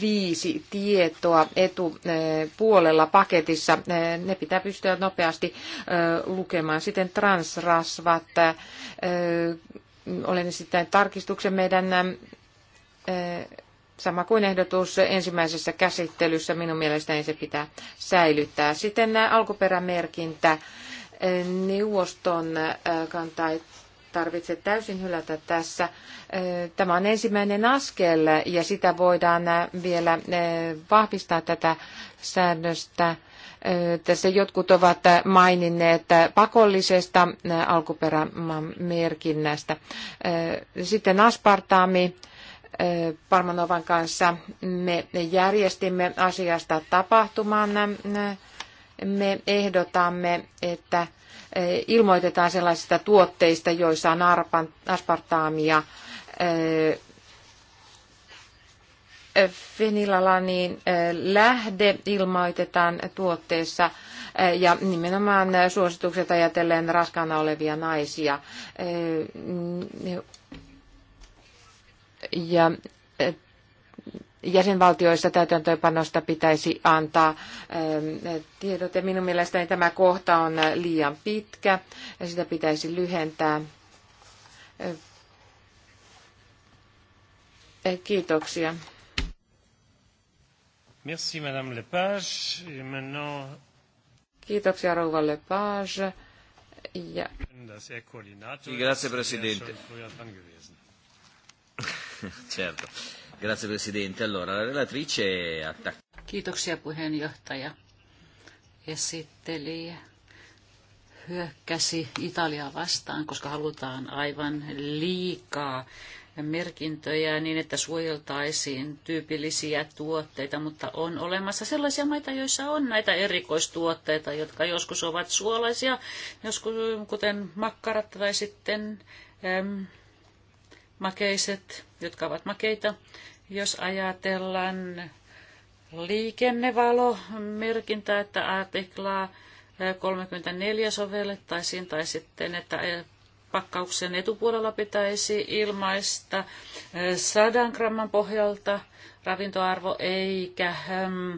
S3: viisi tietoa etupuolella äh, paketissa, ne pitää pystyä nopeasti lukemaan. Sitten transrasvat, olen sitten tarkistuksen meidän sama kuin ehdotus ensimmäisessä käsittelyssä, minun mielestäni se pitää säilyttää. Sitten nämä alkuperämerkintä, neuvoston kantaa ei tarvitse täysin hylätä tässä. Tämä on ensimmäinen askel ja sitä voidaan vielä vahvistaa tätä säännöstä. Tässä jotkut ovat maininneet pakollisesta alkuperämaan merkinnästä. Sitten aspartaami. Parmanovan kanssa me järjestimme asiasta tapahtuman me ehdotamme, että eh, ilmoitetaan sellaisista tuotteista, joissa on aspartaamia, eh, eh, fenilalanin lähde ilmoitetaan tuotteessa ja nimenomaan suositukset ajatellen raskaana olevia naisia. Ja jäsenvaltioissa täytäntöönpanosta pitäisi antaa ähm, tiedot. Ja minun mielestäni tämä kohta on liian pitkä ja sitä pitäisi lyhentää. Äh, eh, kiitoksia.
S2: Merci, Madame Lepage. Et maintenant...
S3: Kiitoksia, Rouva Lepage. Ja...
S1: Grazie, Presidente.
S2: certo. Grazie Presidente. Allora, la relatrice attacca. Kiitoksia puheenjohtaja. Esitteli hyökkäsi Italiaa vastaan, koska halutaan aivan liikaa merkintöjä niin, että suojeltaisiin tyypillisiä tuotteita, mutta on olemassa sellaisia maita, joissa on näitä erikoistuotteita, jotka joskus ovat suolaisia, joskus kuten makkarat tai sitten äm, makeiset, jotka ovat makeita. Jos ajatellaan liikennevalomerkintää, että artiklaa 34 eh, sovellettaisiin, tai sitten, että eh, pakkauksen etupuolella pitäisi ilmaista 100 eh, gramman pohjalta ravintoarvo, eikä ehm,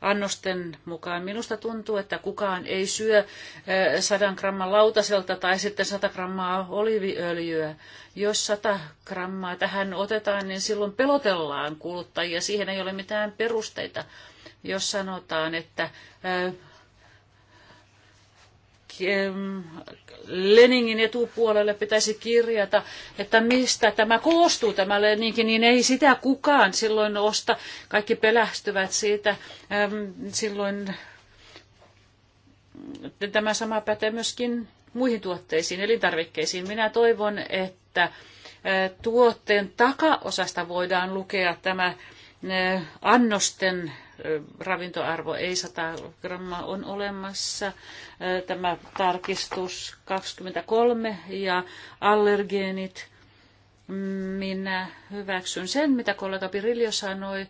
S2: annosten mukaan. Minusta tuntuu, että kukaan ei syö sadan gramman lautaselta tai sitten 100 grammaa oliiviöljyä, Jos 100 grammaa tähän otetaan, niin silloin pelotellaan kuluttajia. Siihen ei ole mitään perusteita jos sanotaan, että Leningin etupuolelle pitäisi kirjata, että mistä tämä koostuu, tämä Leninkin, niin ei sitä kukaan silloin osta. Kaikki pelästyvät siitä. Silloin tämä sama pätee myöskin muihin tuotteisiin, elintarvikkeisiin. Minä toivon, että e, tuotteen takaosasta voidaan lukea tämä e, annosten ravintoarvo ei 100 grammaa on olemassa. Tämä tarkistus 23 ja allergeenit. Minä hyväksyn sen, mitä kollega Pirilio sanoi.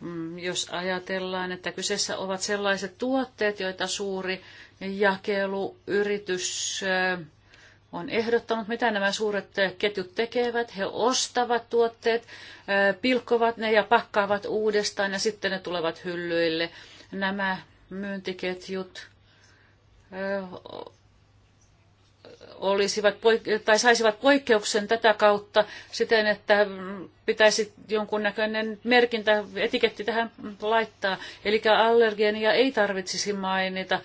S2: Mm, jos ajatellaan, että kyseessä ovat sellaiset tuotteet, joita suuri jakeluyritys on ehdottanut, mitä nämä suuret eh, ketjut tekevät. He ostavat tuotteet, eh, pilkkovat ne ja pakkaavat uudestaan ja sitten ne tulevat hyllyille. Nämä myyntiketjut eh, olisivat tai saisivat poikkeuksen tätä kautta siten, että pitäisi jonkunnäköinen merkintä, etiketti tähän laittaa. Eli allergeenia ei tarvitsisi mainita.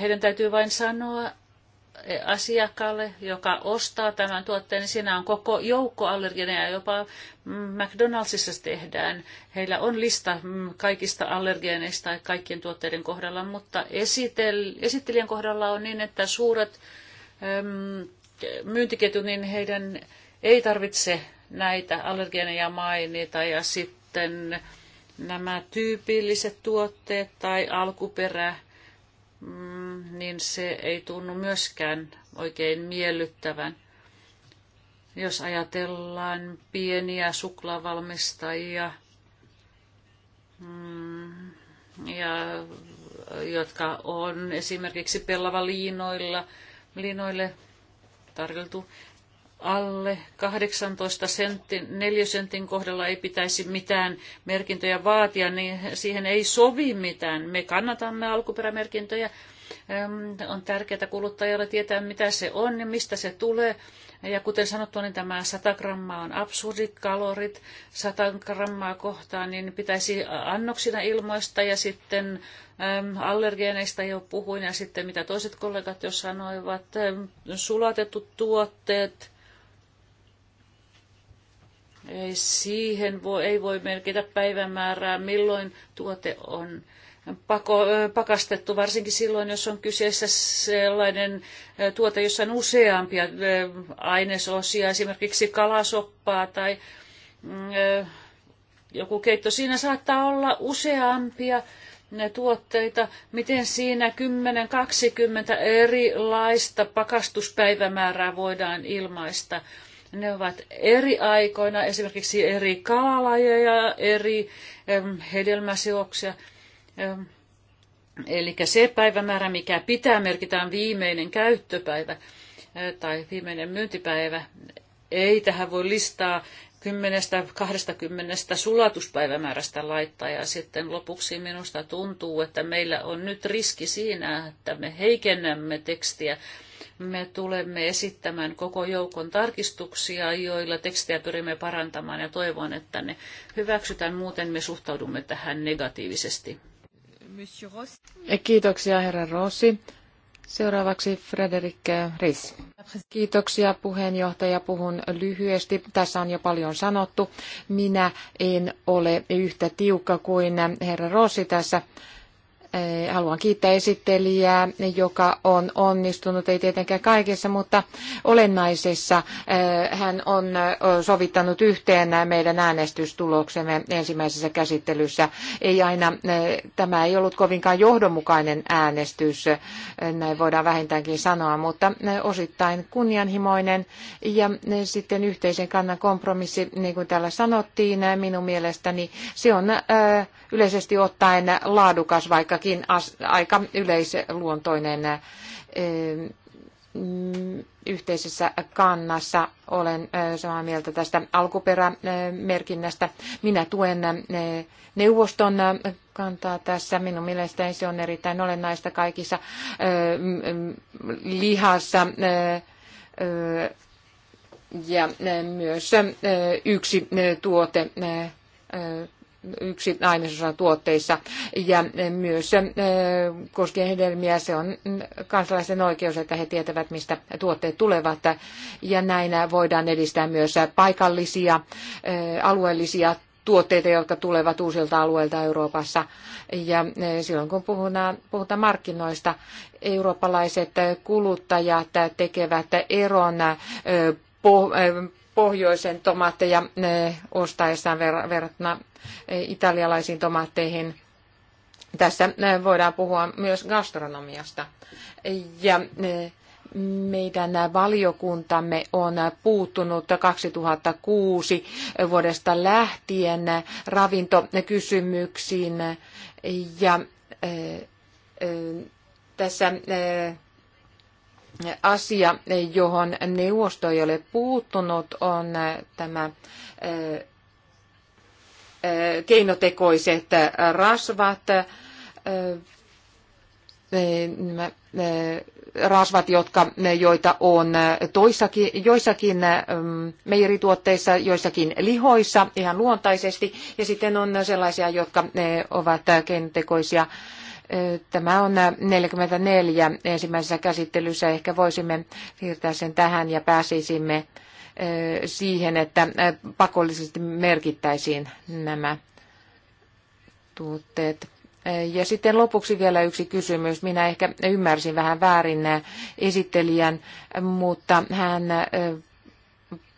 S2: Heidän täytyy vain sanoa, asiakkaalle, joka ostaa tämän tuotteen, niin siinä on koko joukko allergeneja, jopa McDonaldsissa tehdään. Heillä on lista mm, kaikista allergeneista ja kaikkien tuotteiden kohdalla, mutta esitel, esittelijän kohdalla on niin, että suuret äm, mm, niin heidän ei tarvitse näitä allergeneja mainita ja sitten nämä tyypilliset tuotteet tai alkuperä, Mm, niin se ei tunnu myöskään oikein miellyttävän. Jos ajatellaan pieniä suklaavalmistajia, mm, ja, jotka on esimerkiksi pellava liinoilla, liinoille tarjottu, alle 18 sentin, 4 sentin kohdalla ei pitäisi mitään merkintöjä vaatia, niin siihen ei sovi mitään. Me kannatamme alkuperämerkintöjä. On tärkeää kuluttajalle tietää, mitä se on ja mistä se tulee. Ja kuten sanottu, niin tämä 100 grammaa on absurdit kalorit 100 grammaa kohtaan, niin pitäisi annoksina ilmoista ja sitten allergeeneista jo puhuin ja sitten mitä toiset kollegat jo sanoivat, sulatetut tuotteet, ei siihen voi, ei voi merkitä päivämäärää, milloin tuote on pako, pakastettu, varsinkin silloin, jos on kyseessä sellainen tuote, jossa on useampia ainesosia, esimerkiksi kalasoppaa tai mm, joku keitto. Siinä saattaa olla useampia ne tuotteita, miten siinä 10-20 erilaista pakastuspäivämäärää voidaan ilmaista. Ne ovat eri aikoina, esimerkiksi eri kalalajeja, eri hedelmäsioksia. Eli se päivämäärä, mikä pitää merkitään viimeinen käyttöpäivä eh, tai viimeinen myyntipäivä, ei tähän voi listaa 10-20 sulatuspäivämäärästä laittaa ja sitten lopuksi minusta tuntuu, että meillä on nyt riski siinä, että me heikennämme tekstiä me tulemme esittämään koko joukon tarkistuksia, joilla tekstejä pyrimme parantamaan ja toivon, että ne hyväksytään. Muuten me suhtaudumme tähän negatiivisesti.
S3: Kiitoksia herra Rossi. Seuraavaksi Frederik Ries. Kiitoksia puheenjohtaja. Puhun lyhyesti. Tässä on jo paljon sanottu. Minä en ole yhtä tiukka kuin herra Rossi tässä Eh, haluan kiittää esittelijää, joka on onnistunut, ei tietenkään kaikessa, mutta olennaisessa eh, hän on eh, sovittanut yhteen meidän äänestystuloksemme ensimmäisessä käsittelyssä. Ei aina, tämä ei ollut kovinkaan johdonmukainen äänestys, näin voidaan vähintäänkin sanoa, mutta osittain kunnianhimoinen ja sitten yhteisen kannan kompromissi, niin kuin täällä sanottiin, minun mielestäni se on yleisesti ottaen laadukas, vaikka todellakin aika yleisluontoinen mm, yhteisessä kannassa. Olen samaa mieltä tästä alkuperämerkinnästä. Minä tuen neuvoston kantaa tässä. Minun mielestäni se on erittäin olennaista kaikissa mm, lihassa ja myös yksi tuote yksi ainesosa tuotteissa ja myös äh, koskien hedelmiä se on kansalaisten oikeus, että he tietävät, mistä tuotteet tulevat ja näin voidaan edistää myös paikallisia, äh, alueellisia tuotteita, jotka tulevat uusilta alueilta Euroopassa. Ja äh, silloin kun puhutaan, puhutaan markkinoista, eurooppalaiset kuluttajat tekevät eron pohjoisen tomaatteja ostaessaan verrattuna eh, italialaisiin tomaatteihin. Tässä eh, voidaan puhua myös gastronomiasta. Ja eh, meidän valiokuntamme on puuttunut 2006 vuodesta lähtien ravintokysymyksiin ja tässä asia, johon neuvosto ei ole puuttunut, on tämä äh, äh, keinotekoiset rasvat, äh, rasvat, jotka, joita on toissakin, joissakin ähm, meijerituotteissa, joissakin lihoissa ihan luontaisesti, ja sitten on sellaisia, jotka ovat keinotekoisia Tämä on 44 ensimmäisessä käsittelyssä. Ehkä voisimme siirtää sen tähän ja pääsisimme siihen, että pakollisesti merkittäisiin nämä tuotteet. Ja sitten lopuksi vielä yksi kysymys. Minä ehkä ymmärsin vähän väärin esittelijän, mutta hän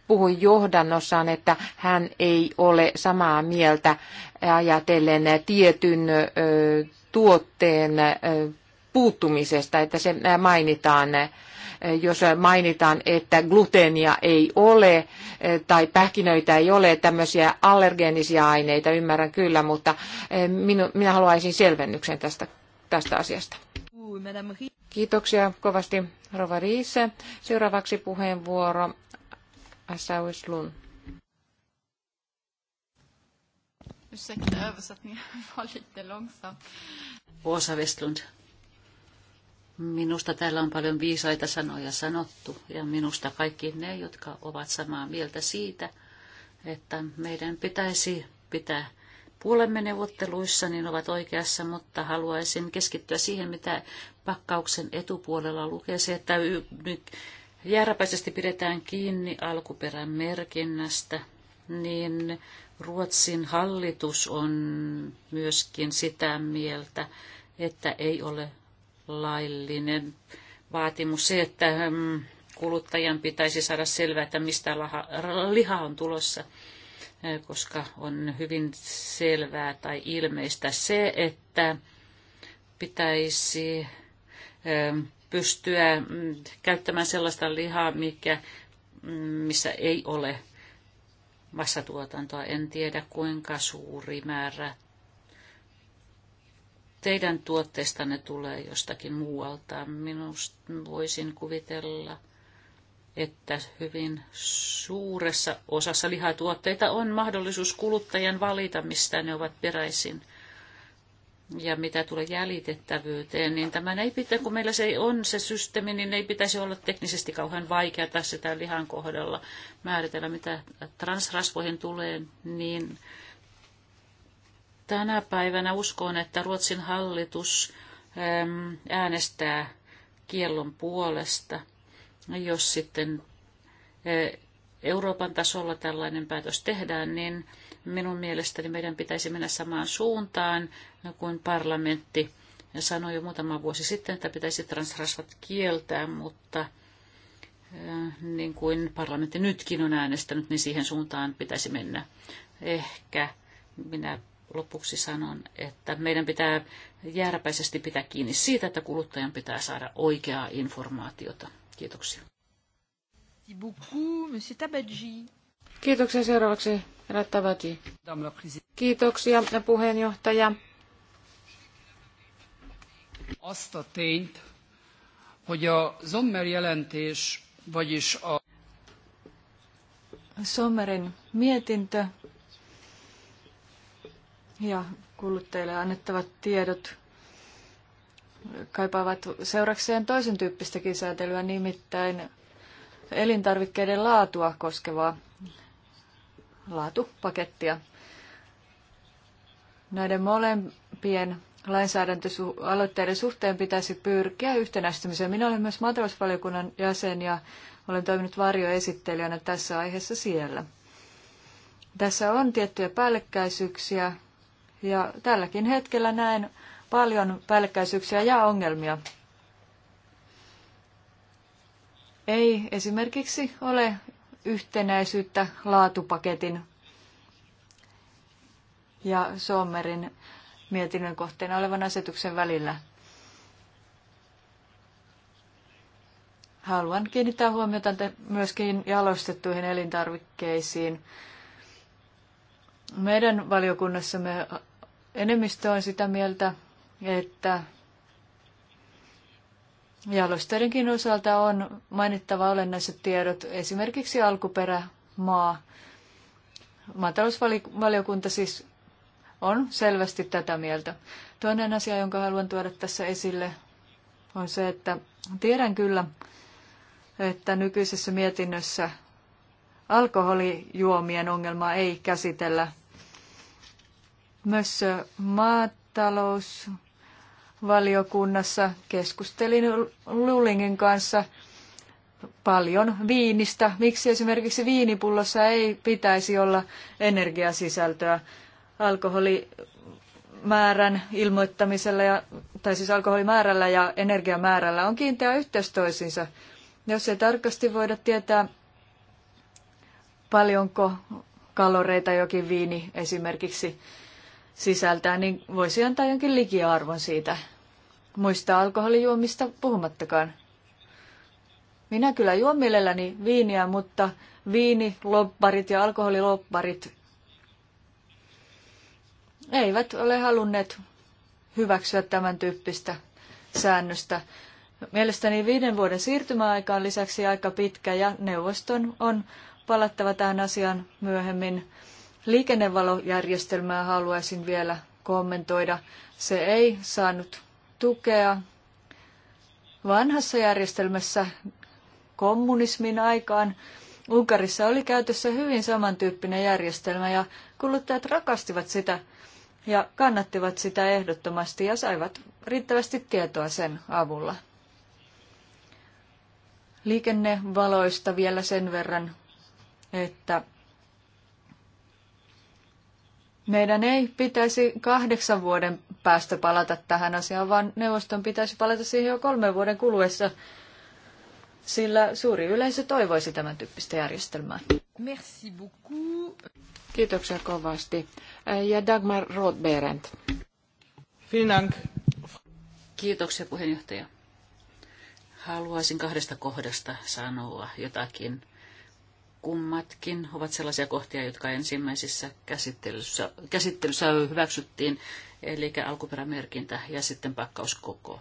S3: puhui johdannossaan, että hän ei ole samaa mieltä ajatellen tietyn tuotteen puuttumisesta, että se mainitaan, jos mainitaan, että gluteenia ei ole tai pähkinöitä ei ole, tämmöisiä allergeenisia aineita, ymmärrän kyllä, mutta minu, minä haluaisin selvennyksen tästä, tästä asiasta. Kiitoksia kovasti, Rova Riise. Seuraavaksi puheenvuoro Assauslun.
S2: Ursäkta översättningen var lite långsam. Åsa Westlund. Minusta täällä on paljon viisaita sanoja sanottu ja minusta kaikki ne, jotka ovat samaa mieltä siitä, että meidän pitäisi pitää puolemme neuvotteluissa, niin ovat oikeassa, mutta haluaisin keskittyä siihen, mitä pakkauksen etupuolella lukee. Se, että jääräpäisesti pidetään kiinni alkuperän merkinnästä, niin Ruotsin hallitus on myöskin sitä mieltä, että ei ole laillinen vaatimus se, että mm, kuluttajan pitäisi saada selvää, että mistä liha on tulossa, eh, koska on hyvin selvää tai ilmeistä se, että pitäisi eh, pystyä mm, käyttämään sellaista lihaa, mikä, mm, missä ei ole massatuotantoa. En tiedä kuinka suuri määrä teidän tuotteistanne tulee jostakin muualta. Minusta voisin kuvitella, että hyvin suuressa osassa lihatuotteita on mahdollisuus kuluttajan valita, mistä ne ovat peräisin – ja mitä tulee jäljitettävyyteen, niin tämän ei pitä, kun meillä se ei on se systeemi, niin ei pitäisi olla teknisesti kauhean vaikea tässä sitä lihan kohdalla määritellä, mitä transrasvoihin tulee, niin tänä päivänä uskon, että Ruotsin hallitus ähm, äänestää kiellon puolesta, jos sitten äh, Euroopan tasolla tällainen päätös tehdään, niin Minun mielestäni meidän pitäisi mennä samaan suuntaan no kuin parlamentti sanoi jo muutama vuosi sitten, että pitäisi transrasvat kieltää, mutta äh, niin kuin parlamentti nytkin on äänestänyt, niin siihen suuntaan pitäisi mennä. Ehkä minä lopuksi sanon, että meidän pitää järpäisesti pitää kiinni siitä, että kuluttajan pitää saada oikeaa informaatiota.
S3: Kiitoksia.
S1: Merci beaucoup, monsieur Tabadji.
S3: Kiitoksia seuraavaksi Rattavati. Kiitoksia puheenjohtaja.
S2: Azt a tényt, hogy a Sommer jelentés, vagyis a
S1: Sommerin mietintö ja kuluttajille annettavat tiedot kaipaavat seurakseen toisen tyyppistä säätelyä, nimittäin elintarvikkeiden laatua koskevaa laatupakettia. Näiden molempien lainsäädäntöaloitteiden suhteen pitäisi pyrkiä yhtenäistymiseen. Minä olen myös maatalousvaliokunnan jäsen ja olen toiminut varjoesittelijänä tässä aiheessa siellä. Tässä on tiettyjä päällekkäisyyksiä ja tälläkin hetkellä näen paljon päällekkäisyyksiä ja ongelmia. Ei esimerkiksi ole yhtenäisyyttä laatupaketin ja Sommerin mietinnön kohteena olevan asetuksen välillä. Haluan kiinnittää huomiota myöskin jalostettuihin elintarvikkeisiin. Meidän valiokunnassamme enemmistö on sitä mieltä, että Jalostoidenkin osalta on mainittava olennaiset tiedot, esimerkiksi alkuperämaa. Maatalousvaliokunta siis on selvästi tätä mieltä. Toinen asia, jonka haluan tuoda tässä esille, on se, että tiedän kyllä, että nykyisessä mietinnössä alkoholijuomien ongelmaa ei käsitellä. Myös maatalous valiokunnassa keskustelin Lullingin kanssa paljon viinistä. Miksi esimerkiksi viinipullossa ei pitäisi olla energiasisältöä? Alkoholimäärän ilmoittamisella, ja, tai siis alkoholimäärällä ja energiamäärällä on kiinteä yhteys toisiinsa. Jos ei tarkasti voida tietää, paljonko kaloreita jokin viini esimerkiksi sisältää, niin voisi antaa jonkin likiarvon siitä Muista alkoholijuomista puhumattakaan. Minä kyllä juon mielelläni viiniä, mutta lopparit ja alkoholilopparit eivät ole halunneet hyväksyä tämän tyyppistä säännöstä. Mielestäni viiden vuoden siirtymäaika on lisäksi aika pitkä ja neuvoston on palattava tähän asiaan myöhemmin. Liikennevalojärjestelmää haluaisin vielä kommentoida. Se ei saanut tukea. Vanhassa järjestelmässä kommunismin aikaan Unkarissa oli käytössä hyvin samantyyppinen järjestelmä ja kuluttajat rakastivat sitä ja kannattivat sitä ehdottomasti ja saivat riittävästi tietoa sen avulla. Liikennevaloista vielä sen verran, että meidän ei pitäisi kahdeksan vuoden päästä palata tähän asiaan, vaan neuvoston pitäisi palata siihen jo kolmen vuoden kuluessa, sillä suuri yleisö toivoisi tämän tyyppistä järjestelmää.
S3: Merci Kiitoksia kovasti. Äh, ja Dagmar Rothberent.
S2: Kiitoksia puheenjohtaja.
S3: Haluaisin
S2: kahdesta kohdasta sanoa jotakin kummatkin ovat sellaisia kohtia, jotka ensimmäisessä käsittelyssä, käsittelyssä hyväksyttiin, eli alkuperämerkintä ja sitten pakkauskoko.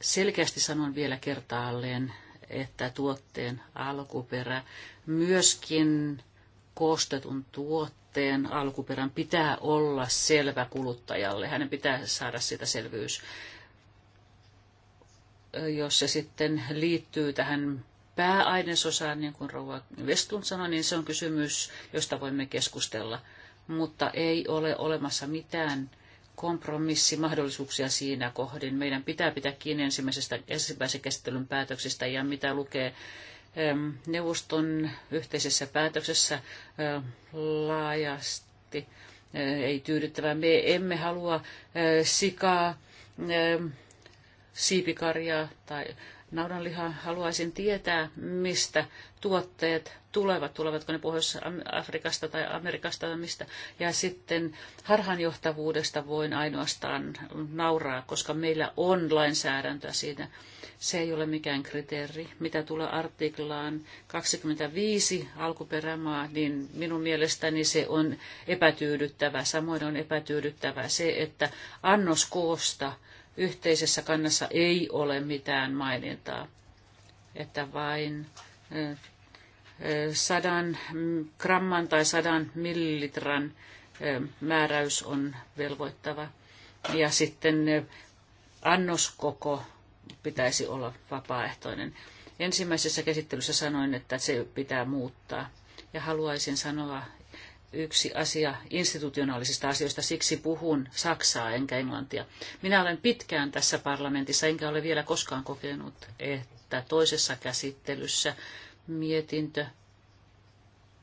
S2: Selkeästi sanon vielä kertaalleen, että tuotteen alkuperä, myöskin koostetun tuotteen alkuperän pitää olla selvä kuluttajalle. Hänen pitää saada sitä selvyys. Jos se sitten liittyy tähän pääainesosaan, niin kuin rouva Vestun sanoi, niin se on kysymys, josta voimme keskustella. Mutta ei ole olemassa mitään kompromissimahdollisuuksia siinä kohdin. Meidän pitää pitää kiinni ensimmäisestä, ensimmäisen käsittelyn päätöksistä ja mitä lukee neuvoston yhteisessä päätöksessä laajasti eh, ei tyydyttävää. Me emme halua eh, sikaa, siipikarjaa tai naudanlihaa. Haluaisin tietää, mistä tuotteet tulevat. Tulevatko ne Pohjois-Afrikasta tai Amerikasta tai mistä. Ja sitten harhanjohtavuudesta voin ainoastaan nauraa, koska meillä on lainsäädäntöä siitä. Se ei ole mikään kriteeri. Mitä tulee artiklaan 25 alkuperämaa, niin minun mielestäni se on epätyydyttävä. Samoin on epätyydyttävä se, että annoskoosta – yhteisessä kannassa ei ole mitään mainintaa, että vain sadan gramman tai sadan millilitran määräys on velvoittava. Ja sitten annoskoko pitäisi olla vapaaehtoinen. Ensimmäisessä käsittelyssä sanoin, että se pitää muuttaa. Ja haluaisin sanoa, yksi asia institutionaalisista asioista, siksi puhun saksaa enkä englantia. Minä olen pitkään tässä parlamentissa, enkä ole vielä koskaan kokenut, että toisessa käsittelyssä mietintö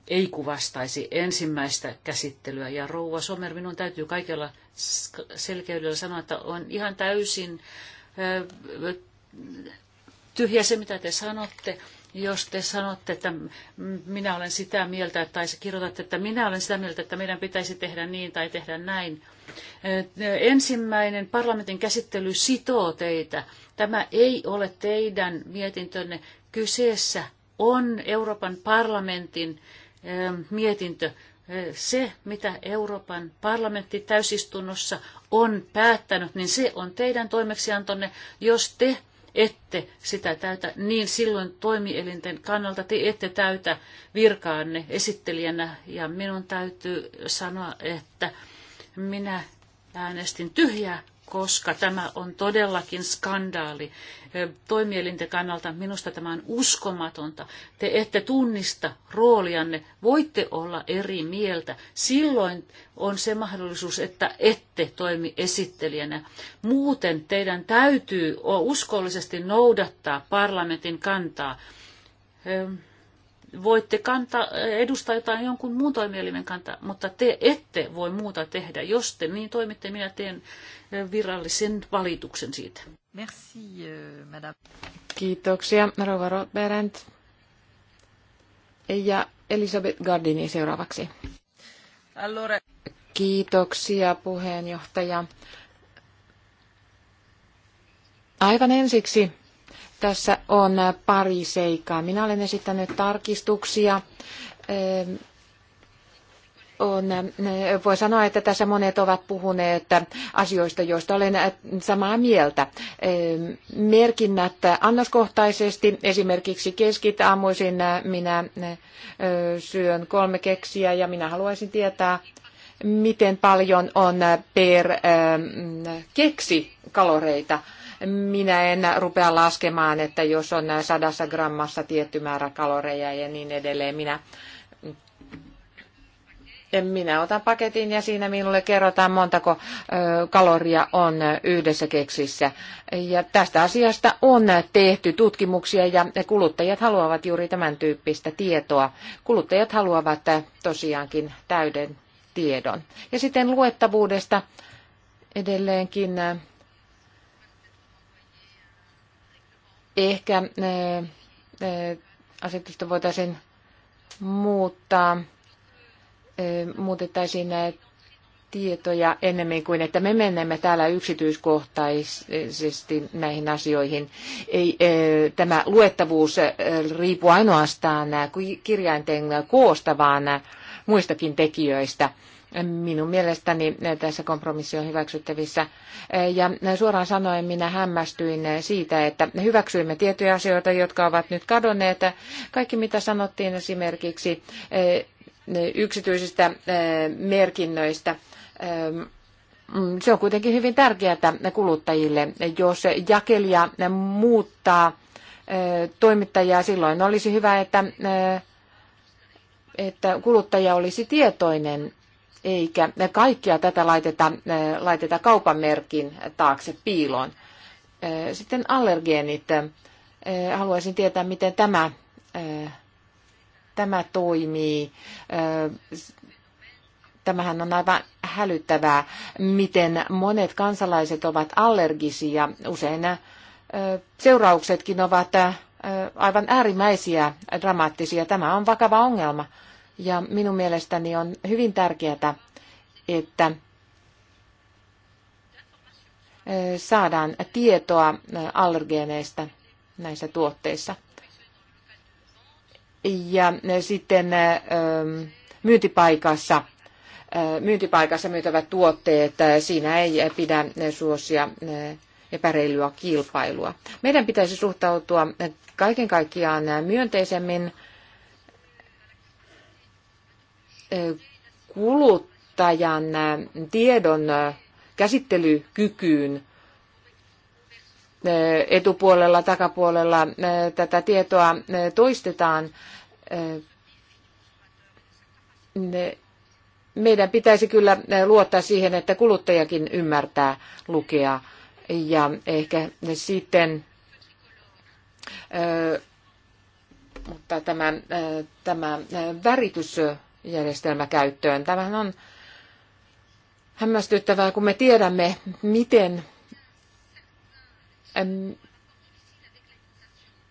S2: ei kuvastaisi ensimmäistä käsittelyä. Ja rouva Somer, minun täytyy kaikella selkeydellä sanoa, että on ihan täysin tyhjä se, mitä te sanotte jos te sanotte, että minä olen sitä mieltä, tai se kirjoitatte, että minä olen sitä mieltä, että meidän pitäisi tehdä niin tai tehdä näin. Ensimmäinen parlamentin käsittely sitoo teitä. Tämä ei ole teidän mietintönne. Kyseessä on Euroopan parlamentin mietintö se, mitä Euroopan parlamentti täysistunnossa on päättänyt, niin se on teidän toimeksiantonne. Jos te ette sitä täytä, niin silloin toimielinten kannalta te ette täytä virkaanne esittelijänä. Ja minun täytyy sanoa, että minä äänestin tyhjää koska tämä on todellakin skandaali. Toimielinten kannalta minusta tämä on uskomatonta. Te ette tunnista roolianne, voitte olla eri mieltä. Silloin on se mahdollisuus, että ette toimi esittelijänä. Muuten teidän täytyy uskollisesti noudattaa parlamentin kantaa voitte kantaa, edustaa jotain jonkun muun toimielimen kantaa, mutta te ette voi muuta tehdä. Jos te niin toimitte, minä teen virallisen valituksen siitä.
S3: Merci, euh, madame. Kiitoksia, Rova Rothberent. Ja Elisabeth Gardini seuraavaksi. Allora. Kiitoksia, puheenjohtaja. Aivan ensiksi tässä on pari seikkaa. Minä olen esittänyt tarkistuksia on, eh, voi sanoa, että tässä monet ovat puhuneet asioista, joista olen samaa mieltä. Eh, merkinnät annoskohtaisesti, esimerkiksi keskiaamuisin minä eh, syön kolme keksiä ja minä haluaisin tietää, miten paljon on per keksi kaloreita. Minä en rupea laskemaan, että jos on sadassa grammassa tietty määrä kaloreja ja niin edelleen. Minä minä otan paketin ja siinä minulle kerrotaan montako kaloria on yhdessä keksissä. Ja tästä asiasta on tehty tutkimuksia ja kuluttajat haluavat juuri tämän tyyppistä tietoa. Kuluttajat haluavat tosiaankin täyden tiedon. Ja sitten luettavuudesta edelleenkin ehkä asetusta voitaisiin muuttaa muutettaisiin näitä äh, tietoja ennemmin kuin, että me menemme täällä yksityiskohtaisesti näihin asioihin. Ei, tämä luettavuus riipu ainoastaan äh, kirjainten koosta, vaan äh, muistakin tekijöistä. Minun mielestäni tässä kompromissi on hyväksyttävissä. Ja suoraan sanoen minä hämmästyin siitä, että hyväksyimme tiettyjä asioita, jotka ovat nyt kadonneet. Kaikki mitä sanottiin esimerkiksi yksityisistä eh, merkinnöistä. Eh, se on kuitenkin hyvin tärkeää kuluttajille. Jos jakelija muuttaa eh, toimittajaa, silloin olisi hyvä, että, että kuluttaja olisi tietoinen eikä kaikkia tätä laiteta, laiteta kaupan merkin taakse piiloon. Sitten allergeenit. Haluaisin tietää, miten tämä tämä toimii. Tämähän on aivan hälyttävää, miten monet kansalaiset ovat allergisia. Usein seurauksetkin ovat aivan äärimmäisiä, dramaattisia. Tämä on vakava ongelma. Ja minun mielestäni on hyvin tärkeää, että saadaan tietoa allergeeneista näissä tuotteissa ja sitten ähm, myyntipaikassa äh, myyntipaikassa myytävät tuotteet, äh, siinä ei pidä suosia äh, epäreilyä kilpailua. Meidän pitäisi suhtautua kaiken kaikkiaan myönteisemmin kuluttajan tiedon käsittelykykyyn etupuolella, takapuolella tätä tietoa toistetaan. Meidän pitäisi kyllä luottaa siihen, että kuluttajakin ymmärtää lukea ja ehkä sitten mutta tämä, tämä väritysjärjestelmä käyttöön. Tämähän on hämmästyttävää, kun me tiedämme, miten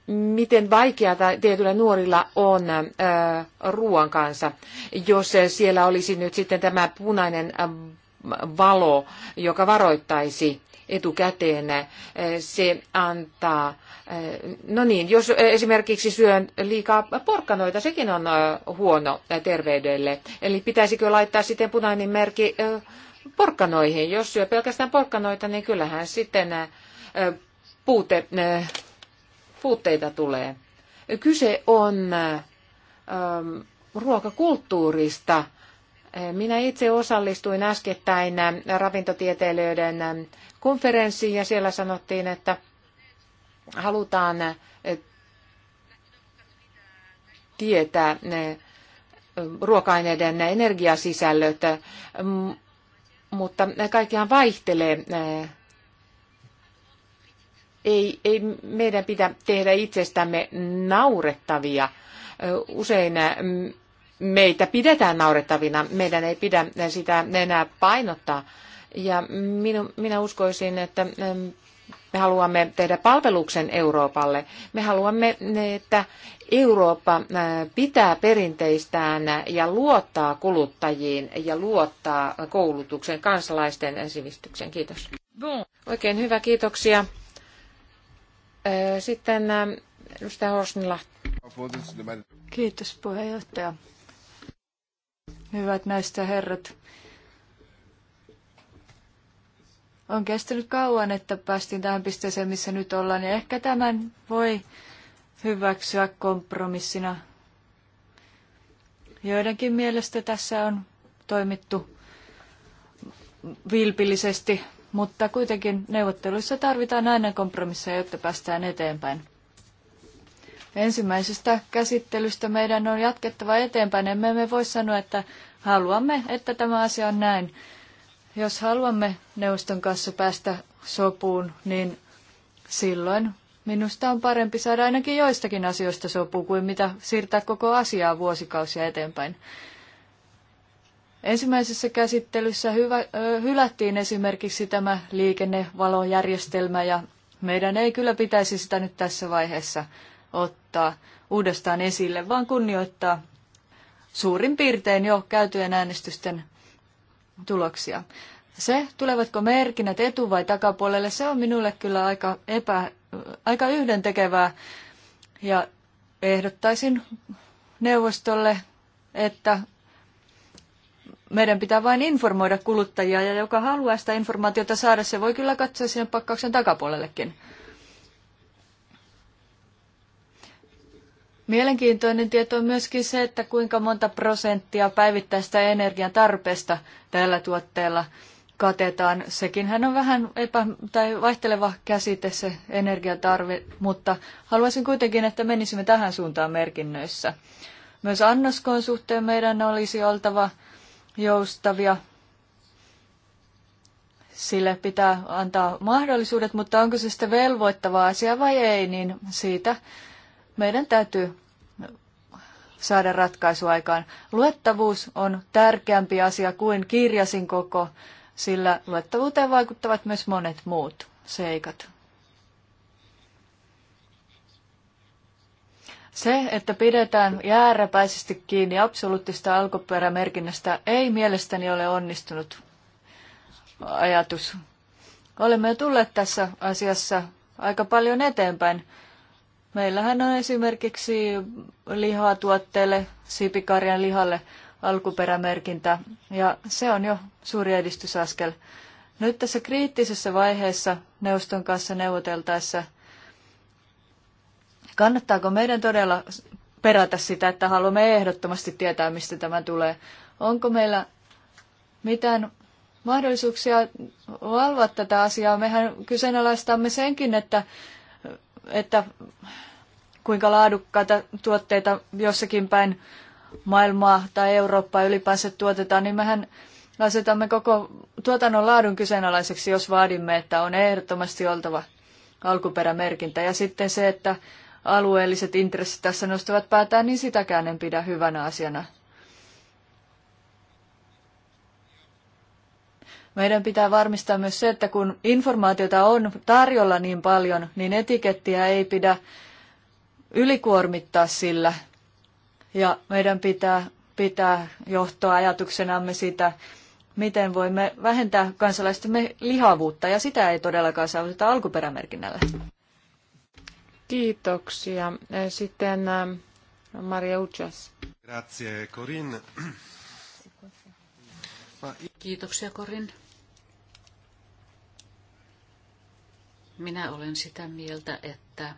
S3: miten vaikeaa tietyillä nuorilla on ruoan kanssa, jos siellä olisi nyt sitten tämä punainen valo, joka varoittaisi etukäteen. Se antaa, no niin, jos esimerkiksi syön liikaa porkkanoita, sekin on huono terveydelle. Eli pitäisikö laittaa sitten punainen merkki porkkanoihin? Jos syö pelkästään porkkanoita, niin kyllähän sitten puute, puutteita tulee. Kyse on ähm, ruokakulttuurista. Minä itse osallistuin äskettäin äh, ravintotieteilijöiden äh, konferenssiin ja siellä sanottiin, että halutaan äh, tietää ne ruoka-aineiden energiasisällöt, mutta kaikkiaan vaihtelee ei, ei meidän pidä tehdä itsestämme naurettavia. Usein mm, meitä pidetään naurettavina, meidän ei pidä sitä enää painottaa. Ja minu, minä uskoisin, että mm, me haluamme tehdä palveluksen Euroopalle. Me haluamme, että Eurooppa mm, pitää perinteistään ja luottaa kuluttajiin ja luottaa koulutuksen, kansalaisten sivistyksen. Kiitos. Oikein hyvä, kiitoksia. Sitten edustaja Horsnila. Kiitos puheenjohtaja.
S1: Hyvät näistä herrat. On kestänyt kauan, että päästiin tähän pisteeseen, missä nyt ollaan, ja ehkä tämän voi hyväksyä kompromissina. Joidenkin mielestä tässä on toimittu vilpillisesti mutta kuitenkin neuvotteluissa tarvitaan aina kompromisseja, jotta päästään eteenpäin. Ensimmäisestä käsittelystä meidän on jatkettava eteenpäin. Emme me voi sanoa, että haluamme, että tämä asia on näin. Jos haluamme neuvoston kanssa päästä sopuun, niin silloin minusta on parempi saada ainakin joistakin asioista sopu kuin mitä siirtää koko asiaa vuosikausia eteenpäin. Ensimmäisessä käsittelyssä hyvä, hylättiin esimerkiksi tämä liikennevalojärjestelmä ja meidän ei kyllä pitäisi sitä nyt tässä vaiheessa ottaa uudestaan esille, vaan kunnioittaa suurin piirtein jo käytyjen äänestysten tuloksia. Se, tulevatko merkinnät etu- vai takapuolelle, se on minulle kyllä aika, epä, aika yhdentekevää. Ja ehdottaisin neuvostolle, että meidän pitää vain informoida kuluttajia ja joka haluaa sitä informaatiota saada, se voi kyllä katsoa sinne pakkauksen takapuolellekin. Mielenkiintoinen tieto on myöskin se, että kuinka monta prosenttia päivittäistä energian tarpeesta tällä tuotteella katetaan. Sekin hän on vähän epä, tai vaihteleva käsite se energiatarve, mutta haluaisin kuitenkin, että menisimme tähän suuntaan merkinnöissä. Myös annoskoon suhteen meidän olisi oltava joustavia. Sille pitää antaa mahdollisuudet, mutta onko se sitten velvoittava asia vai ei, niin siitä meidän täytyy saada ratkaisu aikaan. Luettavuus on tärkeämpi asia kuin kirjasin koko, sillä luettavuuteen vaikuttavat myös monet muut seikat. Se, että pidetään jääräpäisesti kiinni absoluuttista alkuperämerkinnästä, ei mielestäni ole onnistunut ajatus. Olemme tulleet tässä asiassa aika paljon eteenpäin. Meillähän on esimerkiksi lihaa tuotteelle, siipikarjan lihalle alkuperämerkintä, ja se on jo suuri edistysaskel. Nyt tässä kriittisessä vaiheessa neuvoston kanssa neuvoteltaessa – Kannattaako meidän todella perätä sitä, että haluamme ehdottomasti tietää, mistä tämä tulee? Onko meillä mitään mahdollisuuksia valvoa tätä asiaa? Mehän kyseenalaistamme senkin, että, että kuinka laadukkaita tuotteita jossakin päin maailmaa tai Eurooppaa ylipäänsä tuotetaan, niin mehän asetamme koko tuotannon laadun kyseenalaiseksi, jos vaadimme, että on ehdottomasti oltava alkuperämerkintä. Ja sitten se, että alueelliset intressit tässä nostavat päätään, niin sitäkään en pidä hyvänä asiana. Meidän pitää varmistaa myös se, että kun informaatiota on tarjolla niin paljon, niin etikettiä ei pidä ylikuormittaa sillä. Ja meidän pitää pitää johtoa ajatuksenamme sitä, miten voimme vähentää kansalaistemme lihavuutta, ja sitä ei todellakaan saavuteta alkuperämerkinnällä. Kiitoksia.
S3: Eh, sitten eh, Maria Uchas.
S2: Grazie, Corin.
S3: Kiitoksia, Corin.
S2: Minä olen sitä mieltä, että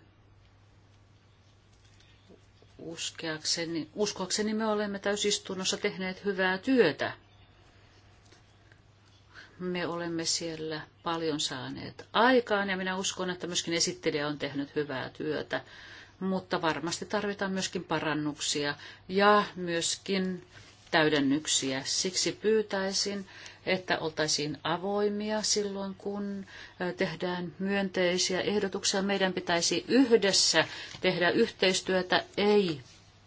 S2: uskoakseni, uskoakseni me olemme täysistunnossa tehneet hyvää työtä me olemme siellä paljon saaneet aikaan ja minä uskon, että myöskin esittelijä on tehnyt hyvää työtä, mutta varmasti tarvitaan myöskin parannuksia ja myöskin täydennyksiä. Siksi pyytäisin, että oltaisiin avoimia silloin, kun tehdään myönteisiä ehdotuksia. Meidän pitäisi yhdessä tehdä yhteistyötä, ei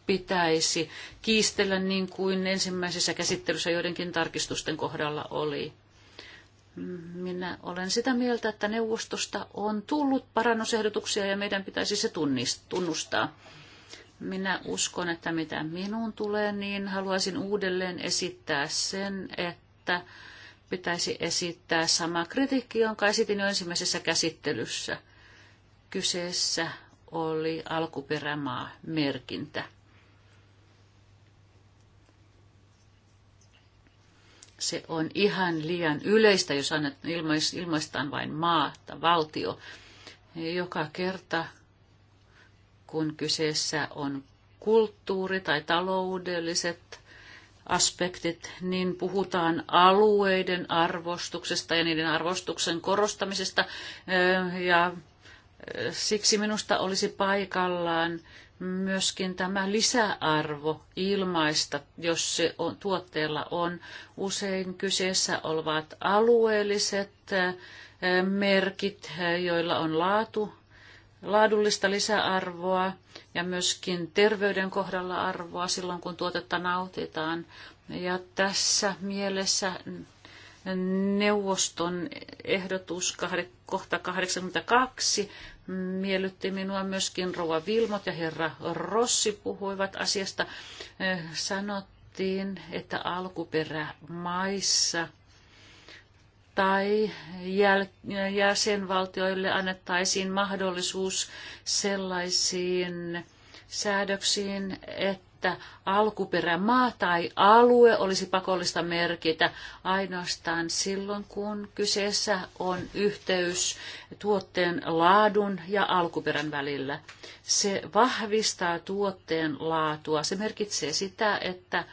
S2: pitäisi kiistellä niin kuin ensimmäisessä käsittelyssä joidenkin tarkistusten kohdalla oli. Minä olen sitä mieltä, että neuvostosta on tullut parannusehdotuksia ja meidän pitäisi se tunnustaa. Minä uskon, että mitä minun tulee, niin haluaisin uudelleen esittää sen, että pitäisi esittää sama kritiikki, jonka esitin jo ensimmäisessä käsittelyssä. Kyseessä oli alkuperämaa merkintä. Se on ihan liian yleistä, jos ilmaistaan vain maa tai valtio. Joka kerta, kun kyseessä on kulttuuri tai taloudelliset aspektit, niin puhutaan alueiden arvostuksesta ja niiden arvostuksen korostamisesta. Ja siksi minusta olisi paikallaan myöskin tämä lisäarvo ilmaista, jos se on, tuotteella on. Usein kyseessä olevat alueelliset merkit, joilla on laatu, laadullista lisäarvoa ja myöskin terveyden kohdalla arvoa silloin, kun tuotetta nautitaan. Ja tässä mielessä neuvoston ehdotus kohta 82 Miellytti minua myöskin Rova Vilmot ja herra Rossi puhuivat asiasta. Eh, sanottiin, että alkuperämaissa tai jäsenvaltioille annettaisiin mahdollisuus sellaisiin säädöksiin, että että alkuperämaa tai alue olisi pakollista merkitä ainoastaan silloin, kun kyseessä on yhteys tuotteen laadun ja alkuperän välillä. Se vahvistaa tuotteen laatua. Se merkitsee sitä, että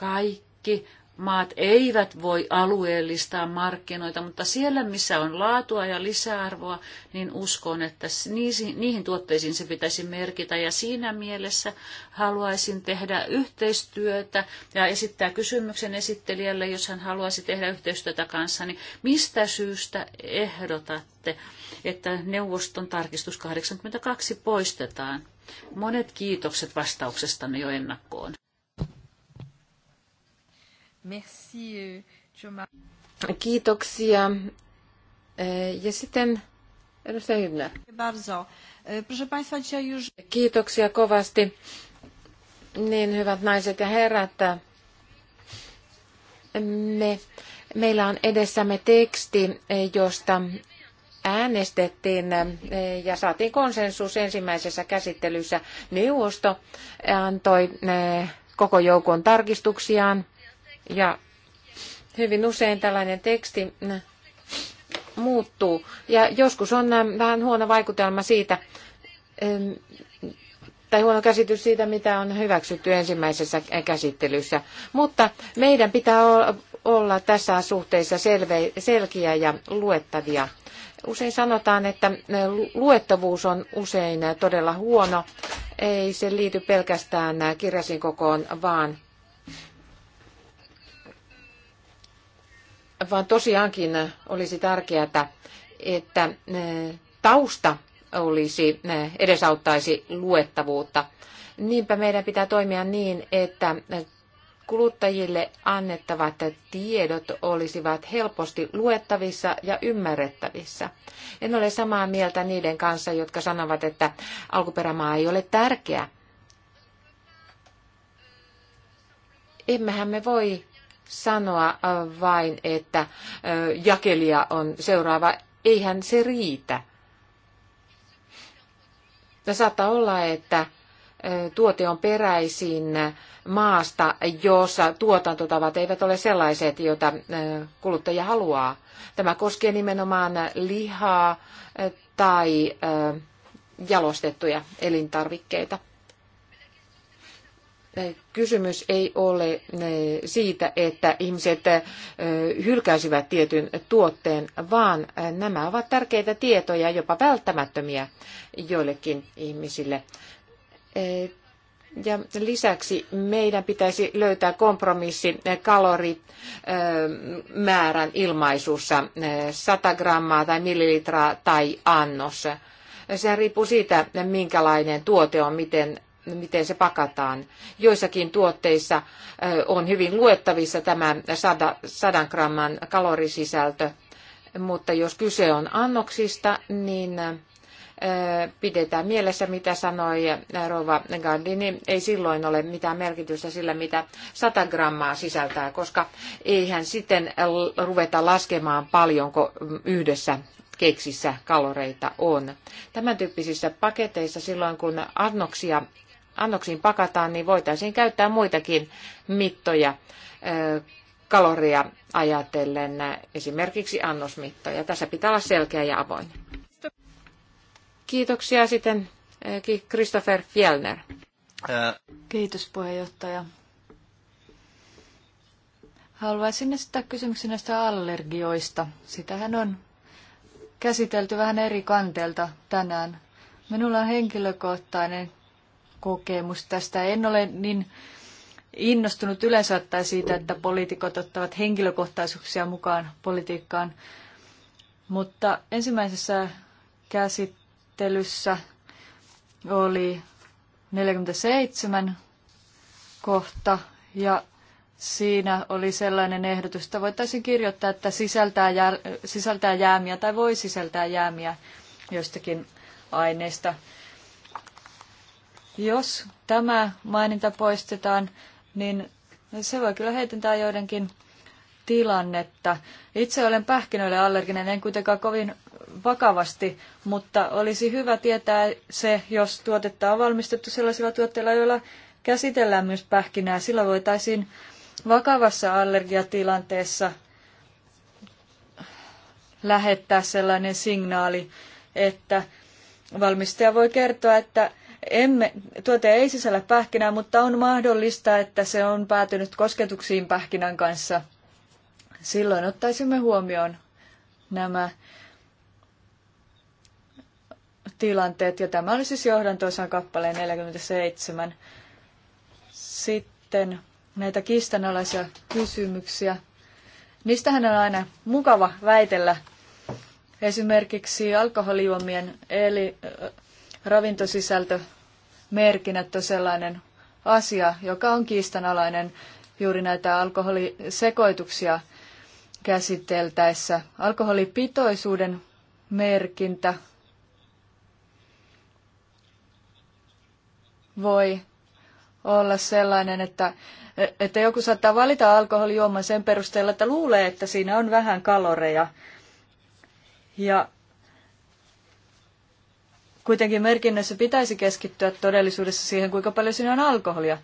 S2: kaikki maat eivät voi alueellistaa markkinoita, mutta siellä missä on laatua ja lisäarvoa, niin uskon, että niihin tuotteisiin se pitäisi merkitä. Ja siinä mielessä haluaisin tehdä yhteistyötä ja esittää kysymyksen esittelijälle, jos hän haluaisi tehdä yhteistyötä kanssani, niin mistä syystä ehdotatte, että neuvoston tarkistus 82 poistetaan? Monet kiitokset vastauksestanne jo ennakkoon.
S1: Merci, euh,
S3: Kiitoksia. Ja sitten edustaja Hybner. Kiitoksia kovasti. Niin hyvät naiset ja herrat, me, meillä on edessämme teksti, josta äänestettiin ja saatiin konsensus ensimmäisessä käsittelyssä. Neuvosto antoi koko joukon tarkistuksiaan ja hyvin usein tällainen teksti muuttuu. Ja joskus on ähm, vähän huono vaikutelma siitä, ähm, tai huono käsitys siitä, mitä on hyväksytty ensimmäisessä käsittelyssä. Mutta meidän pitää olla tässä suhteessa selkeä ja luettavia. Usein sanotaan, että äh, luettavuus on usein todella huono. Ei se liity pelkästään kirjasin kokoon, vaan vaan tosiaankin olisi tärkeää, että eh, tausta olisi, eh, edesauttaisi luettavuutta. Niinpä meidän pitää toimia niin, että kuluttajille annettavat tiedot olisivat helposti luettavissa ja ymmärrettävissä. En ole samaa mieltä niiden kanssa, jotka sanovat, että alkuperämaa ei ole tärkeä. Emmehän me voi sanoa äh, vain, että äh, jakelija on seuraava. Eihän se riitä. Ja no, saattaa olla, että äh, tuote on peräisin maasta, jossa tuotantotavat eivät ole sellaiset, joita kuluttaja haluaa. Tämä koskee nimenomaan lihaa tai jalostettuja elintarvikkeita kysymys ei ole siitä, että ihmiset hylkäisivät tietyn tuotteen, vaan nämä ovat tärkeitä tietoja, jopa välttämättömiä joillekin ihmisille. E, ja lisäksi meidän pitäisi löytää kompromissi e, kalorimäärän ilmaisussa 100 e, grammaa tai millilitraa tai annos. Se riippuu siitä, minkälainen tuote on, miten miten se pakataan. Joissakin tuotteissa on hyvin luettavissa tämä 100 gramman kalorisisältö, mutta jos kyse on annoksista, niin pidetään mielessä, mitä sanoi Rova Gardini. Ei silloin ole mitään merkitystä sillä, mitä 100 grammaa sisältää, koska eihän sitten ruveta laskemaan paljonko yhdessä keksissä kaloreita on. Tämän tyyppisissä paketeissa silloin, kun annoksia annoksiin pakataan, niin voitaisiin käyttää muitakin mittoja kaloria ajatellen, esimerkiksi annosmittoja. Tässä pitää olla selkeä ja avoin. Kiitoksia sitten Christopher Fjellner. Kiitos puheenjohtaja.
S1: Haluaisin esittää kysymyksen näistä allergioista. Sitähän on käsitelty vähän eri kanteelta tänään. Minulla on henkilökohtainen kokemus tästä. En ole niin innostunut yleensä ottaen siitä, että poliitikot ottavat henkilökohtaisuuksia mukaan politiikkaan. Mutta ensimmäisessä käsittelyssä oli 47 kohta ja siinä oli sellainen ehdotus, että voitaisiin kirjoittaa, että sisältää, jää, sisältää jäämiä tai voi sisältää jäämiä joistakin aineista. Jos tämä maininta poistetaan, niin se voi kyllä heitentää joidenkin tilannetta. Itse olen pähkinöille allerginen, en kuitenkaan kovin vakavasti, mutta olisi hyvä tietää se, jos tuotetta on valmistettu sellaisilla tuotteilla, joilla käsitellään myös pähkinää. Sillä voitaisiin vakavassa allergiatilanteessa lähettää sellainen signaali, että valmistaja voi kertoa, että emme, tuote ei sisällä pähkinää, mutta on mahdollista, että se on päätynyt kosketuksiin pähkinän kanssa. Silloin ottaisimme huomioon nämä tilanteet, ja tämä oli siis johdantoisan kappaleen 47. Sitten näitä kiistanalaisia kysymyksiä. Niistähän on aina mukava väitellä. Esimerkiksi alkoholijuomien eli ravintosisältö merkinnät on sellainen asia, joka on kiistanalainen juuri näitä alkoholisekoituksia käsiteltäessä. Alkoholipitoisuuden merkintä voi olla sellainen, että, että joku saattaa valita alkoholijuoman sen perusteella, että luulee, että siinä on vähän kaloreja. Ja Kuitenkin merkinnöissä pitäisi keskittyä todellisuudessa siihen, kuinka paljon siinä on alkoholia.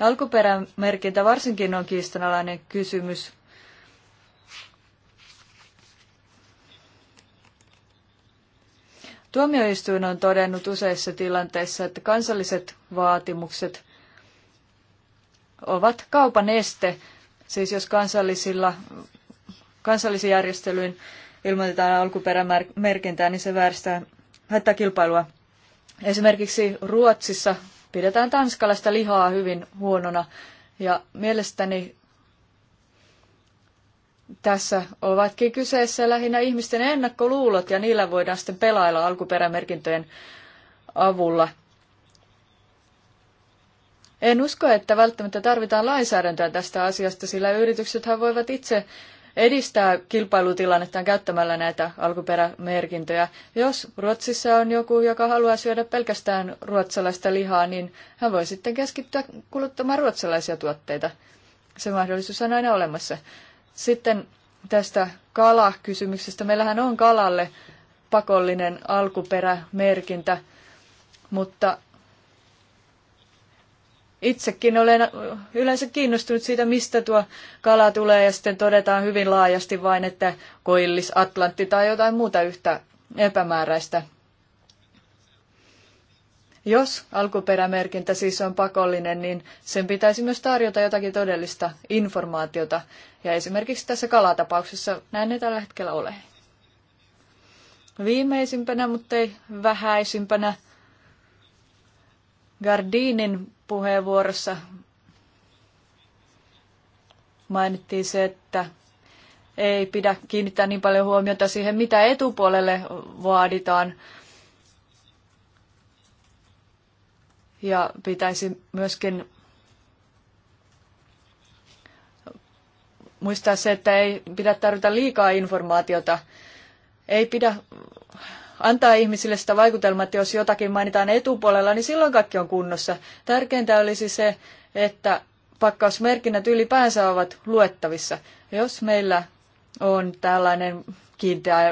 S1: Alkuperämerkintä varsinkin on kiistanalainen kysymys. Tuomioistuin on todennut useissa tilanteissa, että kansalliset vaatimukset ovat kaupan este. Siis jos kansallisilla, kansallisin järjestelyin ilmoitetaan alkuperämerkintää, niin se vääristää hätäkilpailua. Esimerkiksi Ruotsissa pidetään tanskalaista lihaa hyvin huonona ja mielestäni tässä ovatkin kyseessä lähinnä ihmisten ennakkoluulot ja niillä voidaan sitten pelailla alkuperämerkintöjen avulla. En usko, että välttämättä tarvitaan lainsäädäntöä tästä asiasta, sillä yrityksethän voivat itse edistää kilpailutilannetta käyttämällä näitä alkuperämerkintöjä. Jos Ruotsissa on joku, joka haluaa syödä pelkästään ruotsalaista lihaa, niin hän voi sitten keskittyä kuluttamaan ruotsalaisia tuotteita. Se mahdollisuus on aina olemassa. Sitten tästä kalakysymyksestä. Meillähän on kalalle pakollinen alkuperämerkintä, mutta itsekin olen yleensä kiinnostunut siitä, mistä tuo kala tulee ja sitten todetaan hyvin laajasti vain, että koillis, atlantti tai jotain muuta yhtä epämääräistä. Jos alkuperämerkintä siis on pakollinen, niin sen pitäisi myös tarjota jotakin todellista informaatiota. Ja esimerkiksi tässä kalatapauksessa näin ei tällä hetkellä ole. Viimeisimpänä, mutta ei vähäisimpänä, Gardinin puheenvuorossa mainittiin se, että ei pidä kiinnittää niin paljon huomiota siihen, mitä etupuolelle vaaditaan. Ja pitäisi myöskin muistaa se, että ei pidä tarvita liikaa informaatiota. Ei pidä antaa ihmisille sitä vaikutelmaa, että jos jotakin mainitaan etupuolella, niin silloin kaikki on kunnossa. Tärkeintä olisi se, että pakkausmerkinnät ylipäänsä ovat luettavissa. Jos meillä on tällainen kiinteä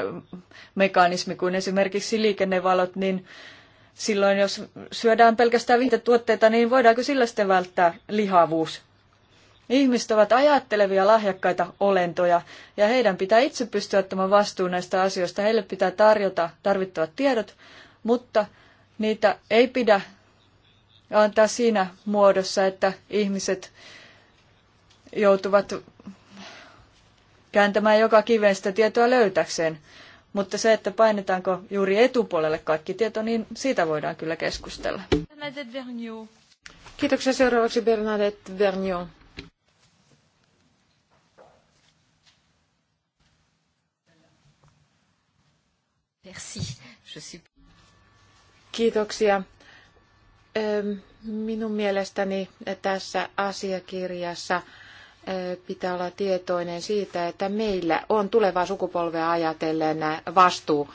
S1: mekanismi kuin esimerkiksi liikennevalot, niin silloin jos syödään pelkästään viitetuotteita, niin voidaanko sillä sitten välttää lihavuus? Ihmiset ovat ajattelevia, lahjakkaita olentoja, ja heidän pitää itse pystyä ottamaan vastuun näistä asioista. Heille pitää tarjota tarvittavat tiedot, mutta niitä ei pidä antaa siinä muodossa, että ihmiset joutuvat kääntämään joka kiven sitä tietoa löytäkseen. Mutta se, että painetaanko juuri etupuolelle kaikki tieto, niin siitä voidaan kyllä keskustella.
S3: Kiitoksia seuraavaksi Bernadette Vernion. Merci. Je suis... Kiitoksia. Minun mielestäni tässä asiakirjassa pitää olla tietoinen siitä, että meillä on tulevaa sukupolvea ajatellen vastuu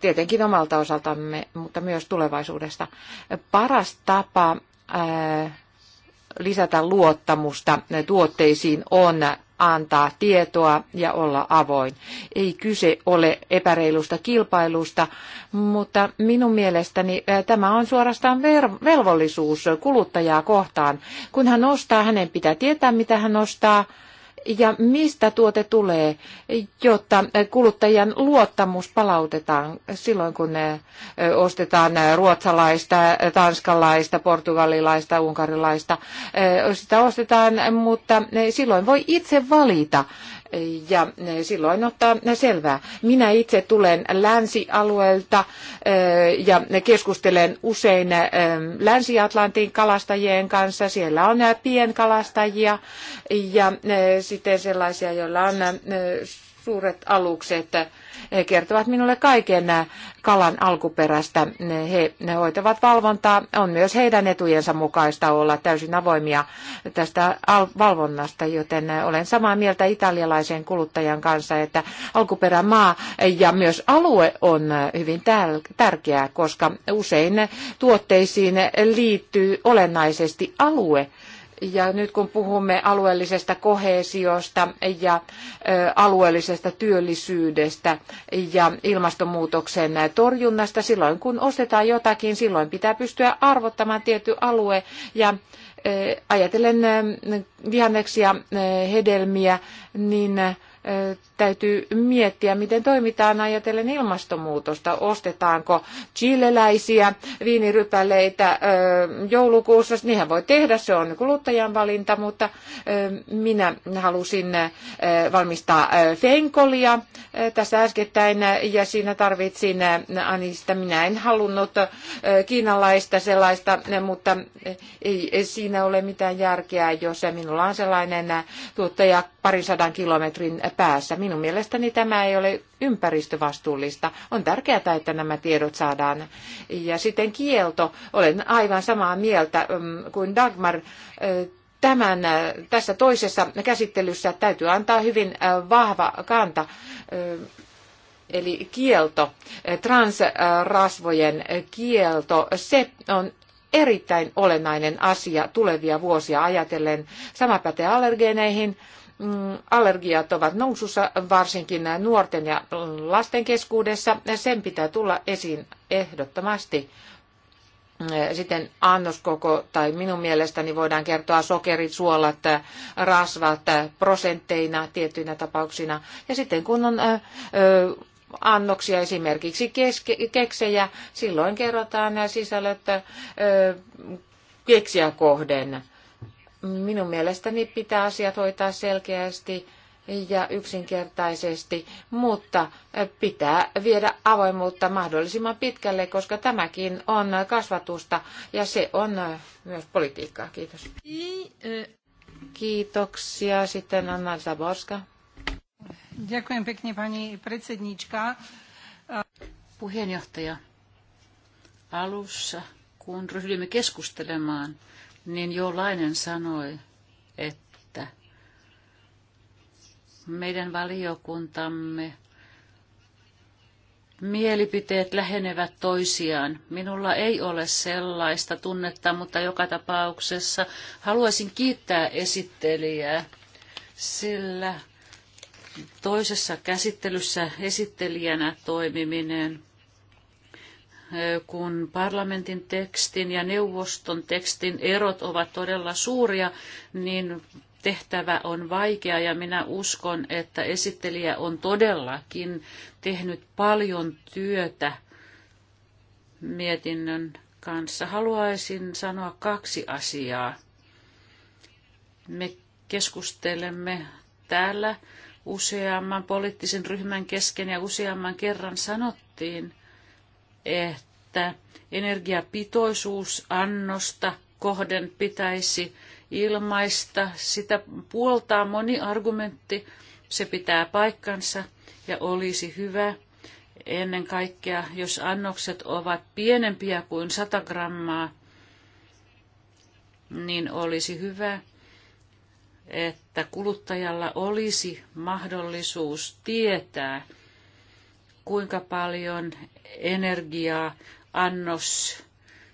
S3: tietenkin omalta osaltamme, mutta myös tulevaisuudesta. Paras tapa lisätä luottamusta tuotteisiin on antaa tietoa ja olla avoin. Ei kyse ole epäreilusta kilpailusta, mutta minun mielestäni tämä on suorastaan velvollisuus kuluttajaa kohtaan. Kun hän ostaa, hänen pitää tietää, mitä hän ostaa ja mistä tuote tulee, jotta kuluttajan luottamus palautetaan silloin, kun eh, ostetaan ruotsalaista, tanskalaista, portugalilaista, unkarilaista. Eh, sitä ostetaan, mutta eh, silloin voi itse valita, ja eh, silloin ottaa eh, selvää. Minä itse tulen länsialueelta eh, ja keskustelen usein Länsi-Atlantin kalastajien kanssa. Siellä on pienkalastajia ja sitten sellaisia, joilla on suuret alukset eh, kertovat minulle kaiken eh, kalan alkuperästä. He ne hoitavat valvontaa. On myös heidän etujensa mukaista olla täysin avoimia tästä valvonnasta, joten eh, olen samaa mieltä italialaisen kuluttajan kanssa, että alkuperämaa ja myös alue on hyvin tärkeää, koska usein tuotteisiin liittyy olennaisesti alue ja nyt kun puhumme alueellisesta koheesiosta ja alueellisesta työllisyydestä ja ilmastonmuutoksen torjunnasta, silloin kun ostetaan jotakin, silloin pitää pystyä arvottamaan tietty alue ja ajatellen vihanneksia, hedelmiä, niin täytyy miettiä, miten toimitaan ajatellen ilmastonmuutosta. Ostetaanko chileläisiä viinirypäleitä joulukuussa? Niinhän voi tehdä, se on kuluttajan valinta, mutta minä halusin valmistaa fenkolia tässä äskettäin ja siinä tarvitsin anista. Minä en halunnut kiinalaista sellaista, mutta ei siinä ole mitään järkeä, jos minulla on sellainen tuottaja parin sadan kilometrin päässä. Minun mielestäni tämä ei ole ympäristövastuullista. On tärkeää, että nämä tiedot saadaan. Ja sitten kielto. Olen aivan samaa mieltä mm, kuin Dagmar. Tämän, tässä toisessa käsittelyssä täytyy antaa hyvin vahva kanta eli kielto, transrasvojen kielto, se on erittäin olennainen asia tulevia vuosia ajatellen. Sama pätee allergeeneihin. Mm, allergiat ovat nousussa, varsinkin nuorten ja lasten keskuudessa. Sen pitää tulla esiin ehdottomasti. Mm, sitten annoskoko, tai minun mielestäni voidaan kertoa sokerit, suolat, rasvat prosentteina tiettyinä tapauksina. Ja sitten kun on annoksia, esimerkiksi keske, keksejä, silloin kerrotaan sisällöt keksiä kohden minun mielestäni pitää asiat hoitaa selkeästi ja yksinkertaisesti, mutta pitää viedä avoimuutta mahdollisimman pitkälle, koska tämäkin on kasvatusta ja se on myös politiikkaa. Kiitos. Kiitoksia. Sitten Anna Zaborska.
S2: pani Puheenjohtaja, alussa kun ryhdymme keskustelemaan niin Joulainen sanoi, että meidän valiokuntamme mielipiteet lähenevät toisiaan. Minulla ei ole sellaista tunnetta, mutta joka tapauksessa haluaisin kiittää esittelijää, sillä toisessa käsittelyssä esittelijänä toimiminen kun parlamentin tekstin ja neuvoston tekstin erot ovat todella suuria, niin tehtävä on vaikea ja minä uskon, että esittelijä on todellakin tehnyt paljon työtä mietinnön kanssa. Haluaisin sanoa kaksi asiaa. Me keskustelemme täällä useamman poliittisen ryhmän kesken ja useamman kerran sanottiin, että energiapitoisuus annosta kohden pitäisi ilmaista. Sitä puoltaa moni argumentti, se pitää paikkansa ja olisi hyvä ennen kaikkea, jos annokset ovat pienempiä kuin 100 grammaa, niin olisi hyvä, että kuluttajalla olisi mahdollisuus tietää, kuinka paljon energiaa annos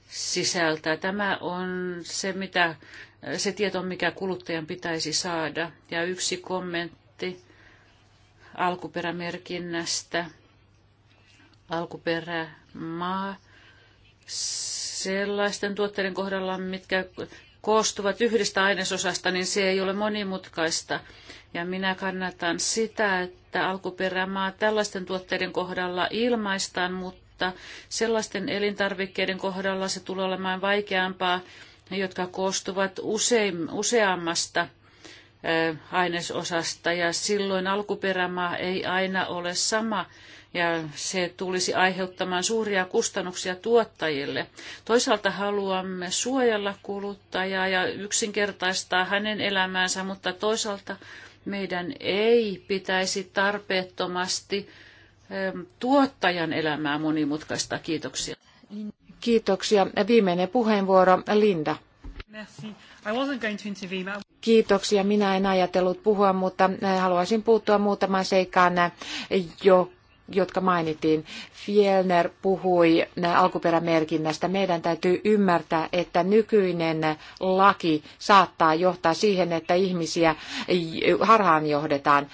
S2: sisältää. Tämä on se, mitä, se tieto, mikä kuluttajan pitäisi saada. Ja yksi kommentti alkuperämerkinnästä. Alkuperämaa sellaisten tuotteiden kohdalla, mitkä koostuvat yhdestä ainesosasta, niin se ei ole monimutkaista. Ja minä kannatan sitä, että alkuperämaa tällaisten tuotteiden kohdalla ilmaistaan, mutta sellaisten elintarvikkeiden kohdalla se tulee olemaan vaikeampaa, jotka koostuvat usein, useammasta ainesosasta ja silloin alkuperämaa ei aina ole sama ja se tulisi aiheuttamaan suuria kustannuksia tuottajille. Toisaalta haluamme suojella kuluttajaa ja yksinkertaistaa hänen elämäänsä, mutta toisaalta meidän ei pitäisi tarpeettomasti tuottajan elämää monimutkaista. Kiitoksia.
S3: Kiitoksia. Viimeinen puheenvuoro, Linda. Kiitoksia. Minä en ajatellut puhua, mutta eh, haluaisin puuttua muutamaan seikkaan, eh, jo, jotka mainittiin, Fielner puhui alkuperämerkinnästä. Meidän täytyy ymmärtää, että nykyinen laki saattaa johtaa siihen, että ihmisiä harhaan johdetaan.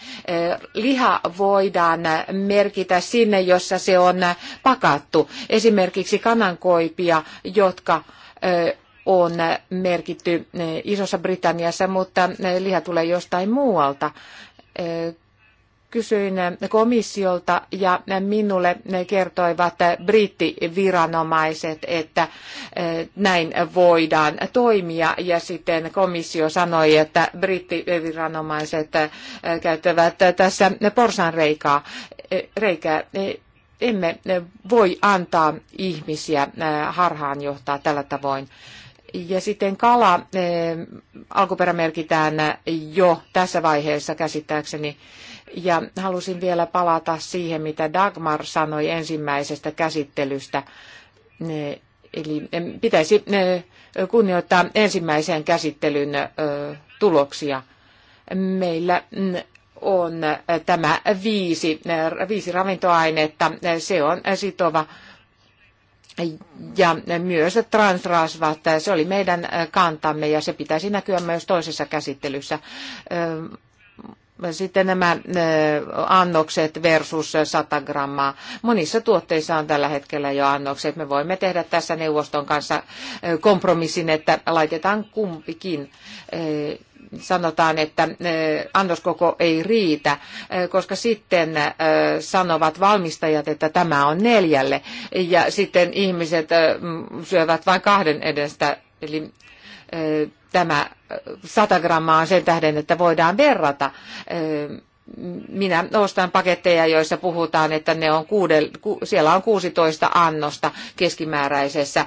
S3: Liha voidaan merkitä sinne, jossa se on pakattu. Esimerkiksi kanankoipia, jotka on merkitty Isossa Britanniassa, mutta liha tulee jostain muualta kysyin komissiolta ja minulle kertoivat brittiviranomaiset, että eh, näin voidaan toimia ja sitten komissio sanoi, että brittiviranomaiset eh, käyttävät tässä porsanreikää. Eh, reikää. Emme voi antaa ihmisiä harhaan johtaa tällä tavoin. Ja sitten kala alkuperä merkitään jo tässä vaiheessa käsittääkseni ja halusin vielä palata siihen, mitä Dagmar sanoi ensimmäisestä käsittelystä. Eli pitäisi kunnioittaa ensimmäisen käsittelyn tuloksia. Meillä mm, on tämä viisi, viisi ravintoainetta, se on sitova ja myös transrasvat, se oli meidän kantamme ja se pitäisi näkyä myös toisessa käsittelyssä. Sitten nämä annokset versus 100 grammaa. Monissa tuotteissa on tällä hetkellä jo annokset. Me voimme tehdä tässä neuvoston kanssa kompromissin, että laitetaan kumpikin sanotaan, että annoskoko ei riitä, koska sitten sanovat valmistajat, että tämä on neljälle, ja sitten ihmiset syövät vain kahden edestä. Eli tämä 100 grammaa sen tähden, että voidaan verrata. Minä ostan paketteja, joissa puhutaan, että ne on kuude, siellä on 16 annosta keskimääräisessä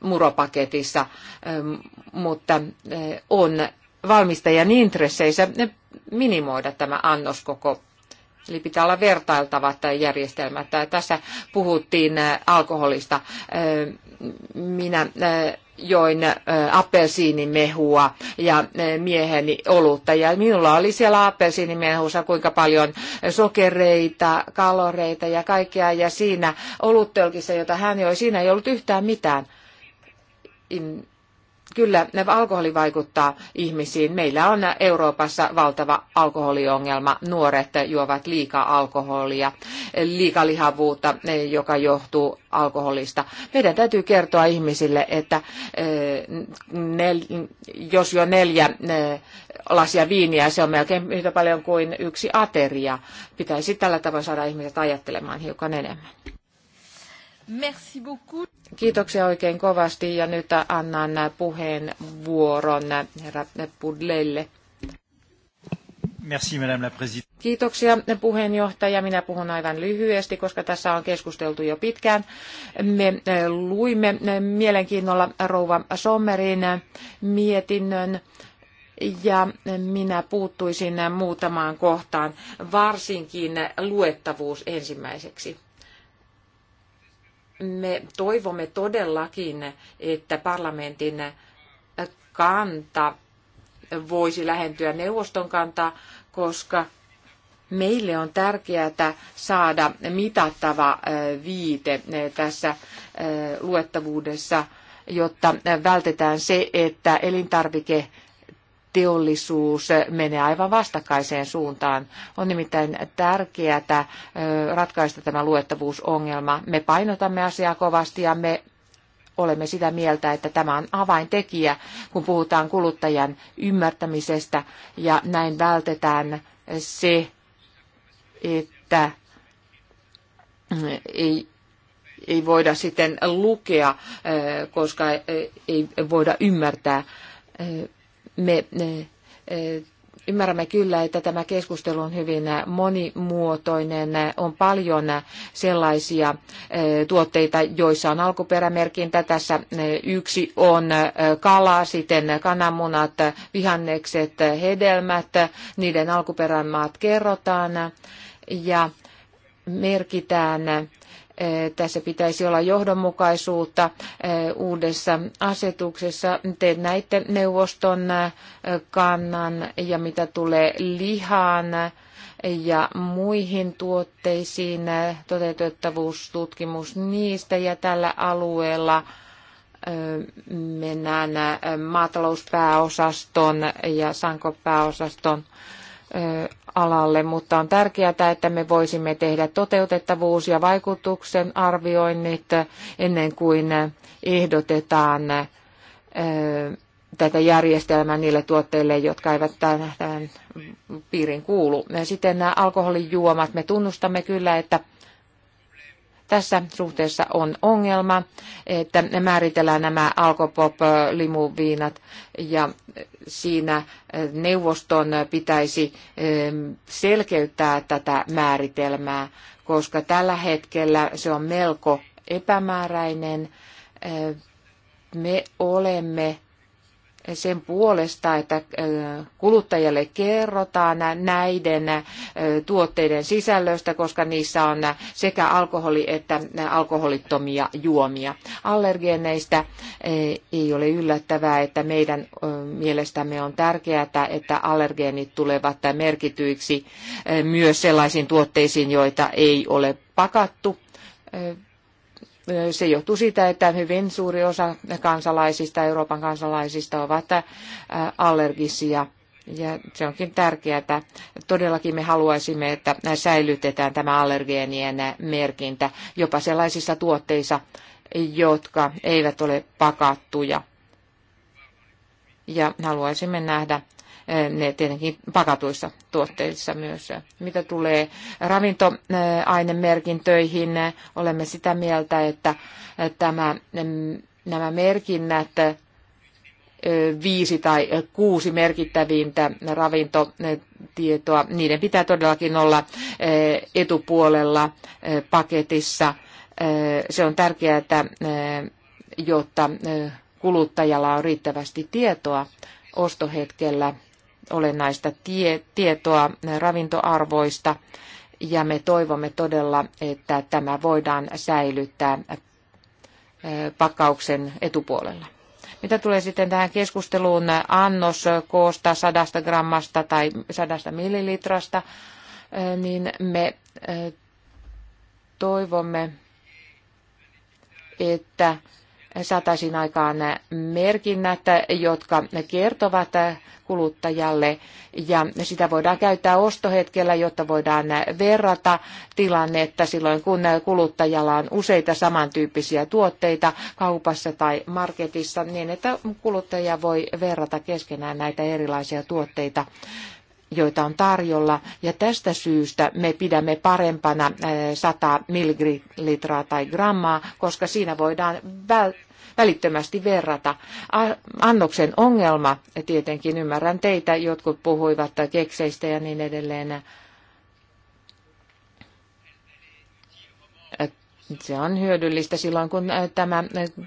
S3: muropaketissa, mutta on valmistajan intresseissä minimoida tämä annoskoko. Eli pitää olla vertailtavat järjestelmät. Tässä puhuttiin alkoholista. Minä join appelsiinimehua ja mieheni olutta. Ja minulla oli siellä appelsiinimehussa kuinka paljon sokereita, kaloreita ja kaikkea. Ja siinä oluttölkissä, jota hän joi, siinä ei ollut yhtään mitään. Kyllä, alkoholi vaikuttaa ihmisiin. Meillä on Euroopassa valtava alkoholiongelma. Nuoret juovat liikaa alkoholia, liikalihavuutta, joka johtuu alkoholista. Meidän täytyy kertoa ihmisille, että e, nel, jos jo neljä e, lasia viiniä, se on melkein yhtä paljon kuin yksi ateria. Pitäisi tällä tavoin saada ihmiset ajattelemaan hiukan enemmän.
S1: Merci beaucoup.
S3: Kiitoksia oikein kovasti ja nyt annan puheenvuoron herra Pudlelle.
S1: Merci, madame la
S3: Kiitoksia puheenjohtaja. Minä puhun aivan lyhyesti, koska tässä on keskusteltu jo pitkään. Me eh, luimme eh, mielenkiinnolla rouva Sommerin eh, mietinnön ja minä puuttuisin muutamaan kohtaan, varsinkin luettavuus ensimmäiseksi me toivomme todellakin, että parlamentin kanta voisi lähentyä neuvoston kantaa, koska meille on tärkeää saada mitattava viite tässä luettavuudessa, jotta vältetään se, että elintarvike teollisuus menee aivan vastakkaiseen suuntaan. On nimittäin tärkeää ratkaista tämä luettavuusongelma. Me painotamme asiaa kovasti ja me olemme sitä mieltä, että tämä on avaintekijä, kun puhutaan kuluttajan ymmärtämisestä ja näin vältetään se, että ei, ei voida sitten lukea, koska ei voida ymmärtää me eh, eh, ymmärrämme kyllä, että tämä keskustelu on hyvin monimuotoinen. On paljon sellaisia eh, tuotteita, joissa on alkuperämerkintä. Tässä yksi on kala, sitten kananmunat, vihannekset, hedelmät. Niiden alkuperämaat kerrotaan ja merkitään Eh, tässä pitäisi olla johdonmukaisuutta eh, uudessa asetuksessa. Te näitte neuvoston eh, kannan ja mitä tulee lihaan ja muihin tuotteisiin, toteutettavuustutkimus niistä ja tällä alueella mennään maatalouspääosaston ja sankopääosaston alalle, mutta on tärkeää, että me voisimme tehdä toteutettavuus- ja vaikutuksen arvioinnit ennen kuin ehdotetaan tätä järjestelmää niille tuotteille, jotka eivät tämän piirin kuulu. Sitten nämä alkoholijuomat, me tunnustamme kyllä, että tässä suhteessa on ongelma, että määritellään nämä alkopop-limuviinat ja siinä eh, neuvoston pitäisi selkeyttää tätä määritelmää, koska tällä hetkellä se on melko epämääräinen. Eh, me olemme sen puolesta, että kuluttajalle kerrotaan näiden tuotteiden sisällöstä, koska niissä on sekä alkoholi että alkoholittomia juomia. Allergeneista e, ei ole yllättävää, että meidän mielestämme on tärkeää, että allergeenit tulevat merkityiksi e, myös sellaisiin tuotteisiin, joita ei ole pakattu e, se johtuu siitä, että hyvin suuri osa kansalaisista, Euroopan kansalaisista ovat äh, allergisia. Ja se onkin tärkeää, että todellakin me haluaisimme, että säilytetään tämä allergeenien merkintä jopa sellaisissa tuotteissa, jotka eivät ole pakattuja. Ja haluaisimme nähdä ne tietenkin pakatuissa tuotteissa myös. Mitä tulee ravintoainemerkintöihin, olemme sitä mieltä, että tämä, nämä merkinnät viisi tai kuusi merkittävintä ravintotietoa. Niiden pitää todellakin olla etupuolella paketissa. Se on tärkeää, että jotta kuluttajalla on riittävästi tietoa ostohetkellä olennaista tie, tietoa ravintoarvoista ja me toivomme todella, että tämä voidaan säilyttää äh, pakkauksen etupuolella. Mitä tulee sitten tähän keskusteluun äh, annos koosta sadasta grammasta tai sadasta millilitrasta, äh, niin me toivomme, että saataisiin aikaan merkinnät, jotka kertovat kuluttajalle ja sitä voidaan käyttää ostohetkellä, jotta voidaan verrata tilannetta silloin, kun kuluttajalla on useita samantyyppisiä tuotteita kaupassa tai marketissa, niin että kuluttaja voi verrata keskenään näitä erilaisia tuotteita joita on tarjolla, ja tästä syystä me pidämme parempana 100 eh, mililitraa tai grammaa, koska siinä voidaan välittömästi verrata. Annoksen ongelma, tietenkin ymmärrän teitä, jotkut puhuivat kekseistä ja niin edelleen. Se on hyödyllistä silloin, kun tämä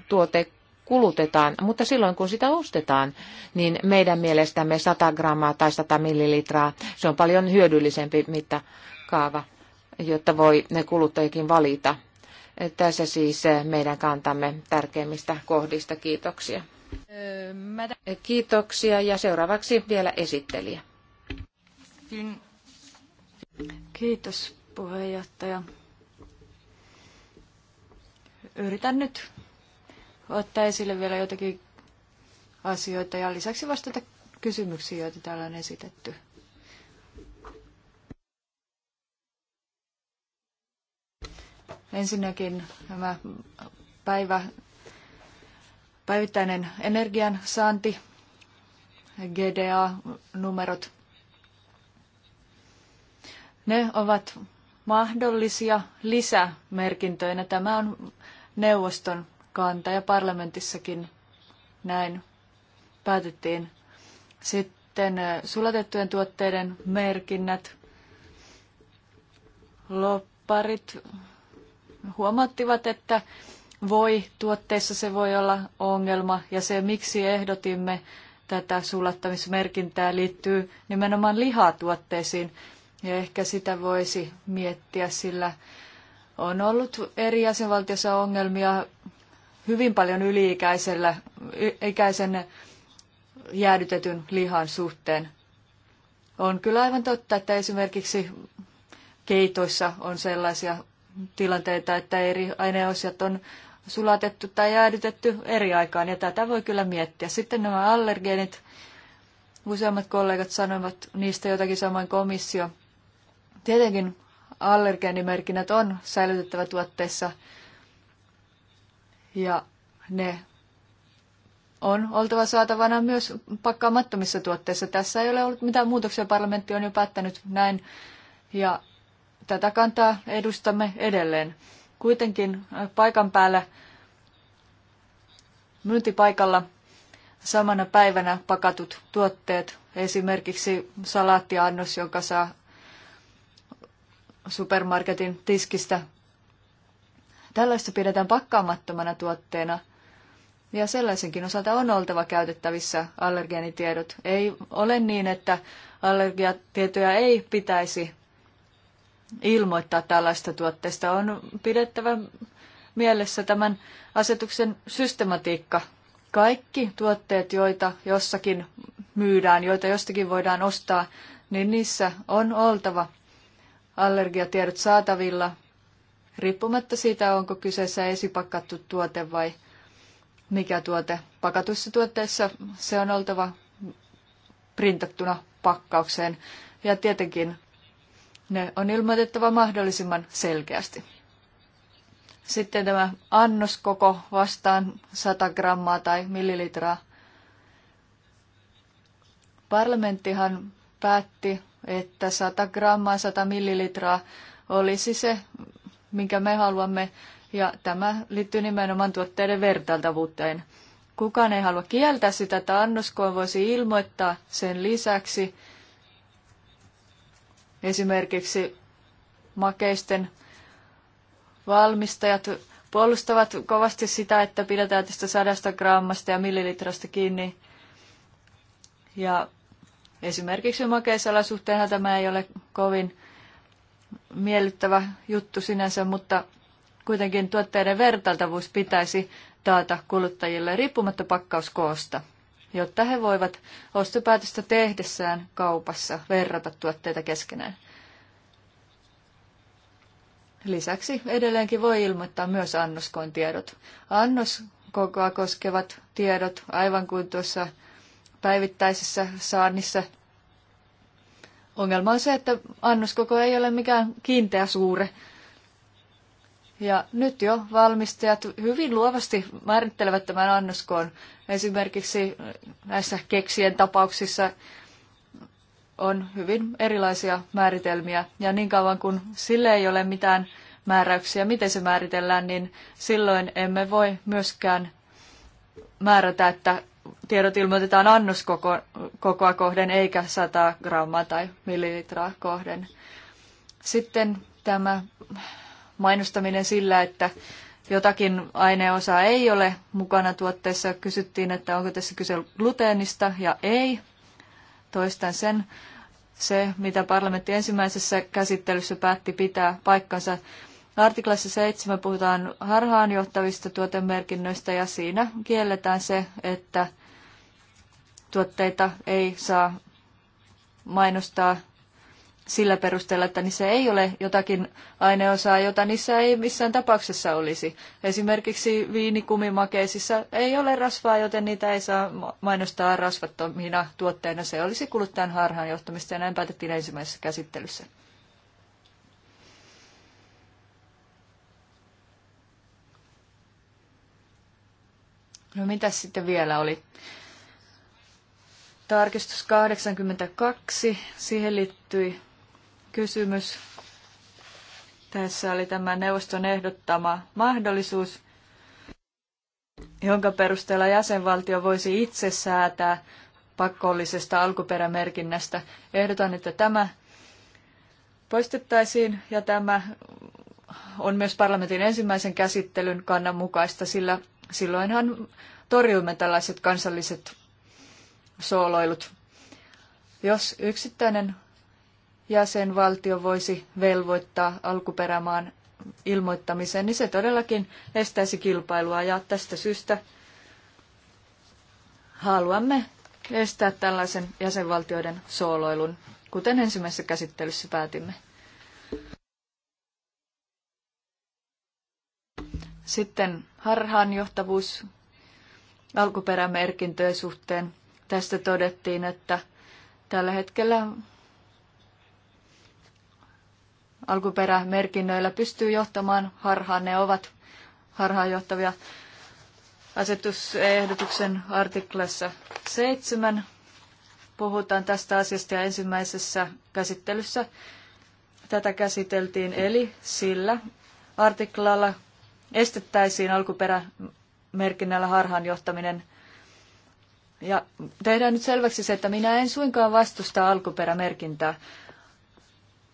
S3: tuote kulutetaan, mutta silloin kun sitä ostetaan, niin meidän mielestämme 100 grammaa tai 100 millilitraa, se on paljon hyödyllisempi mittakaava, jotta voi ne kuluttajakin valita tässä siis meidän kantamme tärkeimmistä kohdista. Kiitoksia. Kiitoksia ja seuraavaksi vielä esittelijä. Kiitos puheenjohtaja.
S1: Yritän nyt ottaa esille vielä jotakin asioita ja lisäksi vastata kysymyksiin, joita täällä on esitetty. Ensinnäkin tämä päivä, päivittäinen energian saanti, GDA-numerot. Ne ovat mahdollisia lisämerkintöinä. Tämä on neuvoston kanta ja parlamentissakin näin päätettiin. Sitten sulatettujen tuotteiden merkinnät, lopparit, huomattivat, että voi, tuotteissa se voi olla ongelma ja se, miksi ehdotimme tätä sulattamismerkintää, liittyy nimenomaan lihatuotteisiin. Ja ehkä sitä voisi miettiä, sillä on ollut eri jäsenvaltiossa ongelmia hyvin paljon yliikäisellä, ikäisen jäädytetyn lihan suhteen. On kyllä aivan totta, että esimerkiksi keitoissa on sellaisia tilanteita, että eri aineosiat on sulatettu tai jäädytetty eri aikaan, ja tätä voi kyllä miettiä. Sitten nämä allergeenit, useammat kollegat sanoivat niistä jotakin samoin komissio. Tietenkin allergeenimerkinnät on säilytettävä tuotteissa, ja ne on oltava saatavana myös pakkaamattomissa tuotteissa. Tässä ei ole ollut mitään muutoksia, parlamentti on jo päättänyt näin, ja tätä kantaa edustamme edelleen. Kuitenkin äh, paikan päällä myyntipaikalla samana päivänä pakatut tuotteet, esimerkiksi salaattiannos, jonka saa supermarketin tiskistä. Tällaista pidetään pakkaamattomana tuotteena – ja sellaisenkin osalta on oltava käytettävissä allergeenitiedot. Ei ole niin, että allergiatietoja ei pitäisi ilmoittaa tällaista tuotteista. On pidettävä mielessä tämän asetuksen systematiikka. Kaikki tuotteet, joita jossakin myydään, joita jostakin voidaan ostaa, niin niissä on oltava allergiatiedot saatavilla, riippumatta siitä, onko kyseessä esipakattu tuote vai mikä tuote. Pakatuissa tuotteissa se on oltava printattuna pakkaukseen. Ja tietenkin ne on ilmoitettava mahdollisimman selkeästi. Sitten tämä annoskoko vastaan 100 grammaa tai millilitraa. Parlamenttihan päätti, että 100 grammaa, 100 millilitraa olisi se, minkä me haluamme. Ja tämä liittyy nimenomaan tuotteiden vertailtavuuteen. Kukaan ei halua kieltää sitä, että annoskoon voisi ilmoittaa sen lisäksi, Esimerkiksi makeisten valmistajat puolustavat kovasti sitä, että pidetään tästä sadasta grammasta ja millilitrasta kiinni. Ja esimerkiksi makeisala tämä ei ole kovin miellyttävä juttu sinänsä, mutta kuitenkin tuotteiden vertailtavuus pitäisi taata kuluttajille riippumatta pakkauskoosta jotta he voivat ostopäätöstä tehdessään kaupassa verrata tuotteita keskenään. Lisäksi edelleenkin voi ilmoittaa myös annoskoon tiedot. Annoskokoa koskevat tiedot, aivan kuin tuossa päivittäisessä saannissa. Ongelma on se, että annoskoko ei ole mikään kiinteä suure, ja nyt jo valmistajat hyvin luovasti määrittelevät tämän annoskoon. Esimerkiksi näissä keksien tapauksissa on hyvin erilaisia määritelmiä. Ja niin kauan kuin sille ei ole mitään määräyksiä, miten se määritellään, niin silloin emme voi myöskään määrätä, että tiedot ilmoitetaan annoskokoa kohden eikä 100 grammaa tai millilitraa kohden. Sitten tämä mainostaminen sillä, että jotakin aineosaa ei ole mukana tuotteessa. Kysyttiin, että onko tässä kyse gluteenista ja ei. Toistan sen. Se, mitä parlamentti ensimmäisessä käsittelyssä päätti pitää paikkansa. Artiklassa 7 puhutaan harhaanjohtavista tuotemerkinnöistä ja siinä kielletään se, että tuotteita ei saa mainostaa sillä perusteella, että niissä ei ole jotakin aineosaa, jota niissä ei missään tapauksessa olisi. Esimerkiksi viinikumimakeisissa ei ole rasvaa, joten niitä ei saa mainostaa rasvattomina tuotteina. Se olisi kuluttajan harhaanjohtamista ja näin päätettiin ensimmäisessä käsittelyssä. No mitä sitten vielä oli? Tarkistus 82, siihen liittyi kysymys. Tässä oli tämä neuvoston ehdottama mahdollisuus, jonka perusteella jäsenvaltio voisi itse säätää pakollisesta alkuperämerkinnästä. Ehdotan, että tämä poistettaisiin ja tämä on myös parlamentin ensimmäisen käsittelyn kannan mukaista, sillä silloinhan torjumme tällaiset kansalliset sooloilut. Jos yksittäinen jäsenvaltio voisi velvoittaa alkuperämaan ilmoittamiseen, niin se todellakin estäisi kilpailua. Ja tästä syystä haluamme estää tällaisen jäsenvaltioiden sooloilun, kuten ensimmäisessä käsittelyssä päätimme. Sitten harhaanjohtavuus alkuperämerkintöjen suhteen. Tästä todettiin, että tällä hetkellä alkuperämerkinnöillä pystyy johtamaan harhaan. Ne ovat harhaanjohtavia asetusehdotuksen artiklassa 7. Puhutaan tästä asiasta ja ensimmäisessä käsittelyssä tätä käsiteltiin, eli sillä artiklalla estettäisiin alkuperämerkinnällä harhaanjohtaminen. Ja tehdään nyt selväksi se, että minä en suinkaan vastusta alkuperämerkintää.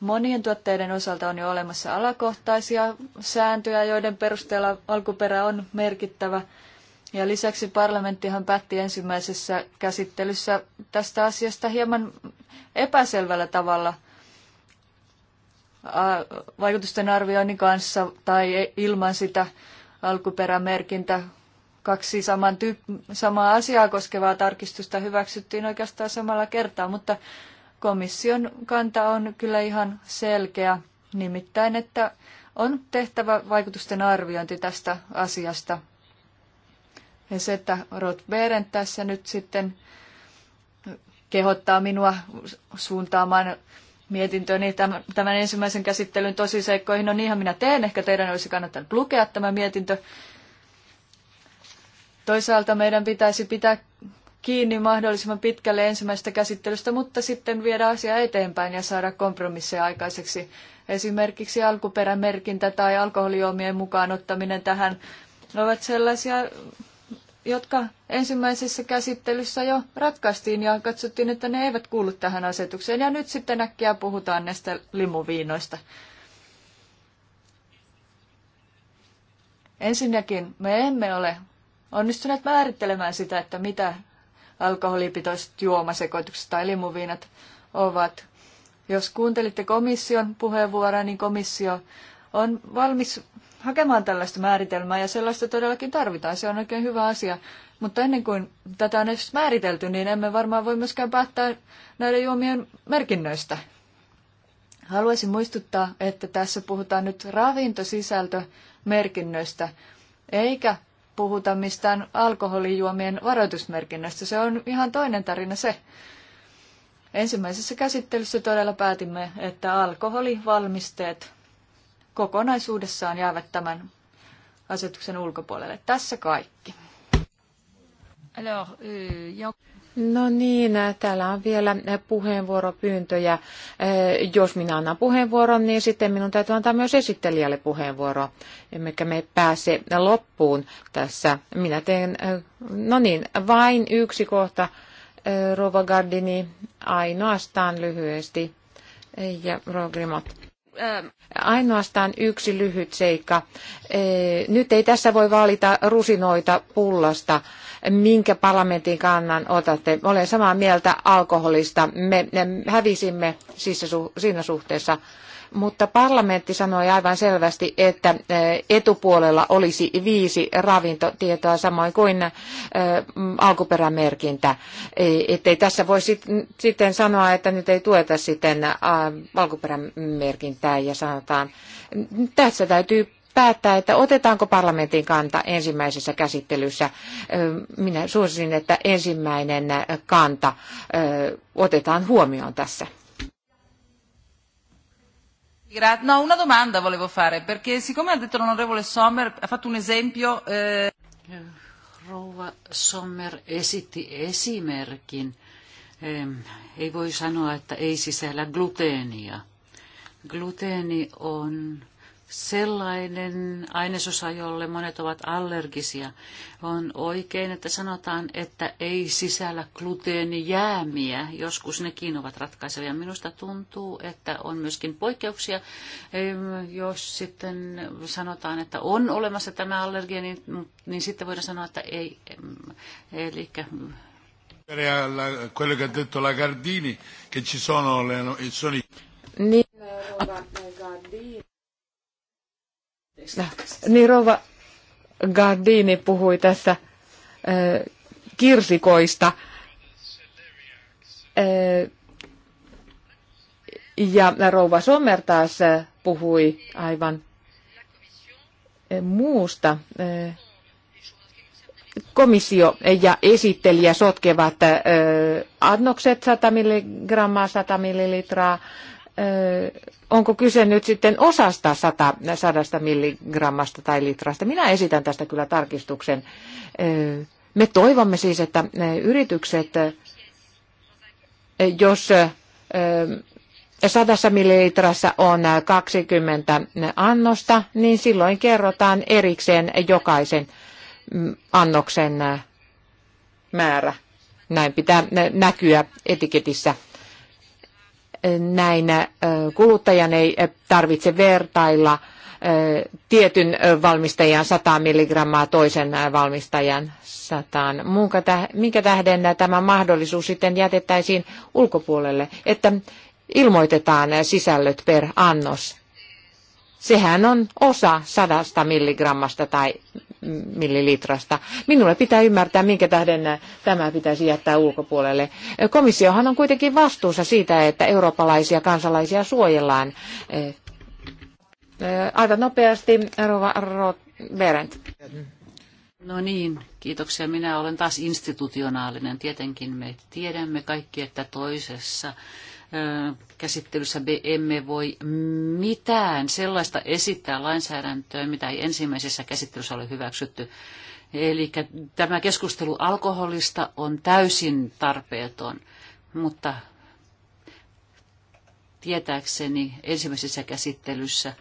S1: Monien tuotteiden osalta on jo olemassa alakohtaisia sääntöjä, joiden perusteella alkuperä on merkittävä. Ja lisäksi parlamenttihan päätti ensimmäisessä käsittelyssä tästä asiasta hieman epäselvällä tavalla vaikutusten arvioinnin kanssa tai ilman sitä alkuperämerkintä. Kaksi saman samaa asiaa koskevaa tarkistusta hyväksyttiin oikeastaan samalla kertaa, mutta komission kanta on kyllä ihan selkeä, nimittäin että on tehtävä vaikutusten arviointi tästä asiasta. Ja se, että Rod Beren tässä nyt sitten kehottaa minua suuntaamaan mietintöni tämän ensimmäisen käsittelyn tosiseikkoihin. No niinhän minä teen, ehkä teidän olisi kannattanut lukea tämä mietintö. Toisaalta meidän pitäisi pitää kiinni mahdollisimman pitkälle ensimmäisestä käsittelystä, mutta sitten viedä asiaa eteenpäin ja saada kompromisseja aikaiseksi. Esimerkiksi alkuperämerkintä tai alkoholijuomien mukaan ottaminen tähän ovat sellaisia, jotka ensimmäisessä käsittelyssä jo ratkaistiin ja katsottiin, että ne eivät kuulu tähän asetukseen. Ja nyt sitten äkkiä puhutaan näistä limuviinoista. Ensinnäkin me emme ole onnistuneet määrittelemään sitä, että mitä alkoholipitoiset juomasekoitukset tai limuviinat ovat. Jos kuuntelitte komission puheenvuoroa, niin komissio on valmis hakemaan tällaista määritelmää ja sellaista todellakin tarvitaan. Se on oikein hyvä asia. Mutta ennen kuin tätä on edes määritelty, niin emme varmaan voi myöskään päättää näiden juomien merkinnöistä. Haluaisin muistuttaa, että tässä puhutaan nyt ravintosisältömerkinnöistä, eikä puhuta mistään alkoholijuomien varoitusmerkinnästä. Se on ihan toinen tarina se. Ensimmäisessä käsittelyssä todella päätimme, että alkoholivalmisteet kokonaisuudessaan jäävät tämän asetuksen ulkopuolelle. Tässä kaikki.
S3: Euh, No niin, täällä on vielä puheenvuoropyyntöjä. Eh, jos minä annan puheenvuoron, niin sitten minun täytyy antaa myös esittelijälle puheenvuoro, emmekä me pääse loppuun tässä. Minä teen, eh, no niin, vain yksi kohta, eh, Rova Gardini, ainoastaan lyhyesti. Ja Rogrimot. Ainoastaan yksi lyhyt seikka. Nyt ei tässä voi valita rusinoita pullasta. Minkä parlamentin kannan otatte? Olen samaa mieltä alkoholista. Me hävisimme siinä suhteessa mutta parlamentti sanoi aivan selvästi, että eh, etupuolella olisi viisi ravintotietoa samoin kuin eh, alkuperämerkintä. Eh, ettei tässä voi sitten sanoa, että nyt ei tueta sitten alkuperämerkintää ja sanotaan, tässä täytyy päättää, että otetaanko parlamentin kanta ensimmäisessä käsittelyssä. Minä suosin, että ensimmäinen kanta otetaan huomioon tässä.
S2: Gra- no, una domanda volevo fare, perché siccome ha detto l'onorevole Sommer, ha fatto un esempio... Eh... Rouva Sommer esitti esimerkin. Ehm, ei voi sanoa, että ei sisällä gluteenia. Gluteeni on sellainen ainesosa, jolle monet ovat allergisia. On oikein, että sanotaan, että ei sisällä gluteenijäämiä. Joskus nekin ovat ratkaisevia. Minusta tuntuu, että on myöskin poikkeuksia. Jos sitten sanotaan, että on olemassa tämä allergia, niin, niin sitten voidaan sanoa, että ei. Eli eh,
S1: quello che ha detto la Gardini, che ci sono, le, no, sono i...
S3: Niin, niin Rova Gardini puhui tässä äh, kirsikoista. Äh, ja Rouva Sommer taas äh, puhui aivan muusta. Komissio ja esittelijä sotkevat annokset 100 milligrammaa, 100 millilitraa onko kyse nyt sitten osasta sata, sadasta milligrammasta tai litrasta. Minä esitän tästä kyllä tarkistuksen. Me toivomme siis, että yritykset, jos sadassa millilitrassa on 20 annosta, niin silloin kerrotaan erikseen jokaisen mm, annoksen määrä. Näin pitää näkyä etiketissä näin kuluttajan ei tarvitse vertailla tietyn valmistajan 100 milligrammaa toisen valmistajan 100. Minkä tähden tämä mahdollisuus sitten jätettäisiin ulkopuolelle, että ilmoitetaan sisällöt per annos? Sehän on osa sadasta milligrammasta tai millilitrasta. Minulle pitää ymmärtää, minkä tähden tämä pitäisi jättää ulkopuolelle. Komissiohan on kuitenkin vastuussa siitä, että eurooppalaisia kansalaisia suojellaan. Eh, Aivan nopeasti, Rova Berendt.
S2: No niin, kiitoksia. Minä olen taas institutionaalinen. Tietenkin me tiedämme kaikki, että toisessa käsittelyssä emme voi mitään sellaista esittää lainsäädäntöön, mitä ei ensimmäisessä käsittelyssä ole hyväksytty. Eli tämä keskustelu alkoholista on täysin tarpeeton, mutta tietääkseni ensimmäisessä käsittelyssä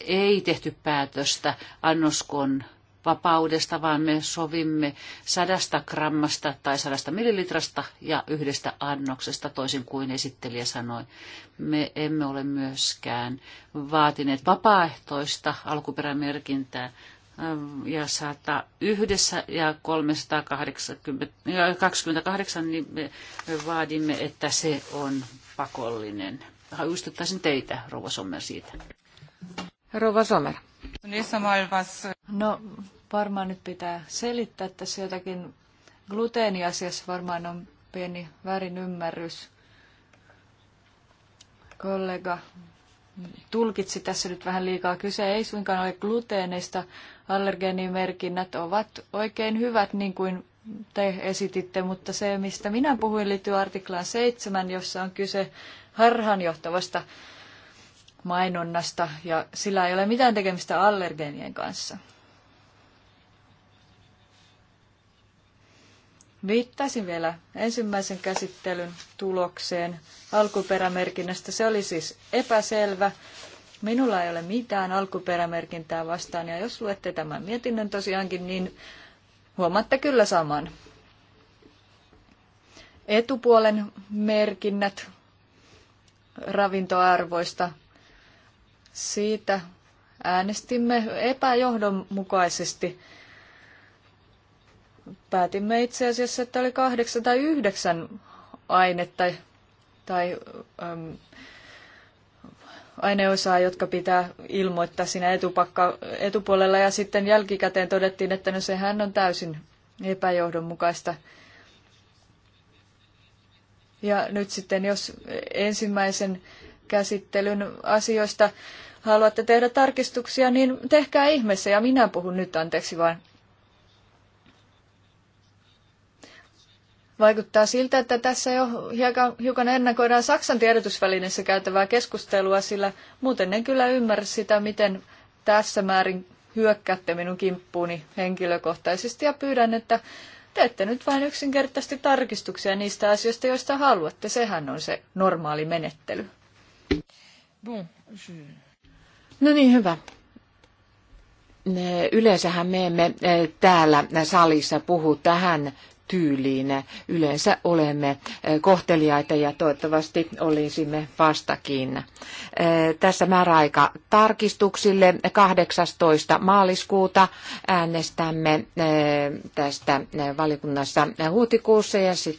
S2: ei tehty päätöstä annoskon vapaudesta, vaan me sovimme sadasta grammasta tai sadasta millilitrasta ja yhdestä annoksesta, toisin kuin esittelijä sanoi. Me emme ole myöskään vaatineet vapaaehtoista alkuperämerkintää, äh, ja 101 ja 328, niin me vaadimme, että se on pakollinen. Haistuttaisin teitä, Rova Sommer, siitä. Rova Sommer.
S1: No, Varmaan nyt pitää selittää tässä jotakin. Gluteeniasiassa varmaan on pieni ymmärrys. Kollega tulkitsi tässä nyt vähän liikaa. Kyse ei suinkaan ole gluteenista. Allergeenimerkinnät ovat oikein hyvät, niin kuin te esititte, mutta se, mistä minä puhuin, liittyy artiklaan 7, jossa on kyse harhaanjohtavasta mainonnasta, ja sillä ei ole mitään tekemistä allergeenien kanssa. Viittaisin vielä ensimmäisen käsittelyn tulokseen alkuperämerkinnästä. Se oli siis epäselvä. Minulla ei ole mitään alkuperämerkintää vastaan, ja jos luette tämän mietinnön tosiaankin, niin huomaatte kyllä saman. Etupuolen merkinnät ravintoarvoista, siitä äänestimme epäjohdonmukaisesti päätimme itse asiassa, että oli kahdeksan tai yhdeksän ainetta tai äm, aineosaa, jotka pitää ilmoittaa siinä etupakka, etupuolella. Ja sitten jälkikäteen todettiin, että no sehän on täysin epäjohdonmukaista. Ja nyt sitten, jos ensimmäisen käsittelyn asioista haluatte tehdä tarkistuksia, niin tehkää ihmeessä. Ja minä puhun nyt, anteeksi vaan Vaikuttaa siltä, että tässä jo hiukan ennakoidaan Saksan tiedotusvälineessä käytävää keskustelua, sillä muuten en kyllä ymmärrä sitä, miten tässä määrin hyökkäätte minun kimppuuni henkilökohtaisesti ja pyydän, että teette nyt vain yksinkertaisesti tarkistuksia niistä asioista, joista haluatte. Sehän on se normaali menettely.
S3: Bon. No niin, hyvä. Yleensähän me emme eh, täällä salissa puhu tähän tyyliin. Yleensä olemme eh, kohteliaita ja toivottavasti olisimme vastakin. Eh, tässä määräaika tarkistuksille 18. maaliskuuta äänestämme eh, tästä valiokunnassa huhtikuussa ja sitten